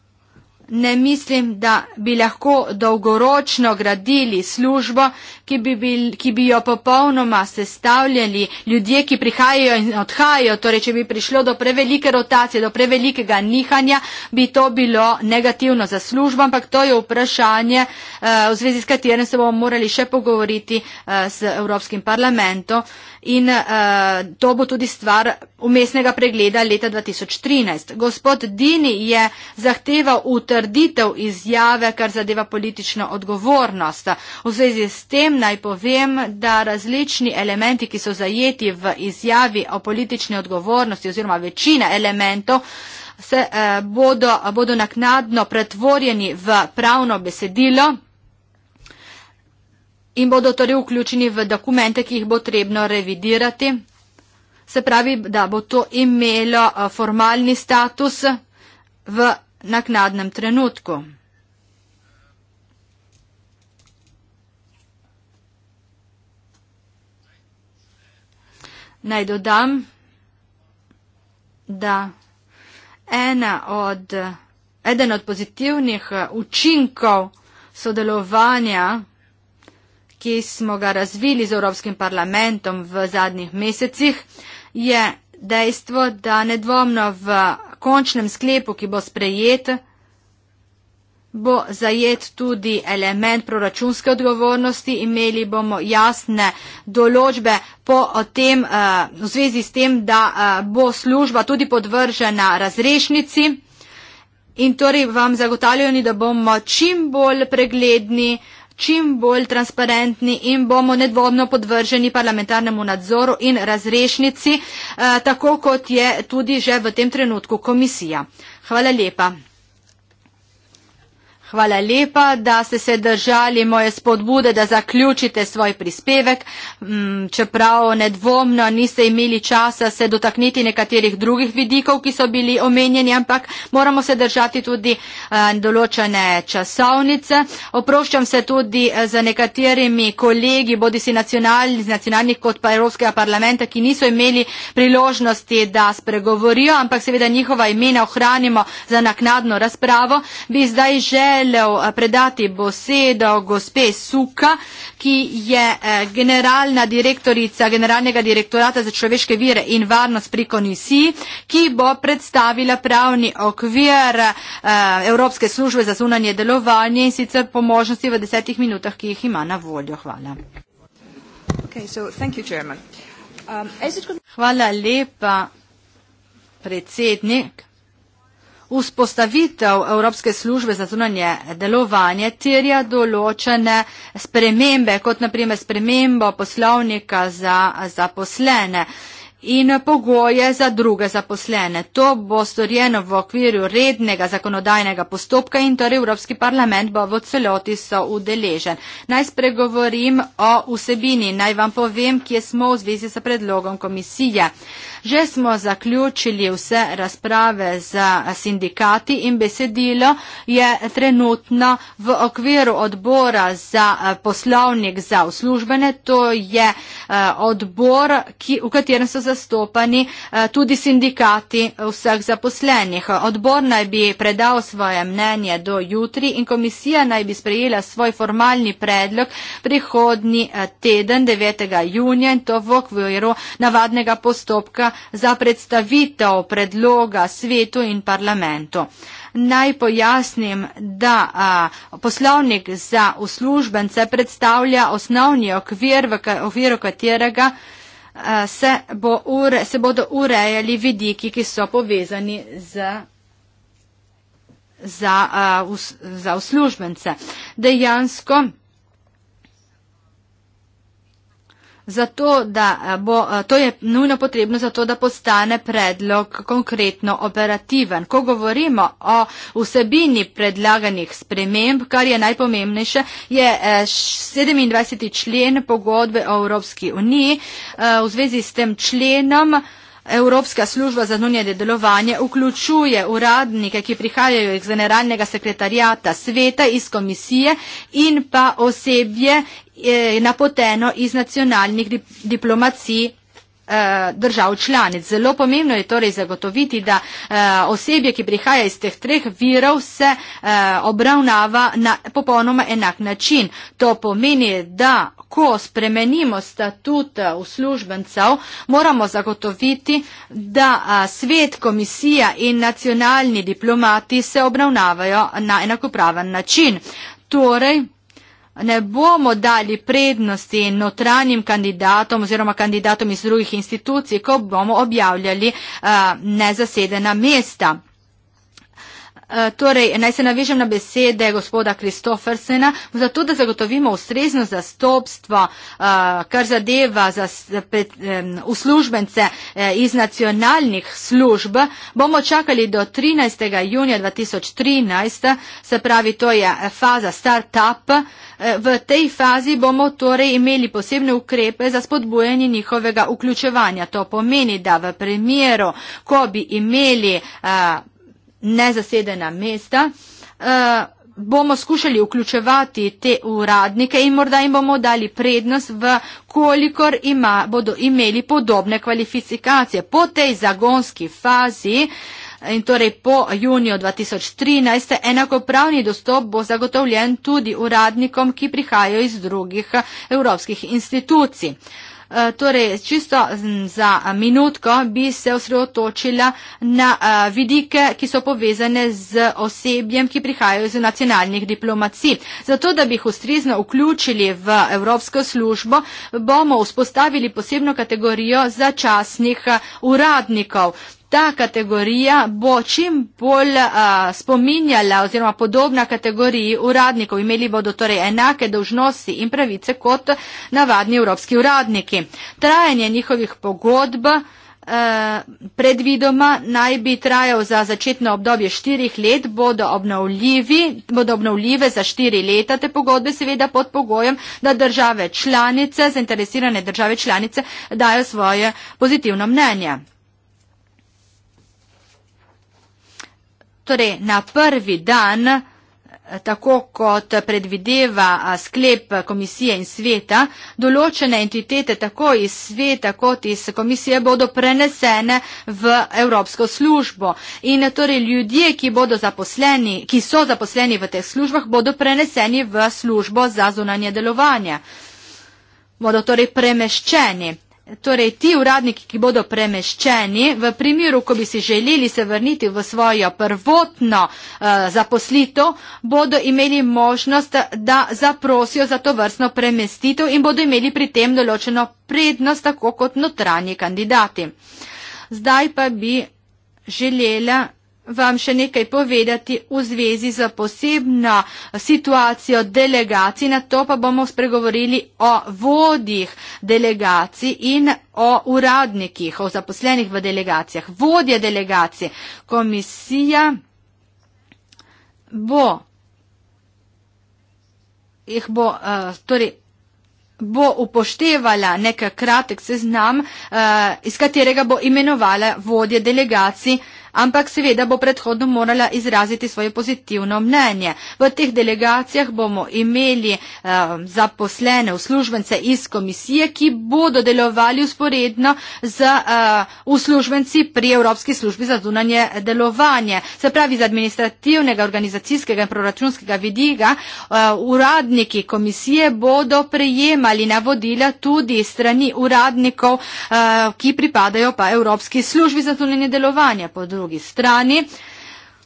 ne mislim, da bi lahko dolgoročno gradili službo, ki bi, bil, ki bi jo popolnoma sestavljali ljudje, ki prihajajo in odhajajo, torej če bi prišlo do prevelike rotacije, do prevelikega nihanja, bi to bilo negativno za službo, ampak to je vprašanje, eh, v zvezi s katerim se bomo morali še pogovoriti eh, z Evropskim parlamentom. In uh, to bo tudi stvar umestnega pregleda leta 2013. Gospod Dini je zahteval utrditev izjave, kar zadeva politično odgovornost. V zvezi s tem tem naj povem, da različni elementi, ki so zajeti v izjavi o politični odgovornosti oziroma večina elementov, se eh, bodo, bodo naknadno pretvorjeni v pravno besedilo in bodo torej vključeni v dokumente, ki jih bo trebno revidirati. Se pravi, da bo to imelo eh, formalni status v naknadnem trenutku. naj dodam, da ena od, eden od pozitivnih eh, učinkov sodelovanja, ki smo ga razvili z Evropskim parlamentom v zadnjih mesecih, je dejstvo, da nedvomno v končnem sklepu, ki bo sprejet, bo zajet tudi element proračunske odgovornosti. Imeli bomo jasne določbe po tem, eh, v zvezi s tem, da eh, bo služba tudi podvržena razrešnici. In torej vam zagotavljam, da bomo čim bolj pregledni, čim bolj transparentni in bomo nedvodno podvrženi parlamentarnemu nadzoru in razrešnici, eh, tako kot je tudi že v tem trenutku komisija. Hvala lepa. Hvala lepa, da ste se držali moje spodbude, da zaključite svoj prispevek. Mm, čeprav nedvomno niste imeli časa se dotakniti nekaterih drugih vidikov, ki so bili omenjeni, ampak moramo se držati tudi eh, določene časovnice. Oproščam se tudi eh, za nekaterimi kolegi, bodi si nacionalnih, nacionalnih kot pa Evropskega parlamenta, ki niso imeli priložnosti, da spregovorijo, ampak seveda njihova imena ohranimo za naknadno razpravo. Bi zdaj želel želel eh, predati besedo gospe Suka, ki je eh, generalna direktorica generalnega direktorata za človeške vire in varnost pri komisiji, ki bo predstavila pravni okvir eh, Evropske službe za zunanje delovanje in sicer po možnosti v desetih minutah, ki jih ima na voljo. Hvala. Okay, so, thank you, um, Hvala lepa, predsednik. Vzpostavitev Evropske službe za zunanje delovanje terja določene spremembe, kot naprimer spremembo poslovnika za zaposlene in pogoje za druge zaposlene. To bo storjeno v okviru rednega zakonodajnega postopka in torej Evropski parlament bo v celoti so udeležen. Naj spregovorim o vsebini, naj vam povem, kje smo v zvezi s predlogom komisije. Že smo zaključili vse razprave z sindikati in besedilo je trenutno v okviru odbora za eh, poslovnik za uslužbene. To je eh, odbor, ki, v katerem so zastopani eh, tudi sindikati vseh zaposlenih. Odbor naj bi predal svoje mnenje do jutri in komisija naj bi sprejela svoj formalni predlog prihodni teden 9. junija in to v okviru navadnega postopka za predstavitev predloga svetu in parlamentu. Naj pojasnim, da a, poslovnik za uslužbence predstavlja osnovni okvir, v okviru katerega a, se, bo ure, se bodo urejali vidiki, ki so povezani z. Za, uh, us, za uslužbence. Dejansko Zato, da eh, bo, eh, to je nujno potrebno zato, da postane predlog konkretno operativen. Ko govorimo o vsebini predlaganih sprememb, kar je najpomembnejše, je 27. Eh, člen pogodbe o Evropski uniji. V zvezi s tem členom Evropska služba za nunjede delovanje vključuje uradnike, ki prihajajo iz generalnega sekretarjata sveta, iz komisije in pa osebje napoteno iz nacionalnih diplomacij eh, držav članic. Zelo pomembno je torej zagotoviti, da eh, osebje, ki prihaja iz teh treh virov, se eh, obravnava na popolnoma enak način. To pomeni, da ko spremenimo statut uslužbencev, moramo zagotoviti, da svet, komisija in nacionalni diplomati se obravnavajo na enakopraven način. Torej, ne bomo dali prednosti notranjim kandidatom oziroma kandidatom iz drugih institucij, ko bomo objavljali eh, nezasedena mesta torej, naj se navežem na besede gospoda Kristofersena, zato da zagotovimo ustrezno zastopstvo, kar zadeva za uslužbence e, iz nacionalnih služb, bomo čakali do 13. junija 2013, se pravi, to je faza start-up. E, v tej fazi bomo torej imeli posebne ukrepe za spodbujanje njihovega vključevanja. To pomeni, da v primeru, ko bi imeli nezasedena mesta, eh, bomo skušali vključevati te uradnike in morda jim bomo dali prednost, v kolikor ima, bodo imeli podobne kvalifikacije. Po tej zagonski fazi in torej po juniju 2013 enakopravni dostop bo zagotovljen tudi uradnikom, ki prihajajo iz drugih evropskih institucij. Eh, torej, čisto za minutko bi se osredotočila na eh, vidike, ki so povezane z osebjem, ki prihajajo iz nacionalnih diplomacij. Zato, da bi jih ustrezno vključili v Evropsko službo, bomo vzpostavili posebno kategorijo začasnih eh, uradnikov ta kategorija bo čim bolj uh, spominjala oziroma podobna kategoriji uradnikov. Imeli bodo torej enake dožnosti in pravice kot navadni evropski uradniki. Trajanje njihovih pogodb predvidoma naj bi trajal za začetno obdobje štirih let, bodo, bodo obnovljive za štiri leta te pogodbe, seveda pod pogojem, da države članice, zainteresirane države članice, dajo svoje pozitivno mnenje. Torej, na prvi dan, eh, tako kot predvideva eh, sklep eh, komisije in sveta, določene entitete tako iz sveta kot iz komisije bodo prenesene v Evropsko službo. In torej ljudje, ki, zaposleni, ki so zaposleni v teh službah, bodo preneseni v službo za zunanje delovanje. Bodo torej premeščeni. Torej, ti uradniki, ki bodo premeščeni, v primeru, ko bi si želeli se vrniti v svojo prvotno uh, eh, zaposlito, bodo imeli možnost, da zaprosijo za to vrstno premestitev in bodo imeli pri tem določeno prednost, tako kot notranji kandidati. Zdaj pa bi želela vam še nekaj povedati v zvezi z posebno situacijo delegacij, na to pa bomo spregovorili o vodjih delegacij in o uradnikih, o zaposlenih v delegacijah. Vodje delegacije, komisija bo, jih bo, uh, torej, bo upoštevala nek kratek seznam, uh, iz katerega bo imenovala vodje delegacij. Uh, ampak seveda bo predhodno morala izraziti svoje pozitivno mnenje. V teh delegacijah bomo imeli eh, zaposlene uslužbence iz komisije, ki bodo delovali usporedno z eh, uslužbenci pri Evropski službi za zunanje delovanje. Se pravi, z administrativnega, organizacijskega in proračunskega vidiga eh, uradniki komisije bodo prejemali navodila tudi strani uradnikov, eh, ki pripadajo pa Evropski službi za zunanje delovanje drugi strani.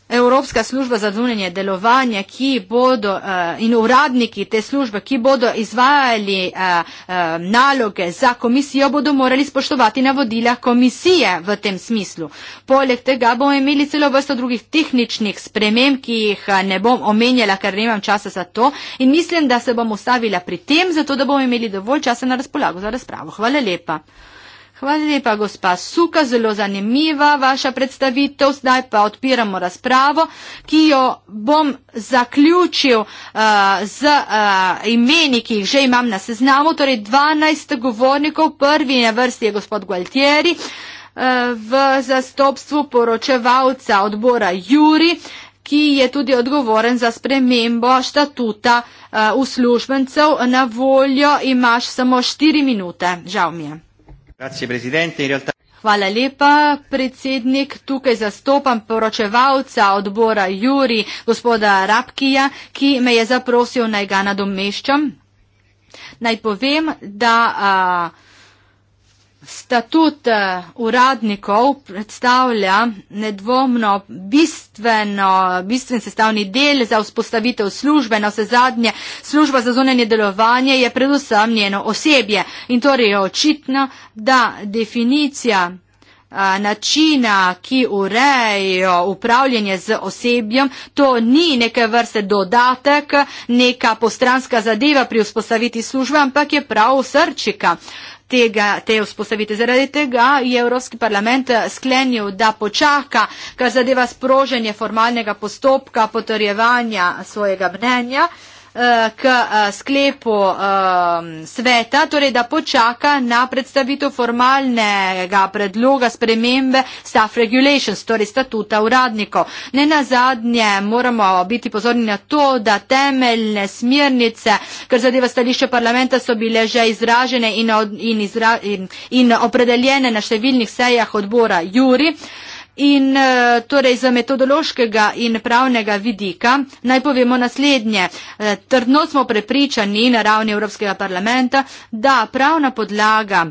Evropska služba za zunanje delovanje bodo, eh, in uradniki te službe, ki bodo izvajali eh, eh, naloge za komisijo, bodo morali spoštovati navodila komisije v tem smislu. Poleg tega bomo imeli celo vrsto drugih tehničnih sprememb, ki jih ne bom omenjala, ker nimam časa za to. In mislim, da se bom ustavila pri tem, zato da bomo imeli dovolj časa na razpolago za razpravo. Hvala lepa. Hvala lepa, gospa Suka, zelo zanimiva vaša predstavitev. Zdaj pa odpiramo razpravo, ki jo bom zaključil uh, z uh, imeni, ki jih že imam na seznamu. Torej, 12 govornikov, prvi na vrsti je gospod Gualtieri uh, v zastopstvu poročevalca odbora Juri ki je tudi odgovoren za spremembo štatuta uslužbencev uh, na voljo, imaš samo štiri minute, žal mi je. Hvala lepa, predsednik. Tukaj zastopam poročevalca odbora Juri, gospoda Rabkija, ki me je zaprosil, naj ga nadomeščam. Naj povem, da. A, Statut eh, uradnikov predstavlja nedvomno bistveno, bistven sestavni del za vzpostavitev službe. Na vse zadnje, služba za zunanje delovanje je predvsem njeno osebje. In torej je očitno, da definicija eh, načina, ki urejo upravljanje z osebjem, to ni neke vrste dodatek, neka postranska zadeva pri vzpostaviti službe, ampak je prav srčika tega, te vzpostavite. Zaradi tega je Evropski parlament eh, sklenil, da počaka, kar zadeva sproženje formalnega postopka potrjevanja svojega mnenja. Eh, k eh, sklepu eh, sveta, torej da počaka na predstavitev formalnega predloga spremembe staff regulations, torej statuta uradnikov. Ne na zadnje moramo biti pozorni na to, da temeljne smernice, kar zadeva stališče parlamenta, so bile že izražene in, od, in, izra, in, in opredeljene na številnih sejah odbora Juri. Uh, In eh, torej z metodološkega in pravnega vidika naj povemo naslednje. Eh, trdno smo prepričani na ravni Evropskega parlamenta, da pravna podlaga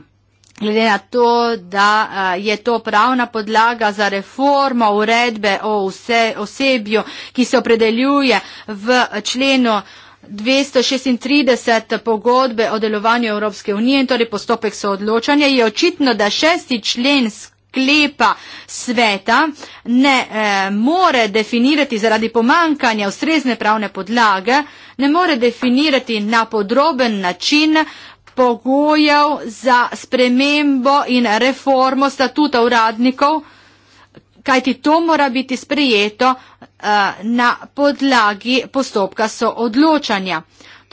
glede na to, da eh, je to pravna podlaga za reformo uredbe o vse, osebju, ki se opredeljuje v členu 236 pogodbe o delovanju Evropske unije in torej postopek soodločanja, je očitno, da šesti člen skupaj sklepa sveta ne e, more definirati zaradi pomankanja ustrezne pravne podlage, ne more definirati na podroben način pogojev za spremembo in reformo statuta uradnikov, kajti to mora biti sprejeto e, na podlagi postopka soodločanja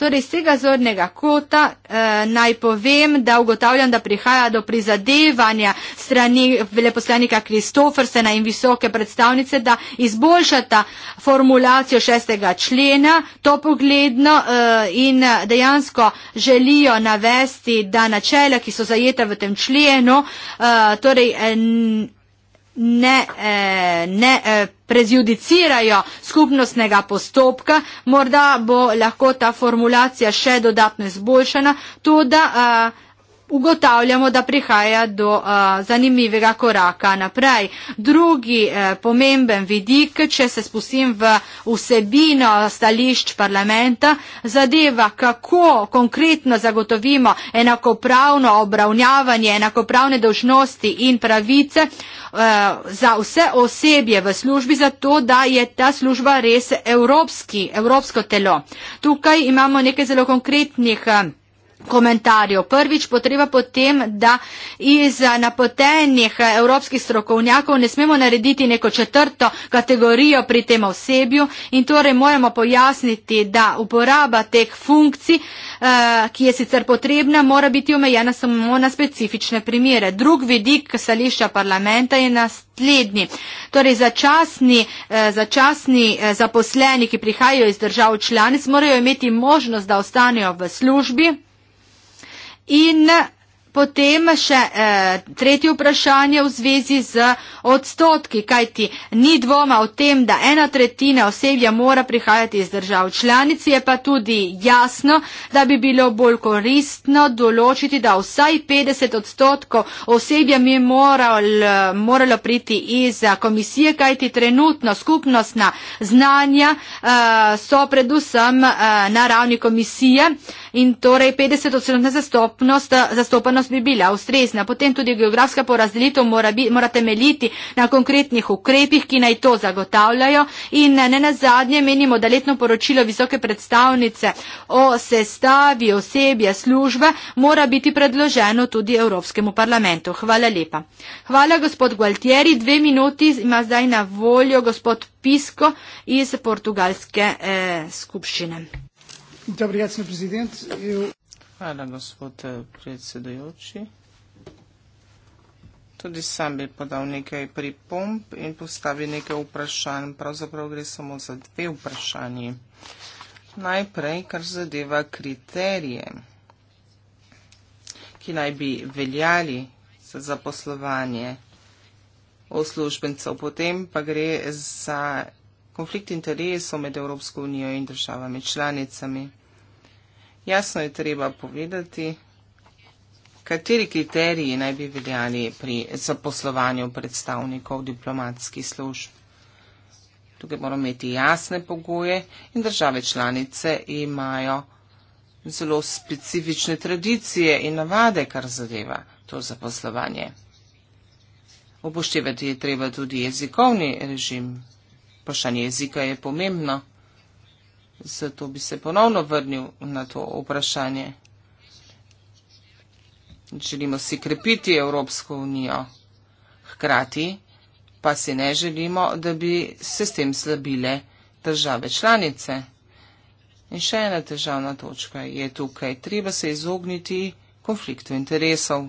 torej z tega zornega kota eh, naj povem, da ugotavljam, da prihaja do prizadevanja strani veleposlanika Kristofersena in visoke predstavnice, da izboljšata formulacijo šestega člena, to pogledno eh, in dejansko želijo navesti, da načela, ki so zajeta v tem členu, eh, torej. Eh, ne, eh, ne eh, prezjudicirajo skupnostnega postopka. Morda bo lahko ta formulacija še dodatno izboljšana, tudi eh, ugotavljamo, da prihaja do uh, zanimivega koraka naprej. Drugi uh, pomemben vidik, če se spusim v vsebino stališč parlamenta, zadeva, kako konkretno zagotovimo enakopravno obravnjavanje, enakopravne dožnosti in pravice uh, za vse osebje v službi, zato da je ta služba res evropski, evropsko telo. Tukaj imamo nekaj zelo konkretnih uh, komentarjev. Prvič potreba potem, da iz napotenih evropskih strokovnjakov ne smemo narediti neko četrto kategorijo pri tem osebju in torej moramo pojasniti, da uporaba teh funkcij, eh, ki je sicer potrebna, mora biti omejena samo na specifične primere. Drug vidik stališča parlamenta je naslednji. Torej, začasni, eh, začasni eh, zaposleni, ki prihajajo iz držav članic, morajo imeti možnost, da ostanejo v službi In potem še eh, tretje vprašanje v zvezi z odstotki, kaj ti ni dvoma o tem, da ena tretjina osebja mora prihajati iz držav članic, je pa tudi jasno, da bi bilo bolj koristno določiti, da vsaj 50 odstotkov osebja mi moral, moralo priti iz eh, komisije, kaj ti trenutno skupnostna znanja eh, so predvsem eh, na ravni komisije. Eh, in torej 50-odstotna zastopnost, zastopanost bi bila ustrezna. Potem tudi geografska porazdelitev mora, mora temeljiti na konkretnih ukrepih, ki naj to zagotavljajo in ne na zadnje menimo, da letno poročilo visoke predstavnice o sestavi osebja službe mora biti predloženo tudi Evropskemu parlamentu. Hvala lepa. Hvala gospod Gualtieri, dve minuti ima zdaj na voljo gospod Pisko iz portugalske eh, skupščine. Dobro, jaz sem prezident.
Hvala, gospod eh, predsedujoči. Tudi sam bi podal nekaj pripomp in postavil nekaj vprašanj. Pravzaprav gre samo za dve vprašanji. Najprej, kar zadeva kriterije, ki naj bi veljali za zaposlovanje uslužbencev, potem pa gre za konflikt interesov med Evropsko unijo in državami članicami. Jasno je treba povedati, kateri kriteriji naj bi veljali pri zaposlovanju predstavnikov diplomatskih služb. Tukaj moramo imeti jasne pogoje in države članice imajo zelo specifične tradicije in navade, kar zadeva to zaposlovanje. Upoštevati je treba tudi jezikovni režim vprašanje jezika je pomembno. Zato bi se ponovno vrnil na to vprašanje. Želimo si krepiti Evropsko unijo, hkrati pa si ne želimo, da bi se s tem slabile države članice. In še ena težavna točka je tukaj, treba se izogniti konfliktu interesov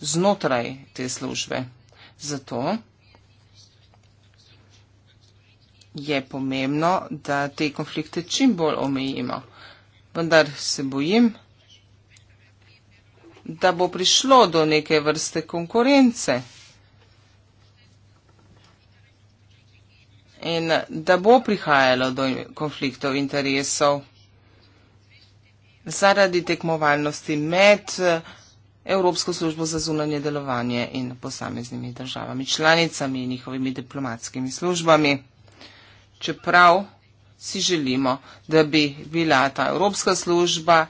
znotraj te službe. Zato je pomembno, da te konflikte čim bolj omejimo. Vendar se bojim, da bo prišlo do neke vrste konkurence in da bo prihajalo do konfliktov interesov zaradi tekmovalnosti med eh, Evropsko službo za zunanje delovanje in posameznimi državami članicami in njihovimi diplomatskimi službami čeprav si želimo, da bi bila ta evropska služba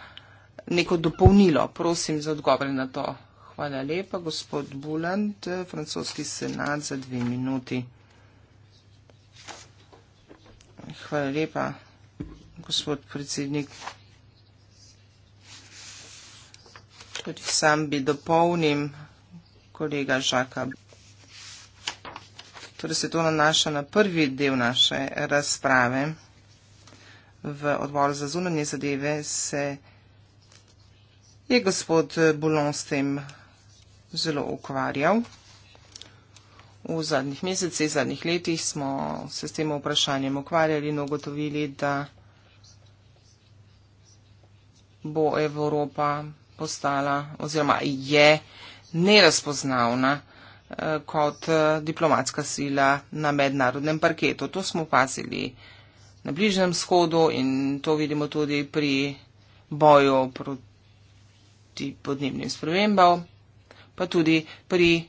neko dopolnilo. Prosim za odgovor na to. Hvala lepa, gospod Buland, francoski senat za dve minuti. Hvala lepa, gospod predsednik. Tudi sam bi dopolnil kolega Žaka. Torej se to nanaša na prvi del naše razprave. V odboru za zunanje zadeve se je gospod Bulon s tem zelo ukvarjal. V zadnjih mesecih, zadnjih letih smo se s tem vprašanjem ukvarjali in ugotovili, da bo Evropa postala oziroma je nerazpoznavna. Eh, kot eh, diplomatska sila na mednarodnem parketu. To smo opazili na Bližnem shodu in to vidimo tudi pri boju proti podnebnim spremembam, pa tudi pri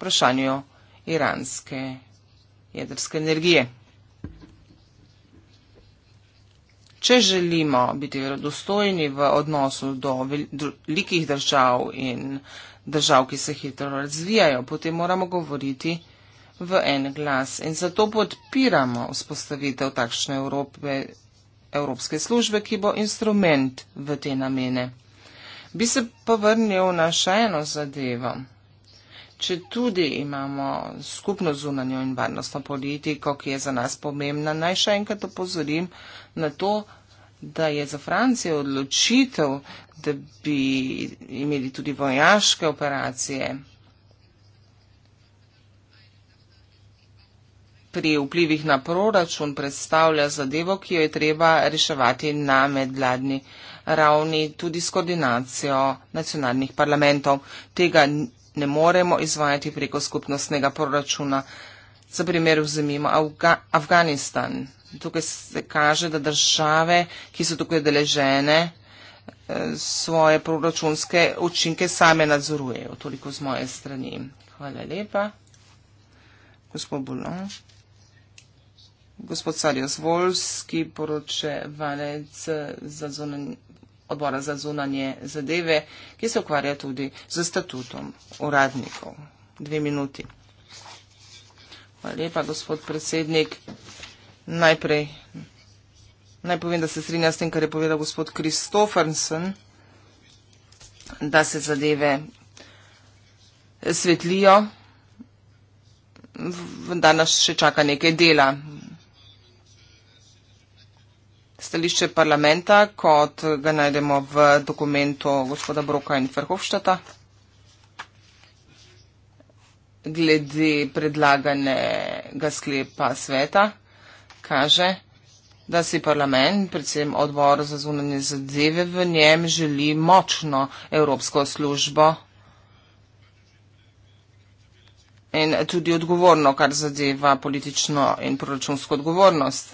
vprašanju iranske jedrske energije. Če želimo biti verodostojni v odnosu do velikih držav in uh, držav, ki se hitro razvijajo, potem moramo govoriti v en glas. In zato podpiramo vzpostavitev takšne Evrope, Evropske službe, ki bo instrument v te namene. Bi se pa vrnil na še eno zadevo. Če tudi imamo skupno zunanjo in varnostno politiko, ki je za nas pomembna, naj še enkrat opozorim na to, da je za Francijo odločitev, da bi imeli tudi vojaške operacije pri vplivih na proračun, predstavlja zadevo, ki jo je treba reševati na medvladni ravni, tudi s koordinacijo nacionalnih parlamentov. Tega ne moremo izvajati preko skupnostnega proračuna. Za primer vzemimo Afga Afganistan tukaj se kaže, da države, ki so tukaj deležene, eh, svoje proračunske učinke same nadzorujejo. Toliko z moje strani. Hvala lepa. Gospod Bulon. Gospod Sarjo Zvolski, poročevalec za zunanje, odbora za zunanje zadeve, ki se ukvarja tudi z statutom uradnikov. Dve minuti. Hvala lepa, gospod predsednik najprej naj povem, da se strinja s tem, kar je povedal gospod Kristofrnsen, da se zadeve svetlijo, vendar nas še čaka nekaj dela. Stališče parlamenta, kot ga najdemo v dokumentu gospoda Broka in Ferhofštata, glede predlaganega sklepa sveta kaže, da si parlament, predvsem odbor za zunanje zadeve v njem, želi močno evropsko službo in tudi odgovorno, kar zadeva politično in proračunsko odgovornost.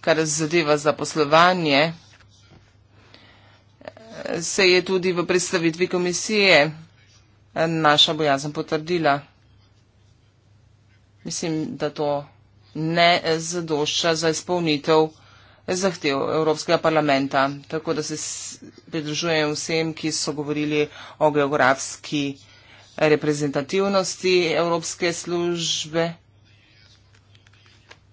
Kar zadeva zaposlovanje, se je tudi v predstavitvi komisije naša bojazen potrdila. Mislim, da to ne eh, zadošča za izpolnitev zahtev Evropskega parlamenta. Tako da se pridružujem vsem, ki so govorili o geografski reprezentativnosti Evropske službe.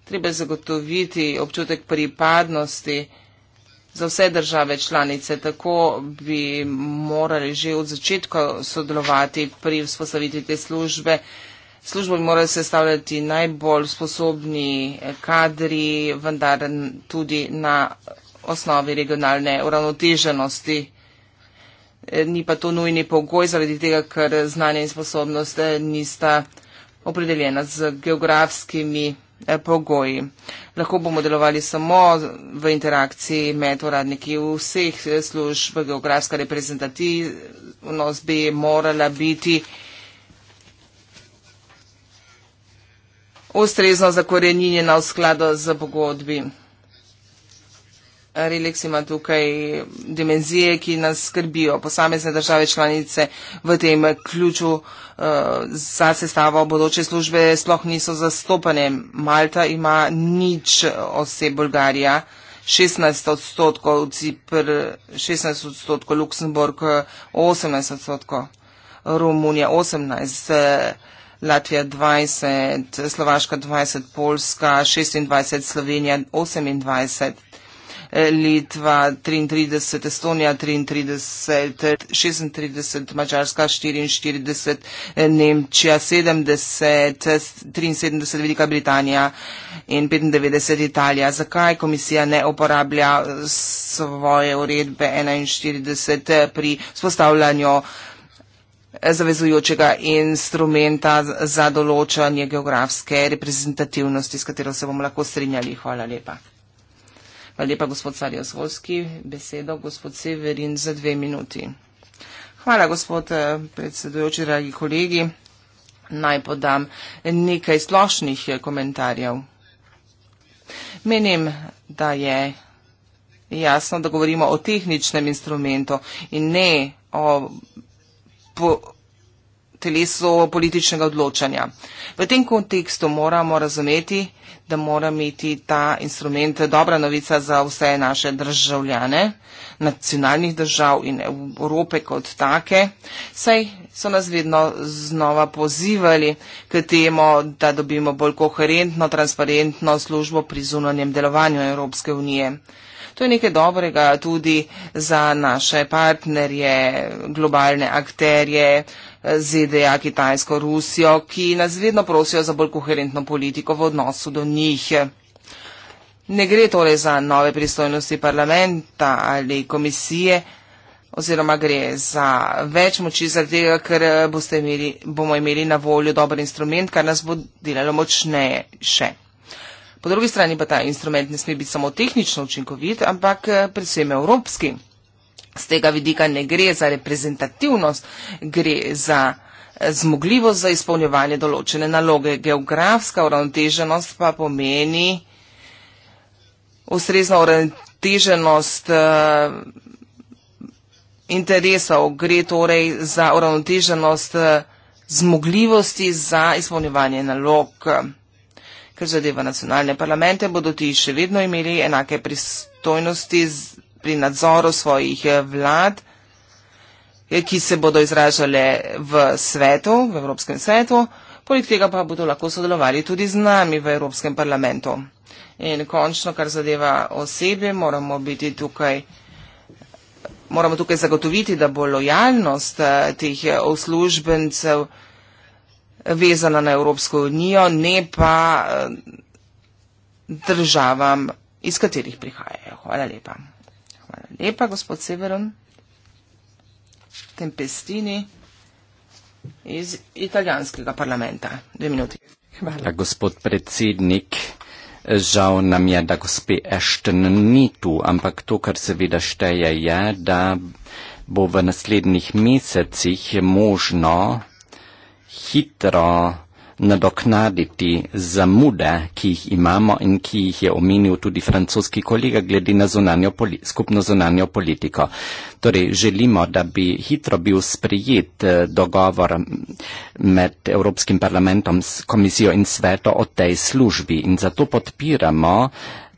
Treba zagotoviti občutek pripadnosti za vse države članice. Tako bi morali že od začetka sodelovati pri vzpostavitvi te službe službo bi morali sestavljati najbolj sposobni eh, kadri, vendar tudi na osnovi regionalne uravnoteženosti. Eh, ni pa to nujni pogoj, zaradi tega, ker znanje in sposobnost eh, nista opredeljena z geografskimi pogoji. Lahko bomo delovali samo v interakciji med uradniki vseh služb. Geografska reprezentativnost bi morala biti. ustrezno zakorenjena v skladu z pogodbi. Relix ima tukaj dimenzije, ki nas skrbijo. Posamezne države članice v tem ključu uh, za sestavo bodoče službe sploh niso zastopane. Malta ima nič oseb Bolgarija, 16 odstotkov, Cipr 16 odstotkov, Luksemburg 18 eh, odstotkov, Romunija 18. Uh, eh, Latvija 20, Slovaška 20, Poljska 26, Slovenija 28. Litva 33, Estonija 33, 36, Mačarska 44, Nemčija 70, 73, Velika Britanija in 95, Italija. Zakaj komisija ne uporablja svoje uredbe 41 pri spostavljanju zavezujočega instrumenta za določanje geografske reprezentativnosti, s katero se bomo lahko strinjali. Hvala lepa. Hvala lepa, gospod Sarjo Svolski. Besedo, gospod Severin, za dve minuti. Hvala, gospod eh, predsedujoči, dragi kolegi. Naj podam nekaj splošnih eh, komentarjev. Menim, da je jasno, da govorimo o tehničnem instrumentu in ne o po, telesu političnega odločanja. V tem kontekstu moramo razumeti, da mora imeti ta instrument dobra novica za vse naše državljane, nacionalnih držav in Evrope kot take, saj so nas vedno znova pozivali k temu, da dobimo bolj koherentno, transparentno službo pri zunanjem delovanju Evropske unije. To je nekaj dobrega tudi za naše partnerje, globalne akterje, ZDA, Kitajsko, Rusijo, ki nas vedno prosijo za bolj koherentno politiko v odnosu do njih. Ne gre torej za nove pristojnosti parlamenta ali komisije, oziroma gre za več moči, zato ker imeli, bomo imeli na voljo dober instrument, kar nas bo delalo močnejše. Po drugi strani pa ta instrument ne sme biti samo tehnično učinkovit, ampak eh, predvsem evropski. Z tega vidika ne gre za reprezentativnost, gre za eh, zmogljivost za izpolnjevanje določene naloge. Geografska uravnoteženost pa pomeni ustrezna uravnoteženost eh, interesov. Gre torej za uravnoteženost zmogljivosti za izpolnjevanje nalog. Ker zadeva nacionalne parlamente, bodo ti še vedno imeli enake pristojnosti pri nadzoru svojih eh, vlad, eh, ki se bodo izražale v svetu, v Evropskem svetu, poleg tega pa bodo lahko sodelovali tudi z nami v Evropskem parlamentu. In končno, kar zadeva osebe, moramo biti tukaj. Moramo tukaj zagotoviti, da bo lojalnost eh, teh uslužbencev vezana na Evropsko unijo, ne pa eh, državam, iz katerih prihajajo. Hvala lepa. Hvala lepa, gospod Severon. Tempestini iz italijanskega parlamenta. Dve minuti. Hvala,
gospod predsednik. Žal nam je, da gospe Ešten ni tu, ampak to, kar seveda šteje, je, da bo v naslednjih mesecih možno hitro nadoknaditi zamude, ki jih imamo in ki jih je omenil tudi francoski kolega glede na zunanjo skupno zunanjo politiko. Torej, želimo, da bi hitro bil sprijet eh, dogovor med Evropskim parlamentom, komisijo in sveto o tej službi in zato podpiramo uh,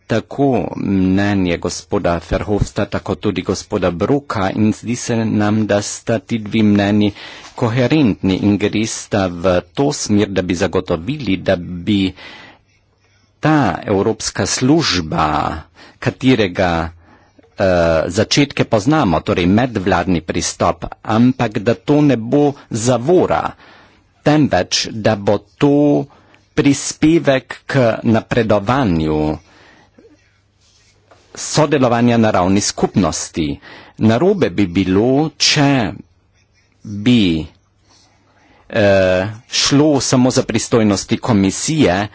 tako mnenje gospoda Ferhofsta, tako tudi gospoda Bruka in zdi se nam, da sta ti dve mneni koherentni in grista v to smer, da bi zagotovili, da bi ta evropska služba, katerega uh, začetke poznamo, torej medvladni pristop, ampak da to ne bo zavora, temveč da bo to prispevek k napredovanju, sodelovanja na ravni skupnosti. Narobe bi bilo, če bi eh, šlo samo za pristojnosti komisije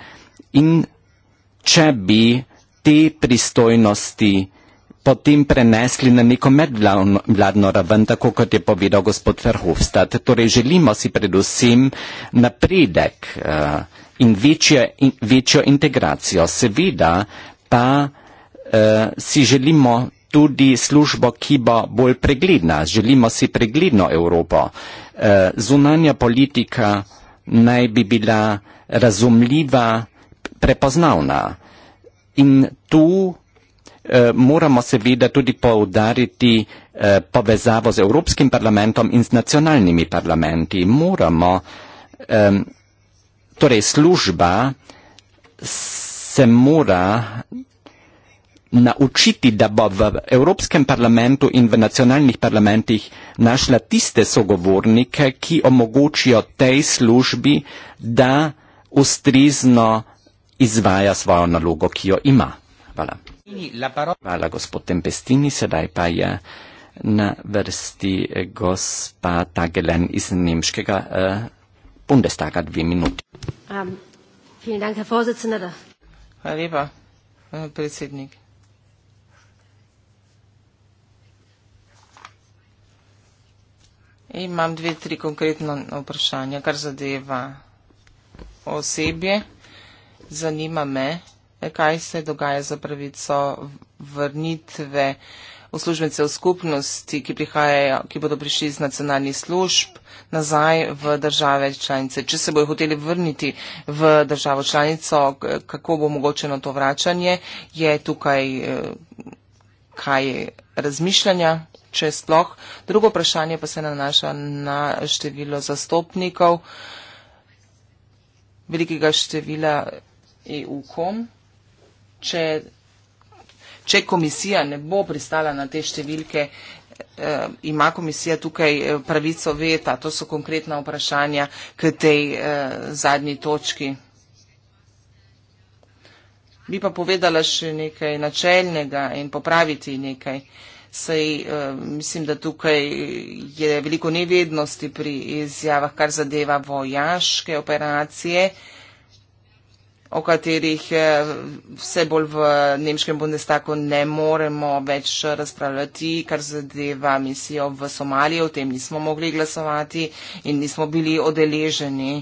in če bi te pristojnosti potem prenesli na neko medvladno raven, tako kot je povedal gospod Verhofstadt. Torej želimo si predvsem napredek eh, in večjo, in, večjo integracijo. Seveda pa eh, si želimo tudi službo, ki bo bolj pregledna. Želimo si pregledno Evropo. Eh, zunanja politika naj bi bila razumljiva, prepoznavna. In tu eh, moramo seveda tudi poudariti eh, povezavo z Evropskim parlamentom in z nacionalnimi parlamenti. Moramo, eh, torej služba se mora naučiti, da bo v Evropskem parlamentu in v nacionalnih parlamentih našla tiste sogovornike, ki omogočijo tej službi, da ustrizno izvaja svojo nalogo, ki jo ima. Hvala. Hvala, gospod Tempestini. Sedaj pa je na vrsti gospa Tagelen iz Nemškega eh, Bundestaga dve minuti.
Um,
Hvala lepa, eh, predsednik. Imam dve, tri konkretno vprašanja, kar zadeva osebje. Zanima me, kaj se dogaja za pravico vrnitve uslužbencev skupnosti, ki, prihajajo, ki bodo prišli iz nacionalnih služb nazaj v države članice. Če se bojo hoteli vrniti v državo članico, kako bo omogočeno to vračanje? Je tukaj eh, kaj razmišljanja? če sploh. Drugo vprašanje pa se nanaša na število zastopnikov velikega števila EU-kom. Če, če komisija ne bo pristala na te številke, eh, ima komisija tukaj eh, pravico veta? To so konkretna vprašanja k tej eh, zadnji točki. Bi pa povedala še nekaj načeljnega in popraviti nekaj. Saj, eh, mislim, da tukaj je veliko nevednosti pri izjavah, kar zadeva vojaške operacije, o katerih eh, vse bolj v Nemškem bundestaku ne moremo več razpravljati, kar zadeva misijo v Somaliji, o tem nismo mogli glasovati in nismo bili odeleženi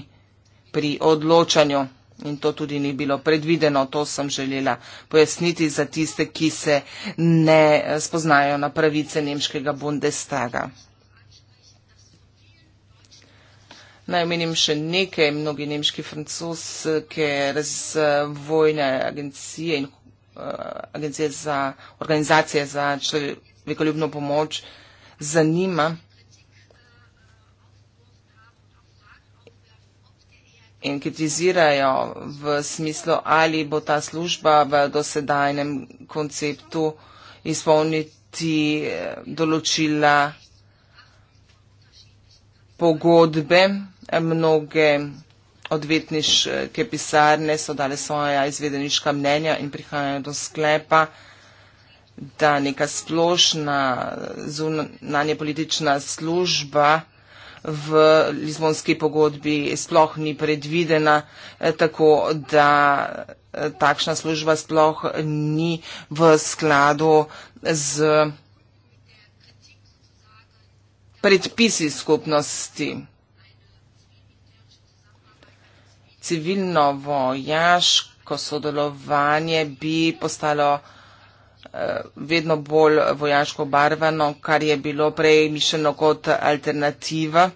pri odločanju. In to tudi ni bilo predvideno, to sem želela pojasniti za tiste, ki se ne eh, spoznajo na pravice nemškega Bundestaga. Naj omenim še nekaj, mnogi nemški francoske razvojne agencije in eh, agencije za organizacije za človekoljubno pomoč zanima in kritizirajo v smislu, ali bo ta služba v dosedajnem konceptu izpolniti eh, določila pogodbe. Mnoge odvetniške pisarne so dale svoja izvedeniška mnenja in prihajajo do sklepa, da neka splošna zunanje politična služba v Lizbonski pogodbi sploh ni predvidena, eh, tako da eh, takšna služba sploh ni v skladu z predpisi skupnosti. Civilno vojaško sodelovanje bi postalo Eh, vedno bolj vojaško barvano, kar je bilo prej mišljeno kot alternativa,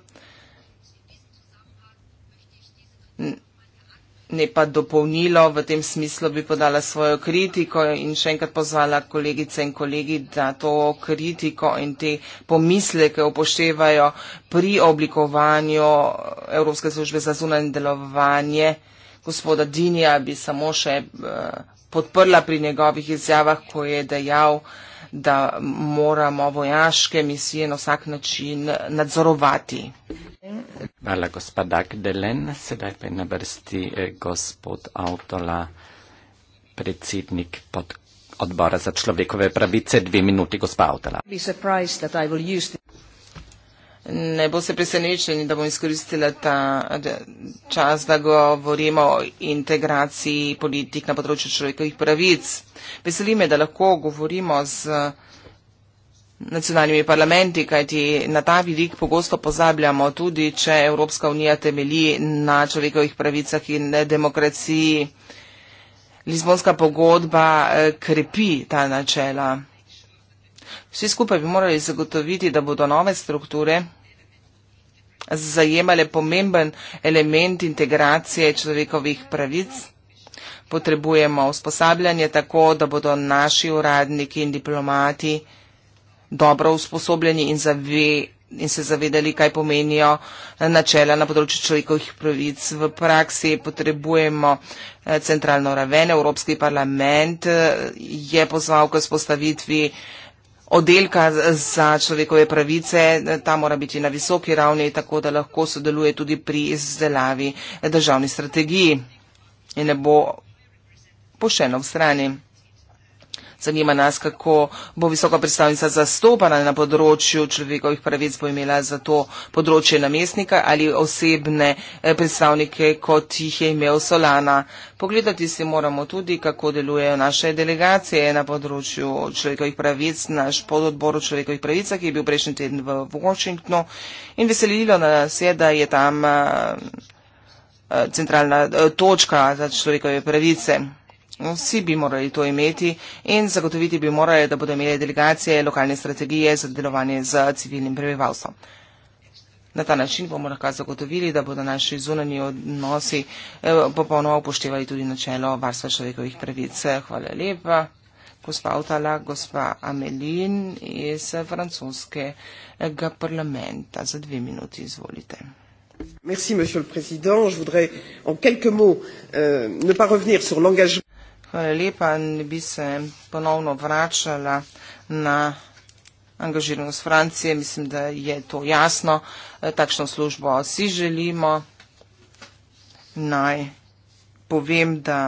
ne pa dopolnilo. V tem smislu bi podala svojo kritiko in še enkrat pozvala kolegice in kolegi, da to kritiko in te pomisleke upoštevajo pri oblikovanju Evropske službe za zunanje delovanje. Gospoda Dinija bi samo še eh, podprla pri njegovih izjavah, ko je dejal, da moramo vojaške misije na vsak način nadzorovati.
Hvala, gospod Dagdelen. Sedaj pa je na vrsti eh, gospod Avtola, predsednik pod odbora za človekove pravice. Dve minuti, gospod Avtola.
Ne boste presenečeni, da bom izkoristila ta čas, da govorimo o integraciji politik na področju človekovih pravic. Veselime, da lahko govorimo z nacionalnimi parlamenti, kajti na ta vidik pogosto pozabljamo tudi, če Evropska unija temelji na človekovih pravicah in demokraciji. Lizbonska pogodba eh, krepi ta načela. Vsi skupaj bi morali zagotoviti, da bodo nove strukture zajemale pomemben element integracije človekovih pravic. Potrebujemo usposabljanje tako, da bodo naši uradniki in diplomati dobro usposobljeni in, zave, in se zavedali, kaj pomenijo načela na področju človekovih pravic. V praksi potrebujemo eh, centralno raven. Evropski parlament eh, je pozval k spostavitvi eh, oddelka za človekove pravice. Ta mora biti na visoki ravni, tako da lahko sodeluje tudi pri izdelavi državni strategiji in ne bo pošteno v strani. Zanima nas, kako bo visoka predstavnica zastopana na področju človekovih pravic, bo imela za to področje namestnika ali osebne eh, predstavnike, kot jih je imel Solana. Pogledati si moramo tudi, kako delujejo naše delegacije na področju človekovih pravic, naš pododbor o človekovih pravicah, ki je bil prejšnji teden v Washingtonu. In veselilo nas je, da je tam eh, eh, centralna točka za človekove pravice. Vsi bi morali to imeti in zagotoviti bi morali, da bodo imeli delegacije lokalne strategije za delovanje z civilnim prebivalstvom. Na ta način bomo lahko zagotovili, da bodo naši zunani odnosi eh, popolnoma upoštevali tudi načelo varstva človekovih pravic. Hvala lepa. Gospa Avtala, gospa Amelin iz francoskega parlamenta. Za dve minuti izvolite. Merci, monsieur le président. Je voudrais en quelques mots euh, ne pas revenir sur l'engagement. Hvala lepa. Ne bi se ponovno vračala na angažiranost Francije. Mislim, da je to jasno. E, takšno službo si želimo. Naj povem, da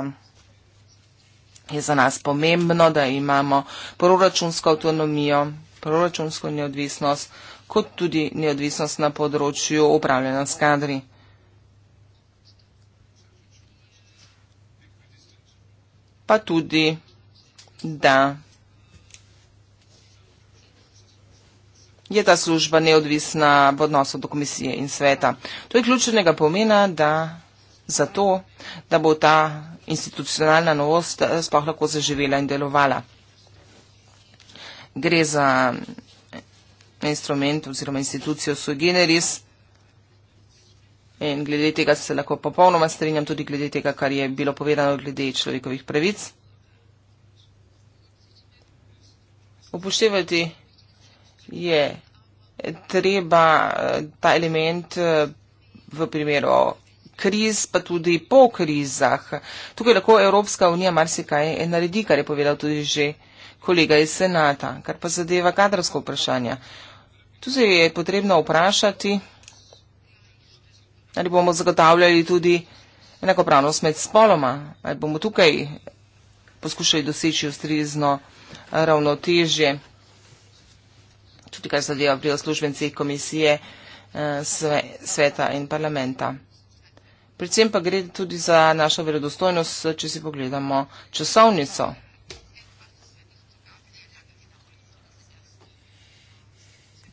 je za nas pomembno, da imamo proračunsko avtonomijo, proračunsko neodvisnost, kot tudi neodvisnost na področju upravljanja s kadri. pa tudi, da je ta služba neodvisna v odnosu do komisije in sveta. To je ključnega pomena, da zato, da bo ta institucionalna novost eh, sploh lahko zaživela in delovala. Gre za eh, instrument oziroma institucijo sui generis, In glede tega se lahko popolnoma strinjam, tudi glede tega, kar je bilo povedano glede človekovih pravic. Upoštevati je treba eh, ta element eh, v primeru kriz, pa tudi po krizah. Tukaj lahko Evropska unija marsikaj naredi, kar je povedal tudi že kolega iz Senata, kar pa zadeva kadrovsko vprašanje. Tu se je potrebno vprašati ali bomo zagotavljali tudi enakopravnost med spoloma, ali bomo tukaj poskušali doseči ustrezno ravnotežje, tudi kar zadeva pri oslužbencih komisije eh, sveta in parlamenta. Predvsem pa gre tudi za našo verodostojnost, če si pogledamo časovnico.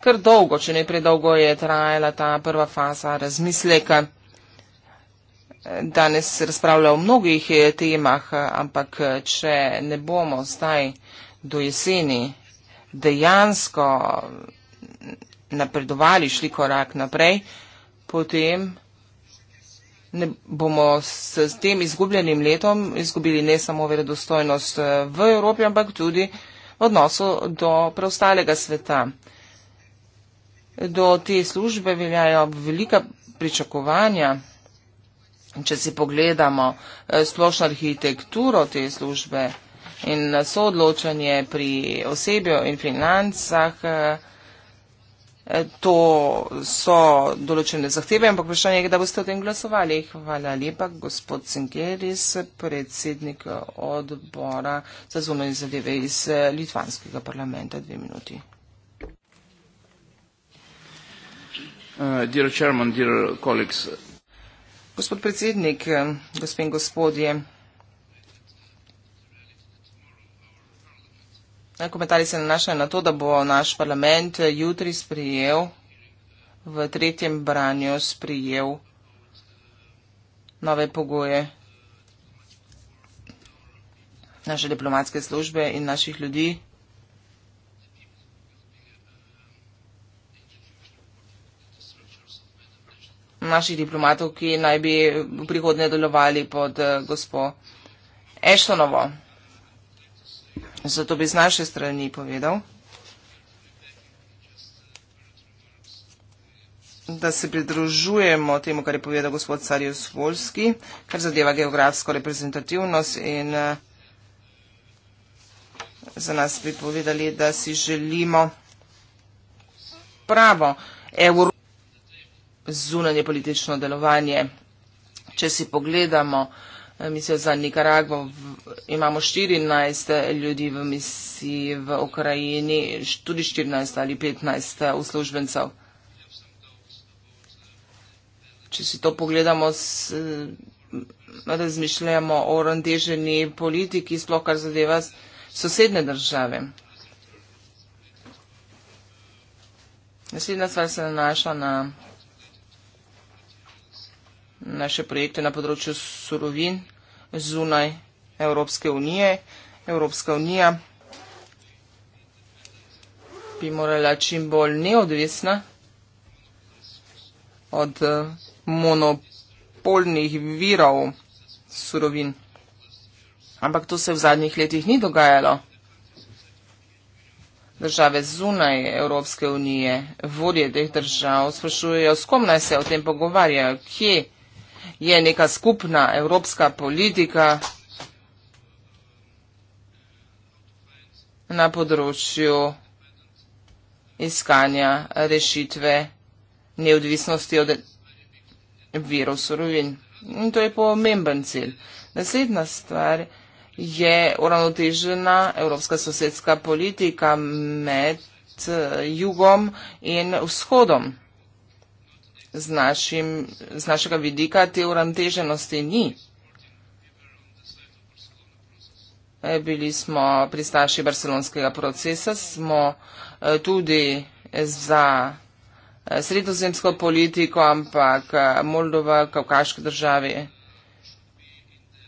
kar dolgo, če ne predolgo je trajala ta prva faza razmisleka. Danes se razpravlja o mnogih eh, temah, ampak eh, če ne bomo zdaj do jeseni dejansko mm, napredovali, šli korak naprej, potem ne bomo s tem izgubljenim letom izgubili ne samo verodostojnost eh, v Evropi, ampak tudi odnosu do preostalega sveta do te službe veljajo velika pričakovanja. Če si pogledamo eh, splošno arhitekturo te službe in soodločanje pri osebju in financah, eh, eh, to so določene zahteve, ampak vprašanje je, da boste o tem glasovali. Hvala lepa, gospod Cingeris, predsednik odbora za zunanje zadeve iz Litvanskega parlamenta. Dve minuti.
Uh, dear chairman, dear colleagues.
Gospod predsednik, eh, gospe in gospodje, komentarji se nanašajo na to, da bo naš parlament eh, jutri sprijel, v tretjem branju sprijel nove pogoje naše diplomatske službe in naših ljudi. naših diplomatov, ki naj bi v prihodnje delovali pod eh, gospo Eštonovo. Zato bi z naše strani povedal, da se pridružujemo temu, kar je povedal gospod Carius Volski, kar zadeva geografsko reprezentativnost in eh, za nas bi povedali, da si želimo pravo Evropo zunanje politično delovanje. Če si pogledamo, eh, mislim, za Nikaragvo imamo 14 eh, ljudi v misiji v Ukrajini, tudi 14 ali 15 eh, uslužbencev. Če si to pogledamo, razmišljamo o randeženi politiki, sploh kar zadeva sosedne države. Naslednja stvar se nanaša na naše projekte na področju surovin zunaj Evropske unije. Evropska unija bi morala čim bolj neodvisna od eh, monopolnih virov surovin. Ampak to se v zadnjih letih ni dogajalo. Države zunaj Evropske unije, vodje teh držav, sprašujejo, s kom naj se o tem pogovarjajo, kje je neka skupna evropska politika na področju iskanja rešitve neodvisnosti od virov surovin. In to je pomemben cilj. Naslednja stvar je uravnotežena evropska sosedska politika med eh, jugom in vzhodom z, našim, z našega vidika te uravnoteženosti ni. E, bili smo pristaši barcelonskega procesa, smo e, tudi za e, sredozemsko politiko, ampak Moldova, Kavkaške države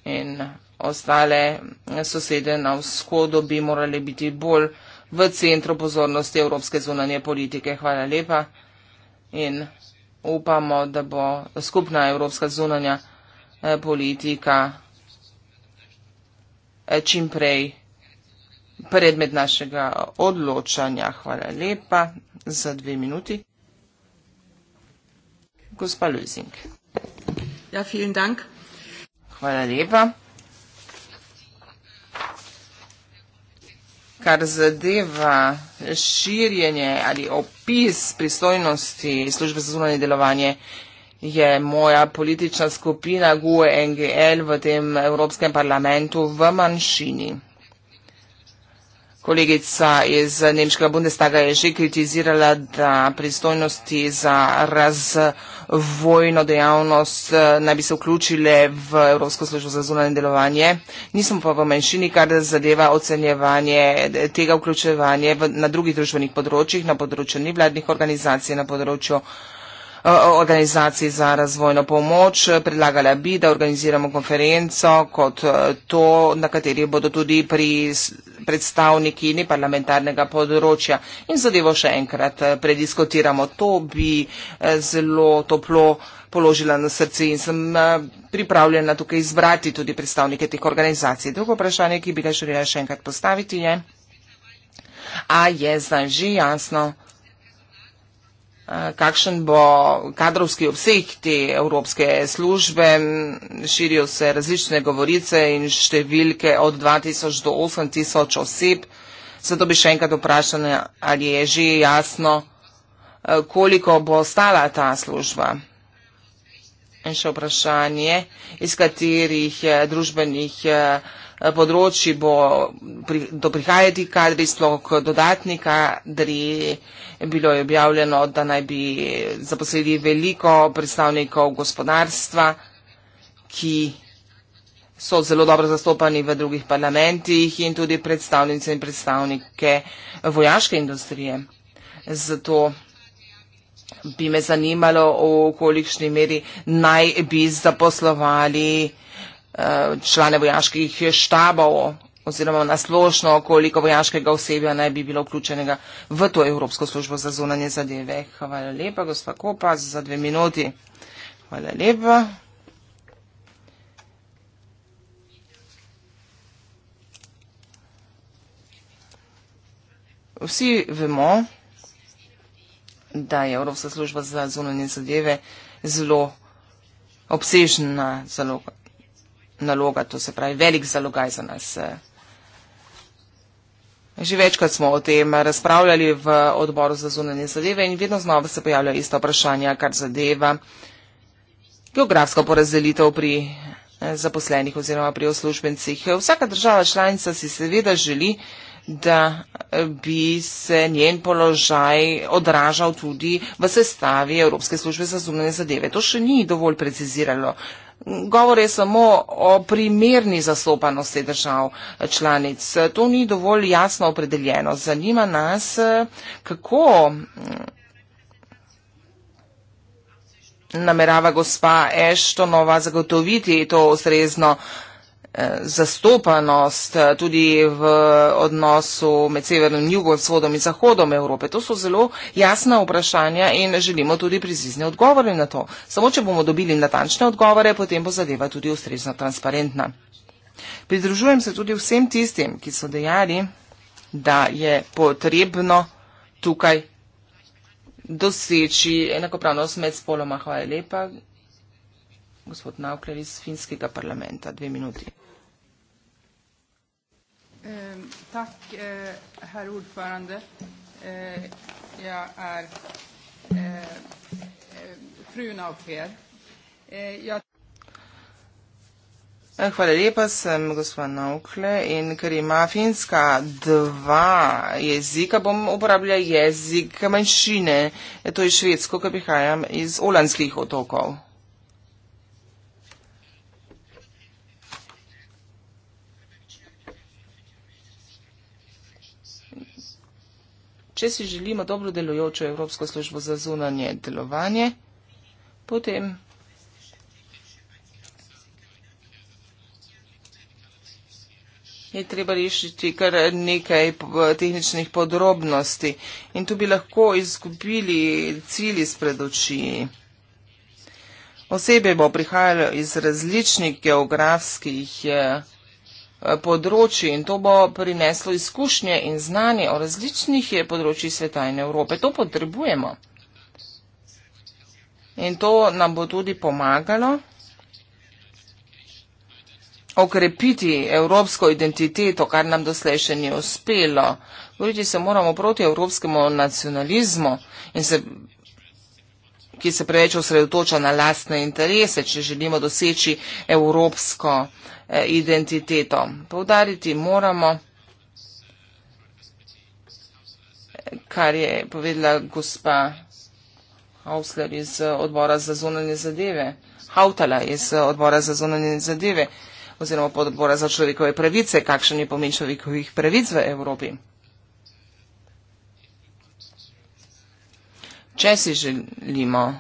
in ostale sosede na vzhodu bi morali biti bolj v centru pozornosti evropske zunanje politike. Hvala lepa in upamo, da bo skupna evropska zunanja eh, politika eh, čim prej predmet našega odločanja. Hvala lepa za dve minuti. Gospa Lüzing. Ja, vielen Dank. Hvala lepa. kar zadeva širjenje ali opis pristojnosti službe za zunanje delovanje, je moja politična skupina GUE NGL v tem Evropskem parlamentu v manjšini. Kolegica iz Nemškega Bundestaga je že kritizirala, da pristojnosti za razvojno dejavnost eh, naj bi se vključile v Evropsko službo za zunanje delovanje. Nismo pa v manjšini, kar zadeva ocenjevanje eh, tega vključevanja na drugih družbenih področjih, na področju nevladnih organizacij, na področju Eh, organizacij za razvojno pomoč. Predlagala bi, da organiziramo konferenco kot eh, to, na kateri bodo tudi pri predstavniki neparlamentarnega področja in zadevo še enkrat eh, prediskutiramo. To bi zelo toplo položila na srce in sem pripravljena tukaj izbrati tudi predstavnike teh organizacij. Drugo vprašanje, ki bi ga želela še enkrat postaviti, je, a je zdaj že jasno, Eh, kakšen bo kadrovski obseg te evropske službe. Širijo se različne govorice in številke od 2000 do 8000 oseb. Zato bi še enkrat vprašala, ali je že jasno, eh, koliko bo stala ta služba. In še vprašanje, iz katerih eh, družbenih Eh, področji bo pri, do prihajati kadri, slog dodatni kadri. Bilo je objavljeno, da naj bi zaposlili veliko predstavnikov gospodarstva, ki so zelo dobro zastopani v drugih parlamentih in tudi predstavnice in predstavnike vojaške industrije. Zato bi me zanimalo, v kolikšni meri naj bi zaposlovali Eh, člane vojaških štabov oziroma naslošno, koliko vojaškega osebja naj bi bilo vključenega v to Evropsko službo za zunanje zadeve. Hvala lepa, gospa Kopa, za dve minuti. Hvala lepa. Vsi vemo, da je Evropska služba za zunanje zadeve zelo obsežna zaloga naloga, to se pravi velik zalogaj za nas. Eh. Že večkrat smo o tem razpravljali v odboru za zunanje zadeve in vedno znova se pojavljajo ista vprašanja, kar zadeva geografsko porazdelitev pri eh, zaposlenih oziroma pri uslužbencih. Vsaka država članica si seveda želi, da eh, bi se njen položaj odražal tudi v sestavi Evropske službe za zunanje zadeve. To še ni dovolj preciziralo govore samo o primerni zastopanosti držav eh, članic. Eh, to ni dovolj jasno opredeljeno. Zanima nas, eh, kako mm, namerava gospa Eštonova zagotoviti to ustrezno zastopanost eh, tudi v odnosu med severnim in jugom, vzhodom in zahodom Evrope. To so zelo jasna vprašanja in želimo tudi prizizne odgovore na to. Samo, če bomo dobili natančne odgovore, potem bo zadeva tudi ustrezno transparentna. Pridružujem se tudi vsem tistim, ki so dejali, da je potrebno tukaj doseči enakopravnost med spoloma. Hvala lepa. Gospod Naukler iz finskega parlamenta, dve minuti. Ehm, tack, eh, herr ordförande. Eh, jag är eh, frun av Per. Jag... Hvala lepa, sem gospod Naukle in ker ima finska dva jezika, bom uporabljal jezik manjšine, to je švedsko, ker prihajam iz olandskih otokov. Če si želimo dobro delujočo Evropsko službo za zunanje delovanje, potem je treba rešiti kar nekaj tehničnih podrobnosti in tu bi lahko izgubili cilj iz predoči. Osebe bo prihajalo iz različnih geografskih področij. Eh, področji in to bo prineslo izkušnje in znanje o različnih eh, področjih sveta in Evrope. To potrebujemo. In to nam bo tudi pomagalo okrepiti evropsko identiteto, kar nam doslej še ni uspelo. Govoriti se moramo proti evropskemu nacionalizmu in se ki se preveč osredotoča na lastne interese, če želimo doseči evropsko eh, identiteto. Povdariti moramo, kar je povedala gospa Hausler iz eh, odbora za zunanje zadeve, Hautala iz eh, odbora za zunanje zadeve oziroma podbora za človekove pravice, kakšen je pomen človekovih pravic v Evropi. če si želimo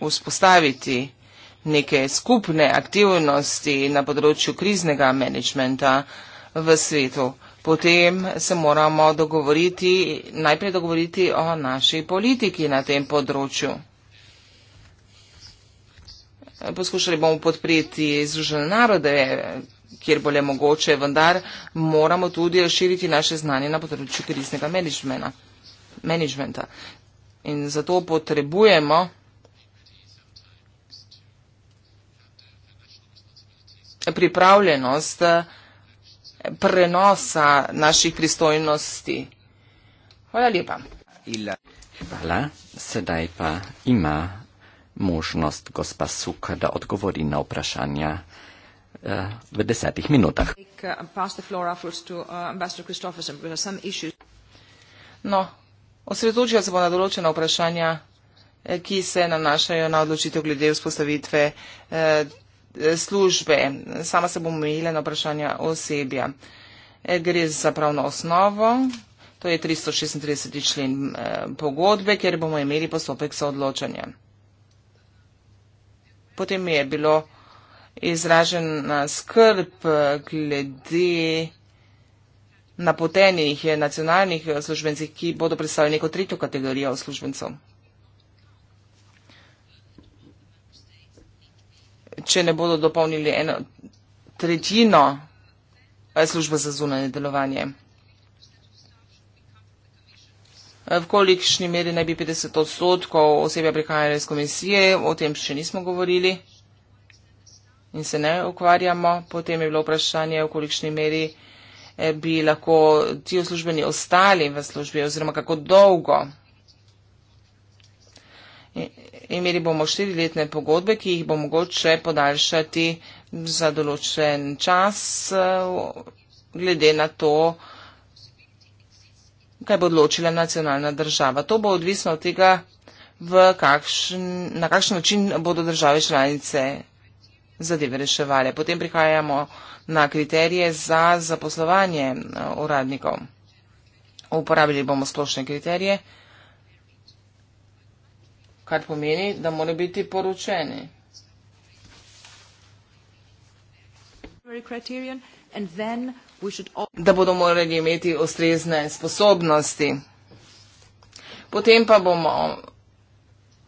vzpostaviti neke skupne aktivnosti na področju kriznega menedžmenta v svetu, potem se moramo dogovoriti, najprej dogovoriti o naši politiki na tem področju. Poskušali bomo podpreti Združene narode, kjer bo le mogoče, vendar moramo tudi širiti naše znanje na področju kriznega menedžmenta. In zato potrebujemo pripravljenost prenosa naših pristojnosti. Hvala lepa.
Hvala. Sedaj pa ima možnost gospa Suka, da odgovori na vprašanja eh, v desetih minutah.
Uh,
uh, no, Osredotočila se bo na določena vprašanja, eh, ki se nanašajo na odločitev glede vzpostavitve eh, službe. Sama se bom omejila na vprašanja osebja. Eh, gre za pravno osnovo, to je 336. člen pogodbe, kjer bomo imeli postopek za odločanje. Potem je bilo izražen skrb glede napotenih je nacionalnih eh, službencih, ki bodo predstavili neko tretjo kategorijo službencov. Če ne bodo dopolnili eno tretjino eh, službe za zunanje delovanje. Eh, v kolikšni meri naj bi 50 odstotkov osebja prihajalo iz komisije, o tem še nismo govorili in se ne ukvarjamo. Potem je bilo vprašanje, v kolikšni meri. Eh, bi lahko ti uslužbeni ostali v službi oziroma kako dolgo. Imeli bomo štiriletne pogodbe, ki jih bo mogoče podaljšati za določen čas, eh, glede na to, kaj bo odločila nacionalna država. To bo odvisno od tega, kakšen, na kakšen način bodo države članice zadeve reševali. Potem prihajamo na kriterije za zaposlovanje eh, uradnikov. Uporabili bomo splošne kriterije, kar pomeni, da mora biti poročeni. Da bodo morali imeti ustrezne sposobnosti. Potem pa bomo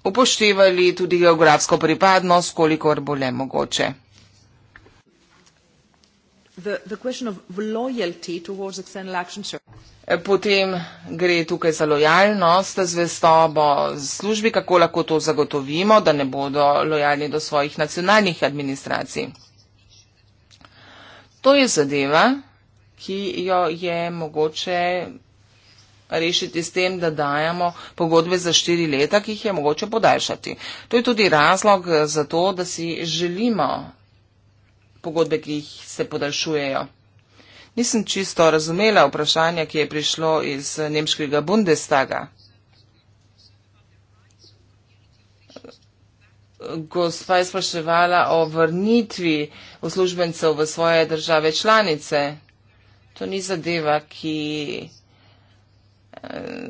upoštevali tudi geografsko pripadnost, kolikor bo le mogoče. E, potem gre tukaj za lojalnost zvestobo službi, kako lahko to zagotovimo, da ne bodo lojalni do svojih nacionalnih administracij. To je zadeva, ki jo je mogoče rešiti s tem, da dajamo pogodbe za štiri leta, ki jih je mogoče podaljšati. To je tudi razlog za to, da si želimo pogodbe, ki jih se podaljšujejo. Nisem čisto razumela vprašanja, ki je prišlo iz nemškega Bundestaga. Gospa je spraševala o vrnitvi uslužbencev v svoje države članice. To ni zadeva, ki eh,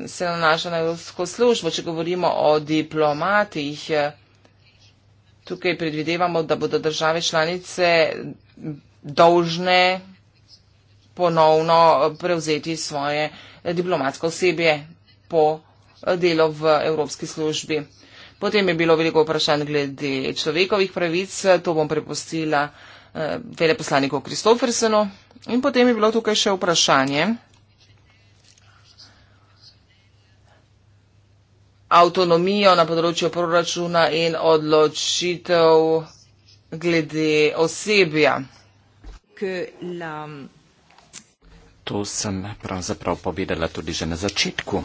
se nanaša na evropsko službo, če govorimo o diplomatih. Eh, Tukaj predvidevamo, da bodo države članice dolžne ponovno prevzeti svoje diplomatsko osebje po delo v Evropski službi. Potem je bilo veliko vprašanj glede človekovih pravic, to bom prepustila eh, veleposlaniku Kristofersenu. In potem je bilo tukaj še vprašanje. avtonomijo na področju proračuna in odločitev glede osebja.
To sem pravzaprav povedala tudi že na začetku.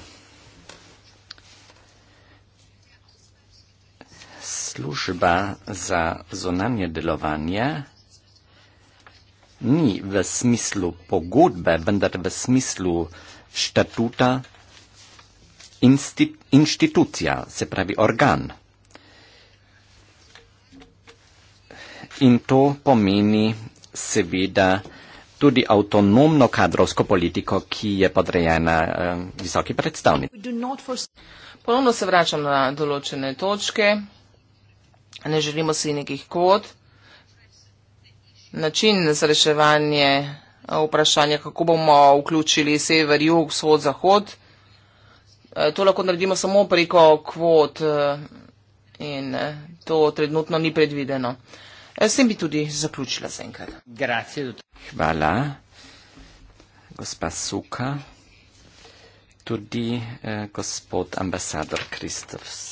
Služba za zonanje delovanje ni v smislu pogodbe, vendar v smislu štatuta insti, inštitucija, se pravi organ. In to pomeni seveda tudi avtonomno kadrovsko politiko, ki je podrejena eh, visoki predstavnik.
Ponovno se vračam na določene točke. Ne želimo si nekih kvot. Način za reševanje eh, vprašanja, kako bomo vključili sever, jug, vzhod, zahod. Eh, to lahko naredimo samo preko kvot eh, in eh, to trenutno ni predvideno. Sem bi tudi zaključila z
enkrat.
Hvala, gospa Suka, tudi eh, gospod ambasador Kristofs.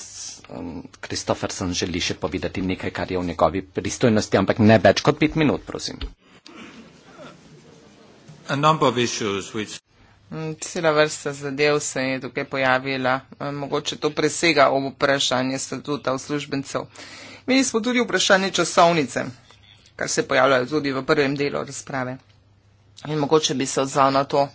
Mm, Kristofferson želi še povedati nekaj, kar je v njegovi pristojnosti, ampak ne več kot pet minut, prosim.
A number of issues which Mm, cela vrsta zadev se je tukaj pojavila, mm, mogoče to presega ob vprašanje statuta uslužbencev. Imeli smo tudi vprašanje časovnice, kar se pojavlja tudi v prvem delu razprave. In mogoče bi se odzval na to.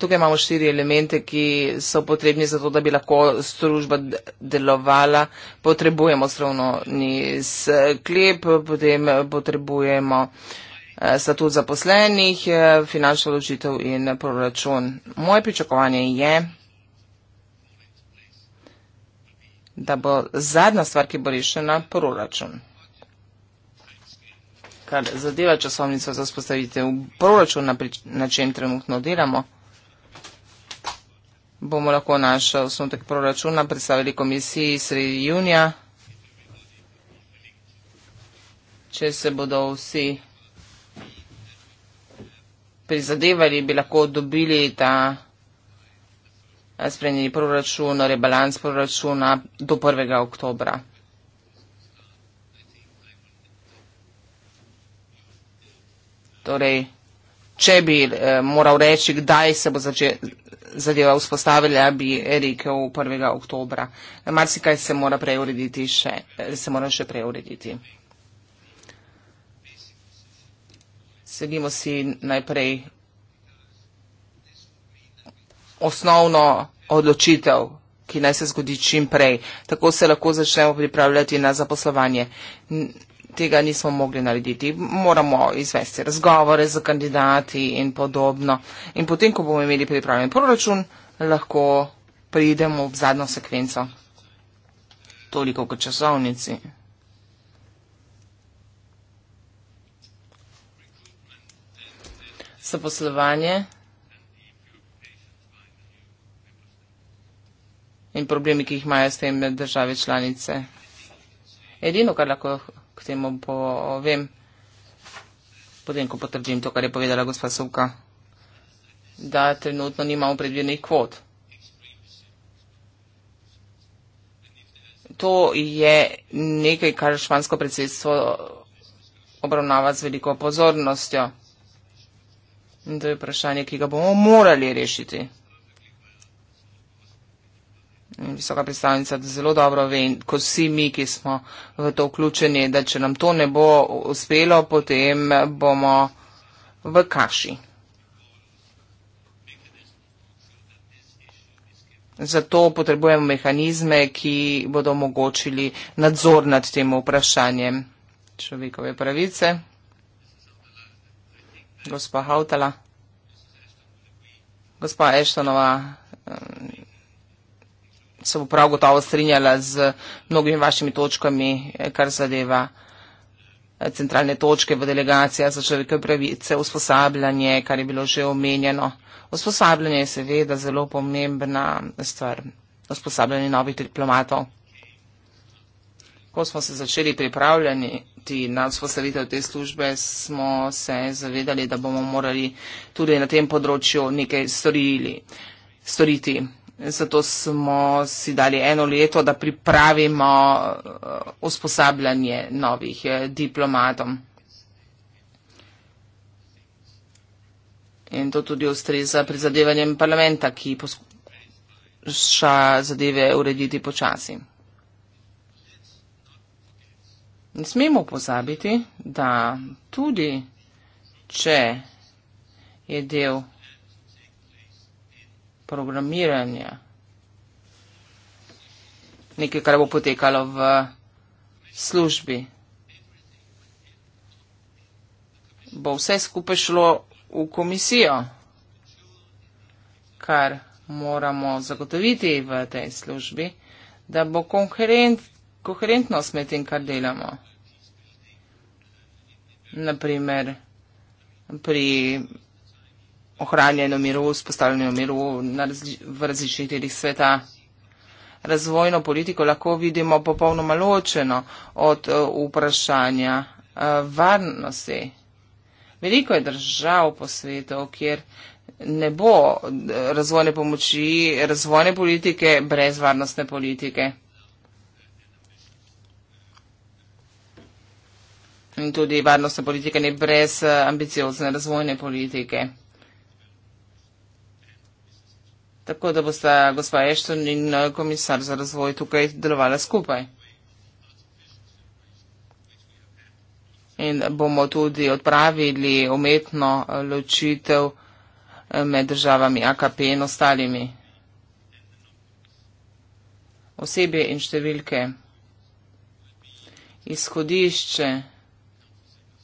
Tukaj imamo štiri elemente, ki so potrebni za to, da bi lahko služba delovala. Potrebujemo slovno ni sklep, potem potrebujemo. Uh, statut zaposlenih, eh, finančno ločitev in proračun. Moje pričakovanje je, da bo zadnja stvar, ki bo rešena, proračun. Kar zadeva časovnico za spostavitev proračuna, na čem trenutno delamo, bomo lahko naš osnutek proračuna predstavili komisiji sredi junija, če se bodo vsi prizadevali, bi lahko dobili ta sprejeni proračun, rebalans proračuna do 1. oktobra. Torej, če bi eh, moral reči, kdaj se bo zače, zadeva vzpostavila, bi rekel 1. oktobra. Marsikaj se mora, eh, se mora še prej urediti. Sledimo si najprej osnovno odločitev, ki naj se zgodi čim prej. Tako se lahko začnemo pripravljati na zaposlovanje. Tega nismo mogli narediti. Moramo izvesti razgovore z kandidati in podobno. In potem, ko bomo imeli pripravljen proračun, lahko pridemo v zadnjo sekvenco. Toliko kot časovnici. zaposlovanje in problemi, ki jih imajo s tem države članice. Edino, kar lahko k temu povem, potem, ko potrdim to, kar je povedala gospa Suka, da trenutno nimamo predvidenih kvot. To je nekaj, kar špansko predsedstvo obravnava z veliko pozornostjo. To je vprašanje, ki ga bomo morali rešiti. Visoka predstavnica zelo dobro ve, ko vsi mi, ki smo v to vključeni, da če nam to ne bo uspelo, potem bomo v kaši. Zato potrebujemo mehanizme, ki bodo omogočili nadzor nad tem vprašanjem človekove pravice gospa Hautala. Gospa Eštonova eh, se bo prav gotovo strinjala z mnogimi vašimi točkami, eh, kar zadeva eh, centralne točke v delegacija za človeka pravice, usposabljanje, kar je bilo že omenjeno. Usposabljanje je seveda zelo pomembna stvar, usposabljanje novih diplomatov. Ko smo se začeli pripravljati na vzpostavitev te službe, smo se zavedali, da bomo morali tudi na tem področju nekaj storili, storiti. Zato smo si dali eno leto, da pripravimo eh, usposabljanje novih eh, diplomatom. In to tudi ustreza prizadevanjem parlamenta, ki poskuša zadeve urediti počasi. Ne smemo pozabiti, da tudi če je del programiranja nekaj, kar bo potekalo v službi, bo vse skupaj šlo v komisijo, kar moramo zagotoviti v tej službi, da bo konkurent, koherentnost med tem, kar delamo. Naprimer, pri ohranjanju miru, spostavljanju miru razli v različnih delih sveta, razvojno politiko lahko vidimo popolno maločeno od uh, vprašanja uh, varnosti. Veliko je držav po svetu, kjer ne bo eh, razvojne pomoči, razvojne politike brez varnostne politike. in tudi varnostne politike, ne brez eh, ambiciozne razvojne politike. Tako da boste gospa Ešton in eh, komisar za razvoj tukaj delovala skupaj. In bomo tudi odpravili umetno eh, ločitev med državami AKP in ostalimi. Osebje in številke. Izhodišče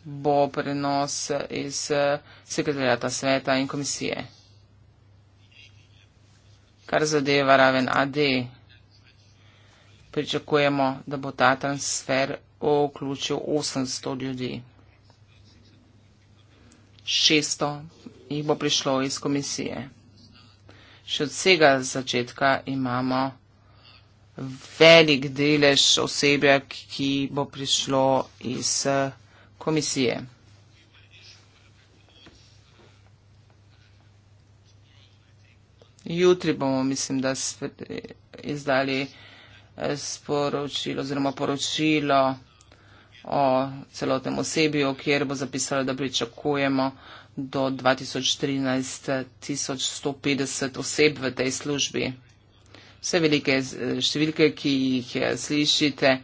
bo prenos iz eh, sekretarjata sveta in komisije. Kar zadeva raven AD, pričakujemo, da bo ta transfer vključil 800 ljudi. 600 jih bo prišlo iz komisije. Še od vsega začetka imamo velik delež osebja, ki bo prišlo iz komisije. Eh, komisije. Jutri bomo, mislim, da izdali eh, sporočilo oziroma poročilo o celotnem osebju, kjer bo zapisalo, da pričakujemo do 2013 1150 oseb v tej službi. Vse velike številke, ki jih eh, slišite,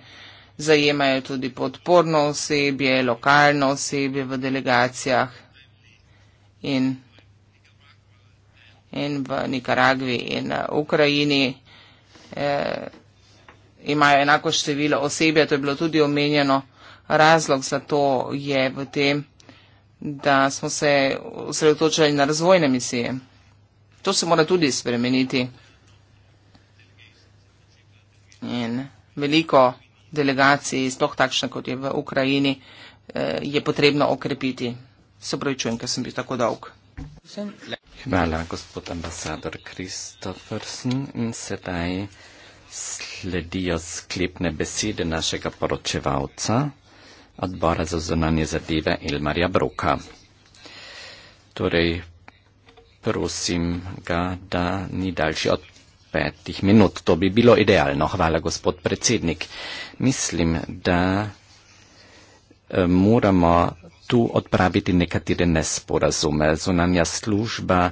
zajemajo tudi podporno osebje, lokalno osebje v delegacijah in, in v Nikaragvi in eh, Ukrajini. Eh, imajo enako število osebja, to je bilo tudi omenjeno. Razlog za to je v tem, da smo se osredotočali na razvojne misije. To se mora tudi spremeniti. In veliko delegaciji, sploh takšne, kot je v Ukrajini, eh, je potrebno okrepiti. Se pravičujem, ker sem bil tako dolg.
Hvala, gospod ambasador Kristofersen. In sedaj sledijo sklepne besede našega poročevalca odbora za zunanje zadeve Ilmarja Broka. Torej, prosim ga, da ni daljši od petih minut. To bi bilo idealno. Hvala, gospod predsednik. Mislim, da eh, moramo tu odpraviti nekatere nesporazume. Zunanja služba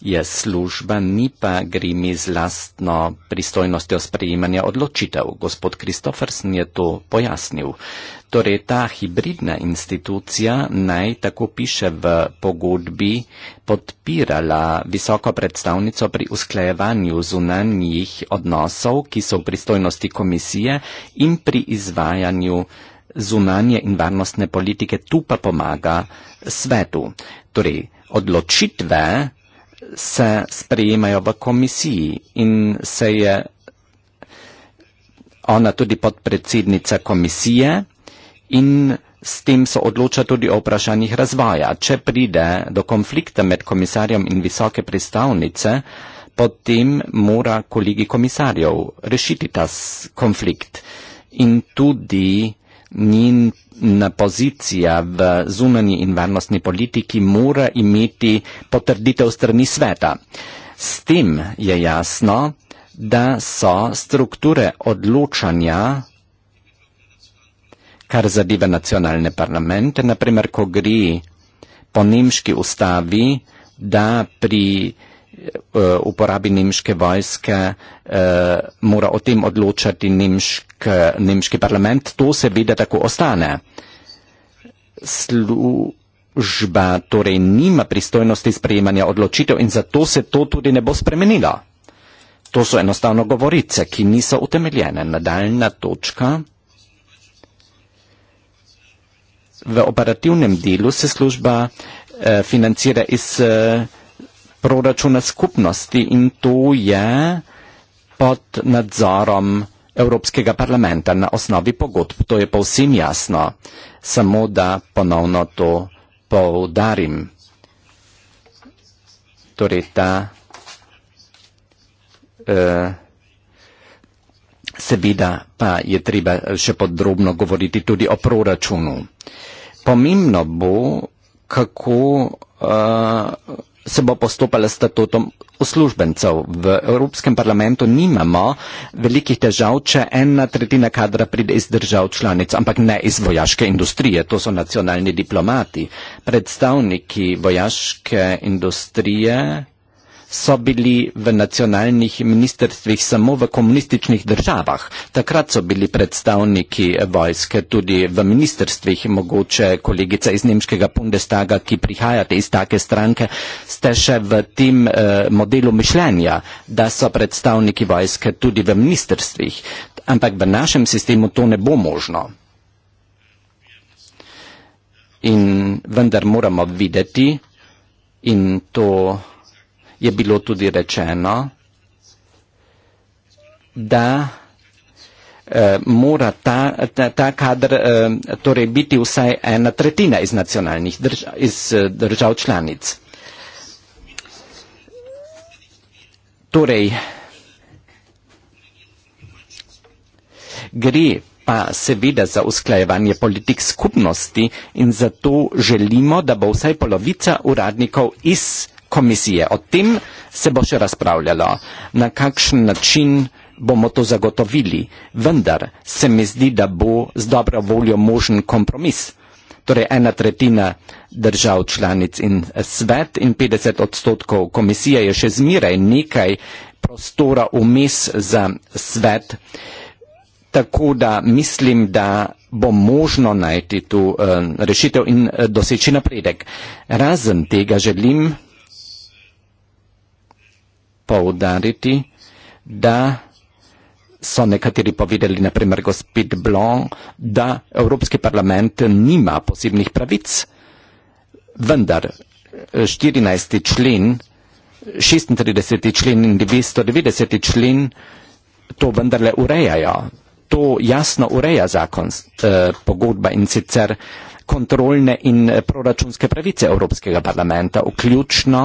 je služba, ni pa grimi z lastno pristojnostjo sprejemanja odločitev. Gospod Kristofersen je to pojasnil. Torej, ta hibridna institucija naj, tako piše v pogodbi, podpirala visoko predstavnico pri usklajevanju zunanjih odnosov, ki so v pristojnosti komisije in pri izvajanju zunanje in varnostne politike, tu pa pomaga svetu. Torej, odločitve se sprejemajo v komisiji in se je ona tudi podpredsednica komisije in s tem se odloča tudi o vprašanjih razvoja. Če pride do konflikta med komisarjem in visoke predstavnice, potem mora kolegi komisarjev rešiti ta konflikt in tudi njena pozicija v zunanji in varnostni politiki mora imeti potrditev strani sveta. S tem je jasno, da so strukture odločanja kar zadeva nacionalne parlamente, naprimer, ko gre po nemški ustavi, da pri uh, uporabi nemške vojske uh, mora o tem odločati nemšk, nemški parlament, to seveda tako ostane. Slu Žba torej nima pristojnosti sprejemanja odločitev in zato se to tudi ne bo spremenilo. To so enostavno govorice, ki niso utemeljene. Nadaljna točka. V operativnem delu se služba eh, financira iz eh, proračuna skupnosti in to je pod nadzorom Evropskega parlamenta na osnovi pogodb. To je povsem jasno, samo da ponovno to poudarim. Torej ta eh, Seveda pa je treba še podrobno govoriti tudi o proračunu. Pomembno bo, kako uh, se bo postopala s statutom uslužbencev. V Evropskem parlamentu nimamo velikih težav, če ena tretjina kadra pride iz držav članic, ampak ne iz vojaške industrije, to so nacionalni diplomati. Predstavniki vojaške industrije so bili v nacionalnih ministrstvih samo v komunističnih državah. Takrat so bili predstavniki vojske tudi v ministrstvih. Mogoče kolegica iz Nemškega Bundestaga, ki prihajate iz take stranke, ste še v tem eh, modelu mišljenja, da so predstavniki vojske tudi v ministrstvih. Ampak v našem sistemu to ne bo možno. In vendar moramo videti in to je bilo tudi rečeno, da eh, mora ta, ta, ta kadr eh, torej biti vsaj ena tretjina iz, nacionalnih drž iz eh, držav članic. Torej, gre pa seveda za usklajevanje politik skupnosti in zato želimo, da bo vsaj polovica uradnikov iz komisije. O tem se bo še razpravljalo, na kakšen način bomo to zagotovili. Vendar se mi zdi, da bo z dobro voljo možen kompromis. Torej ena tretjina držav članic in svet in 50 odstotkov komisije je še zmeraj nekaj prostora vmes za svet. Tako da mislim, da bo možno najti tu uh, rešitev in uh, doseči napredek. Razen tega želim, poudariti, da so nekateri povedali, naprimer gospod Blanc, da Evropski parlament nima posebnih pravic, vendar 14. člen, 36. člen in 290. člen to vendarle urejajo. To jasno ureja zakon, eh, pogodba in sicer kontrolne in eh, proračunske pravice Evropskega parlamenta, vključno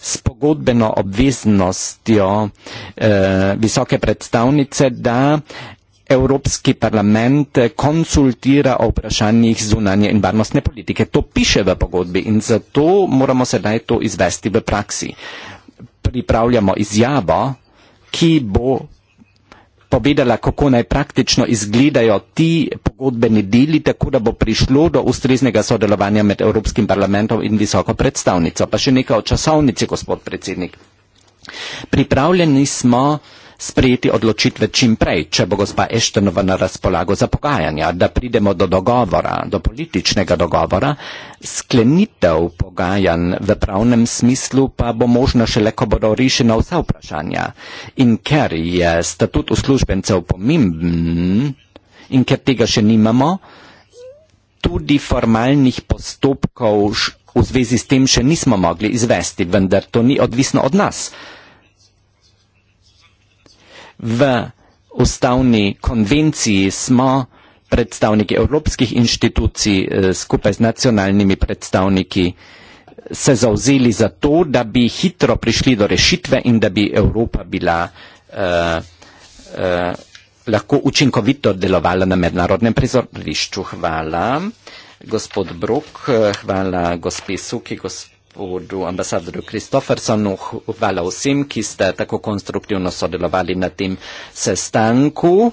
s pogodbeno obveznostjo eh, visoke predstavnice, da Evropski parlament konsultira o vprašanjih zunanje in varnostne politike. To piše v pogodbi in zato moramo sedaj to izvesti v praksi. Pripravljamo izjavo, ki bo povedala, kako naj praktično izgledajo ti pogodbeni deli, tako da bo prišlo do ustreznega sodelovanja med Evropskim parlamentom in visoko predstavnico. Pa še nekaj o časovnici, gospod predsednik. Pripravljeni smo sprejeti odločitve čim prej, če bo gospa Eštenova na razpolago za pogajanja, da pridemo do dogovora, do političnega dogovora. Sklenitev pogajanj v pravnem smislu pa bo možno šele, ko bodo rešena vsa vprašanja. In ker je statut uslužbencev pomemben in ker tega še nimamo, tudi formalnih postopkov v zvezi s tem še nismo mogli izvesti, vendar to ni odvisno od nas v ustavni konvenciji smo predstavniki evropskih inštitucij eh, skupaj z nacionalnimi predstavniki eh, se zauzeli za to, da bi hitro prišli do rešitve in da bi Evropa bila eh, eh, lahko učinkovito delovala na mednarodnem prizorišču. Hvala, gospod Brok, eh, hvala, gospe Suki, gospod gospodu ambasadoru Kristofersonu, hvala vsem, ki ste tako konstruktivno sodelovali na tem sestanku.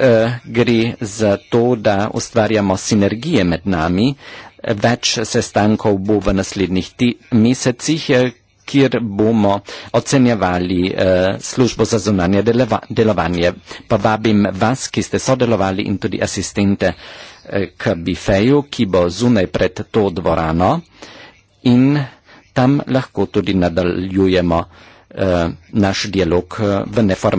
Eh, gre za to, da ustvarjamo sinergije med nami. Več sestankov bo v naslednjih mesecih, eh, kjer bomo ocenjevali eh, službo za zunanje delovanje. Povabim vas, ki ste sodelovali in tudi asistente. Eh, k bifeju, ki bo zunaj pred to dvorano
in tam lahko tudi nadaljujemo eh, naš dialog eh, v neformalnem.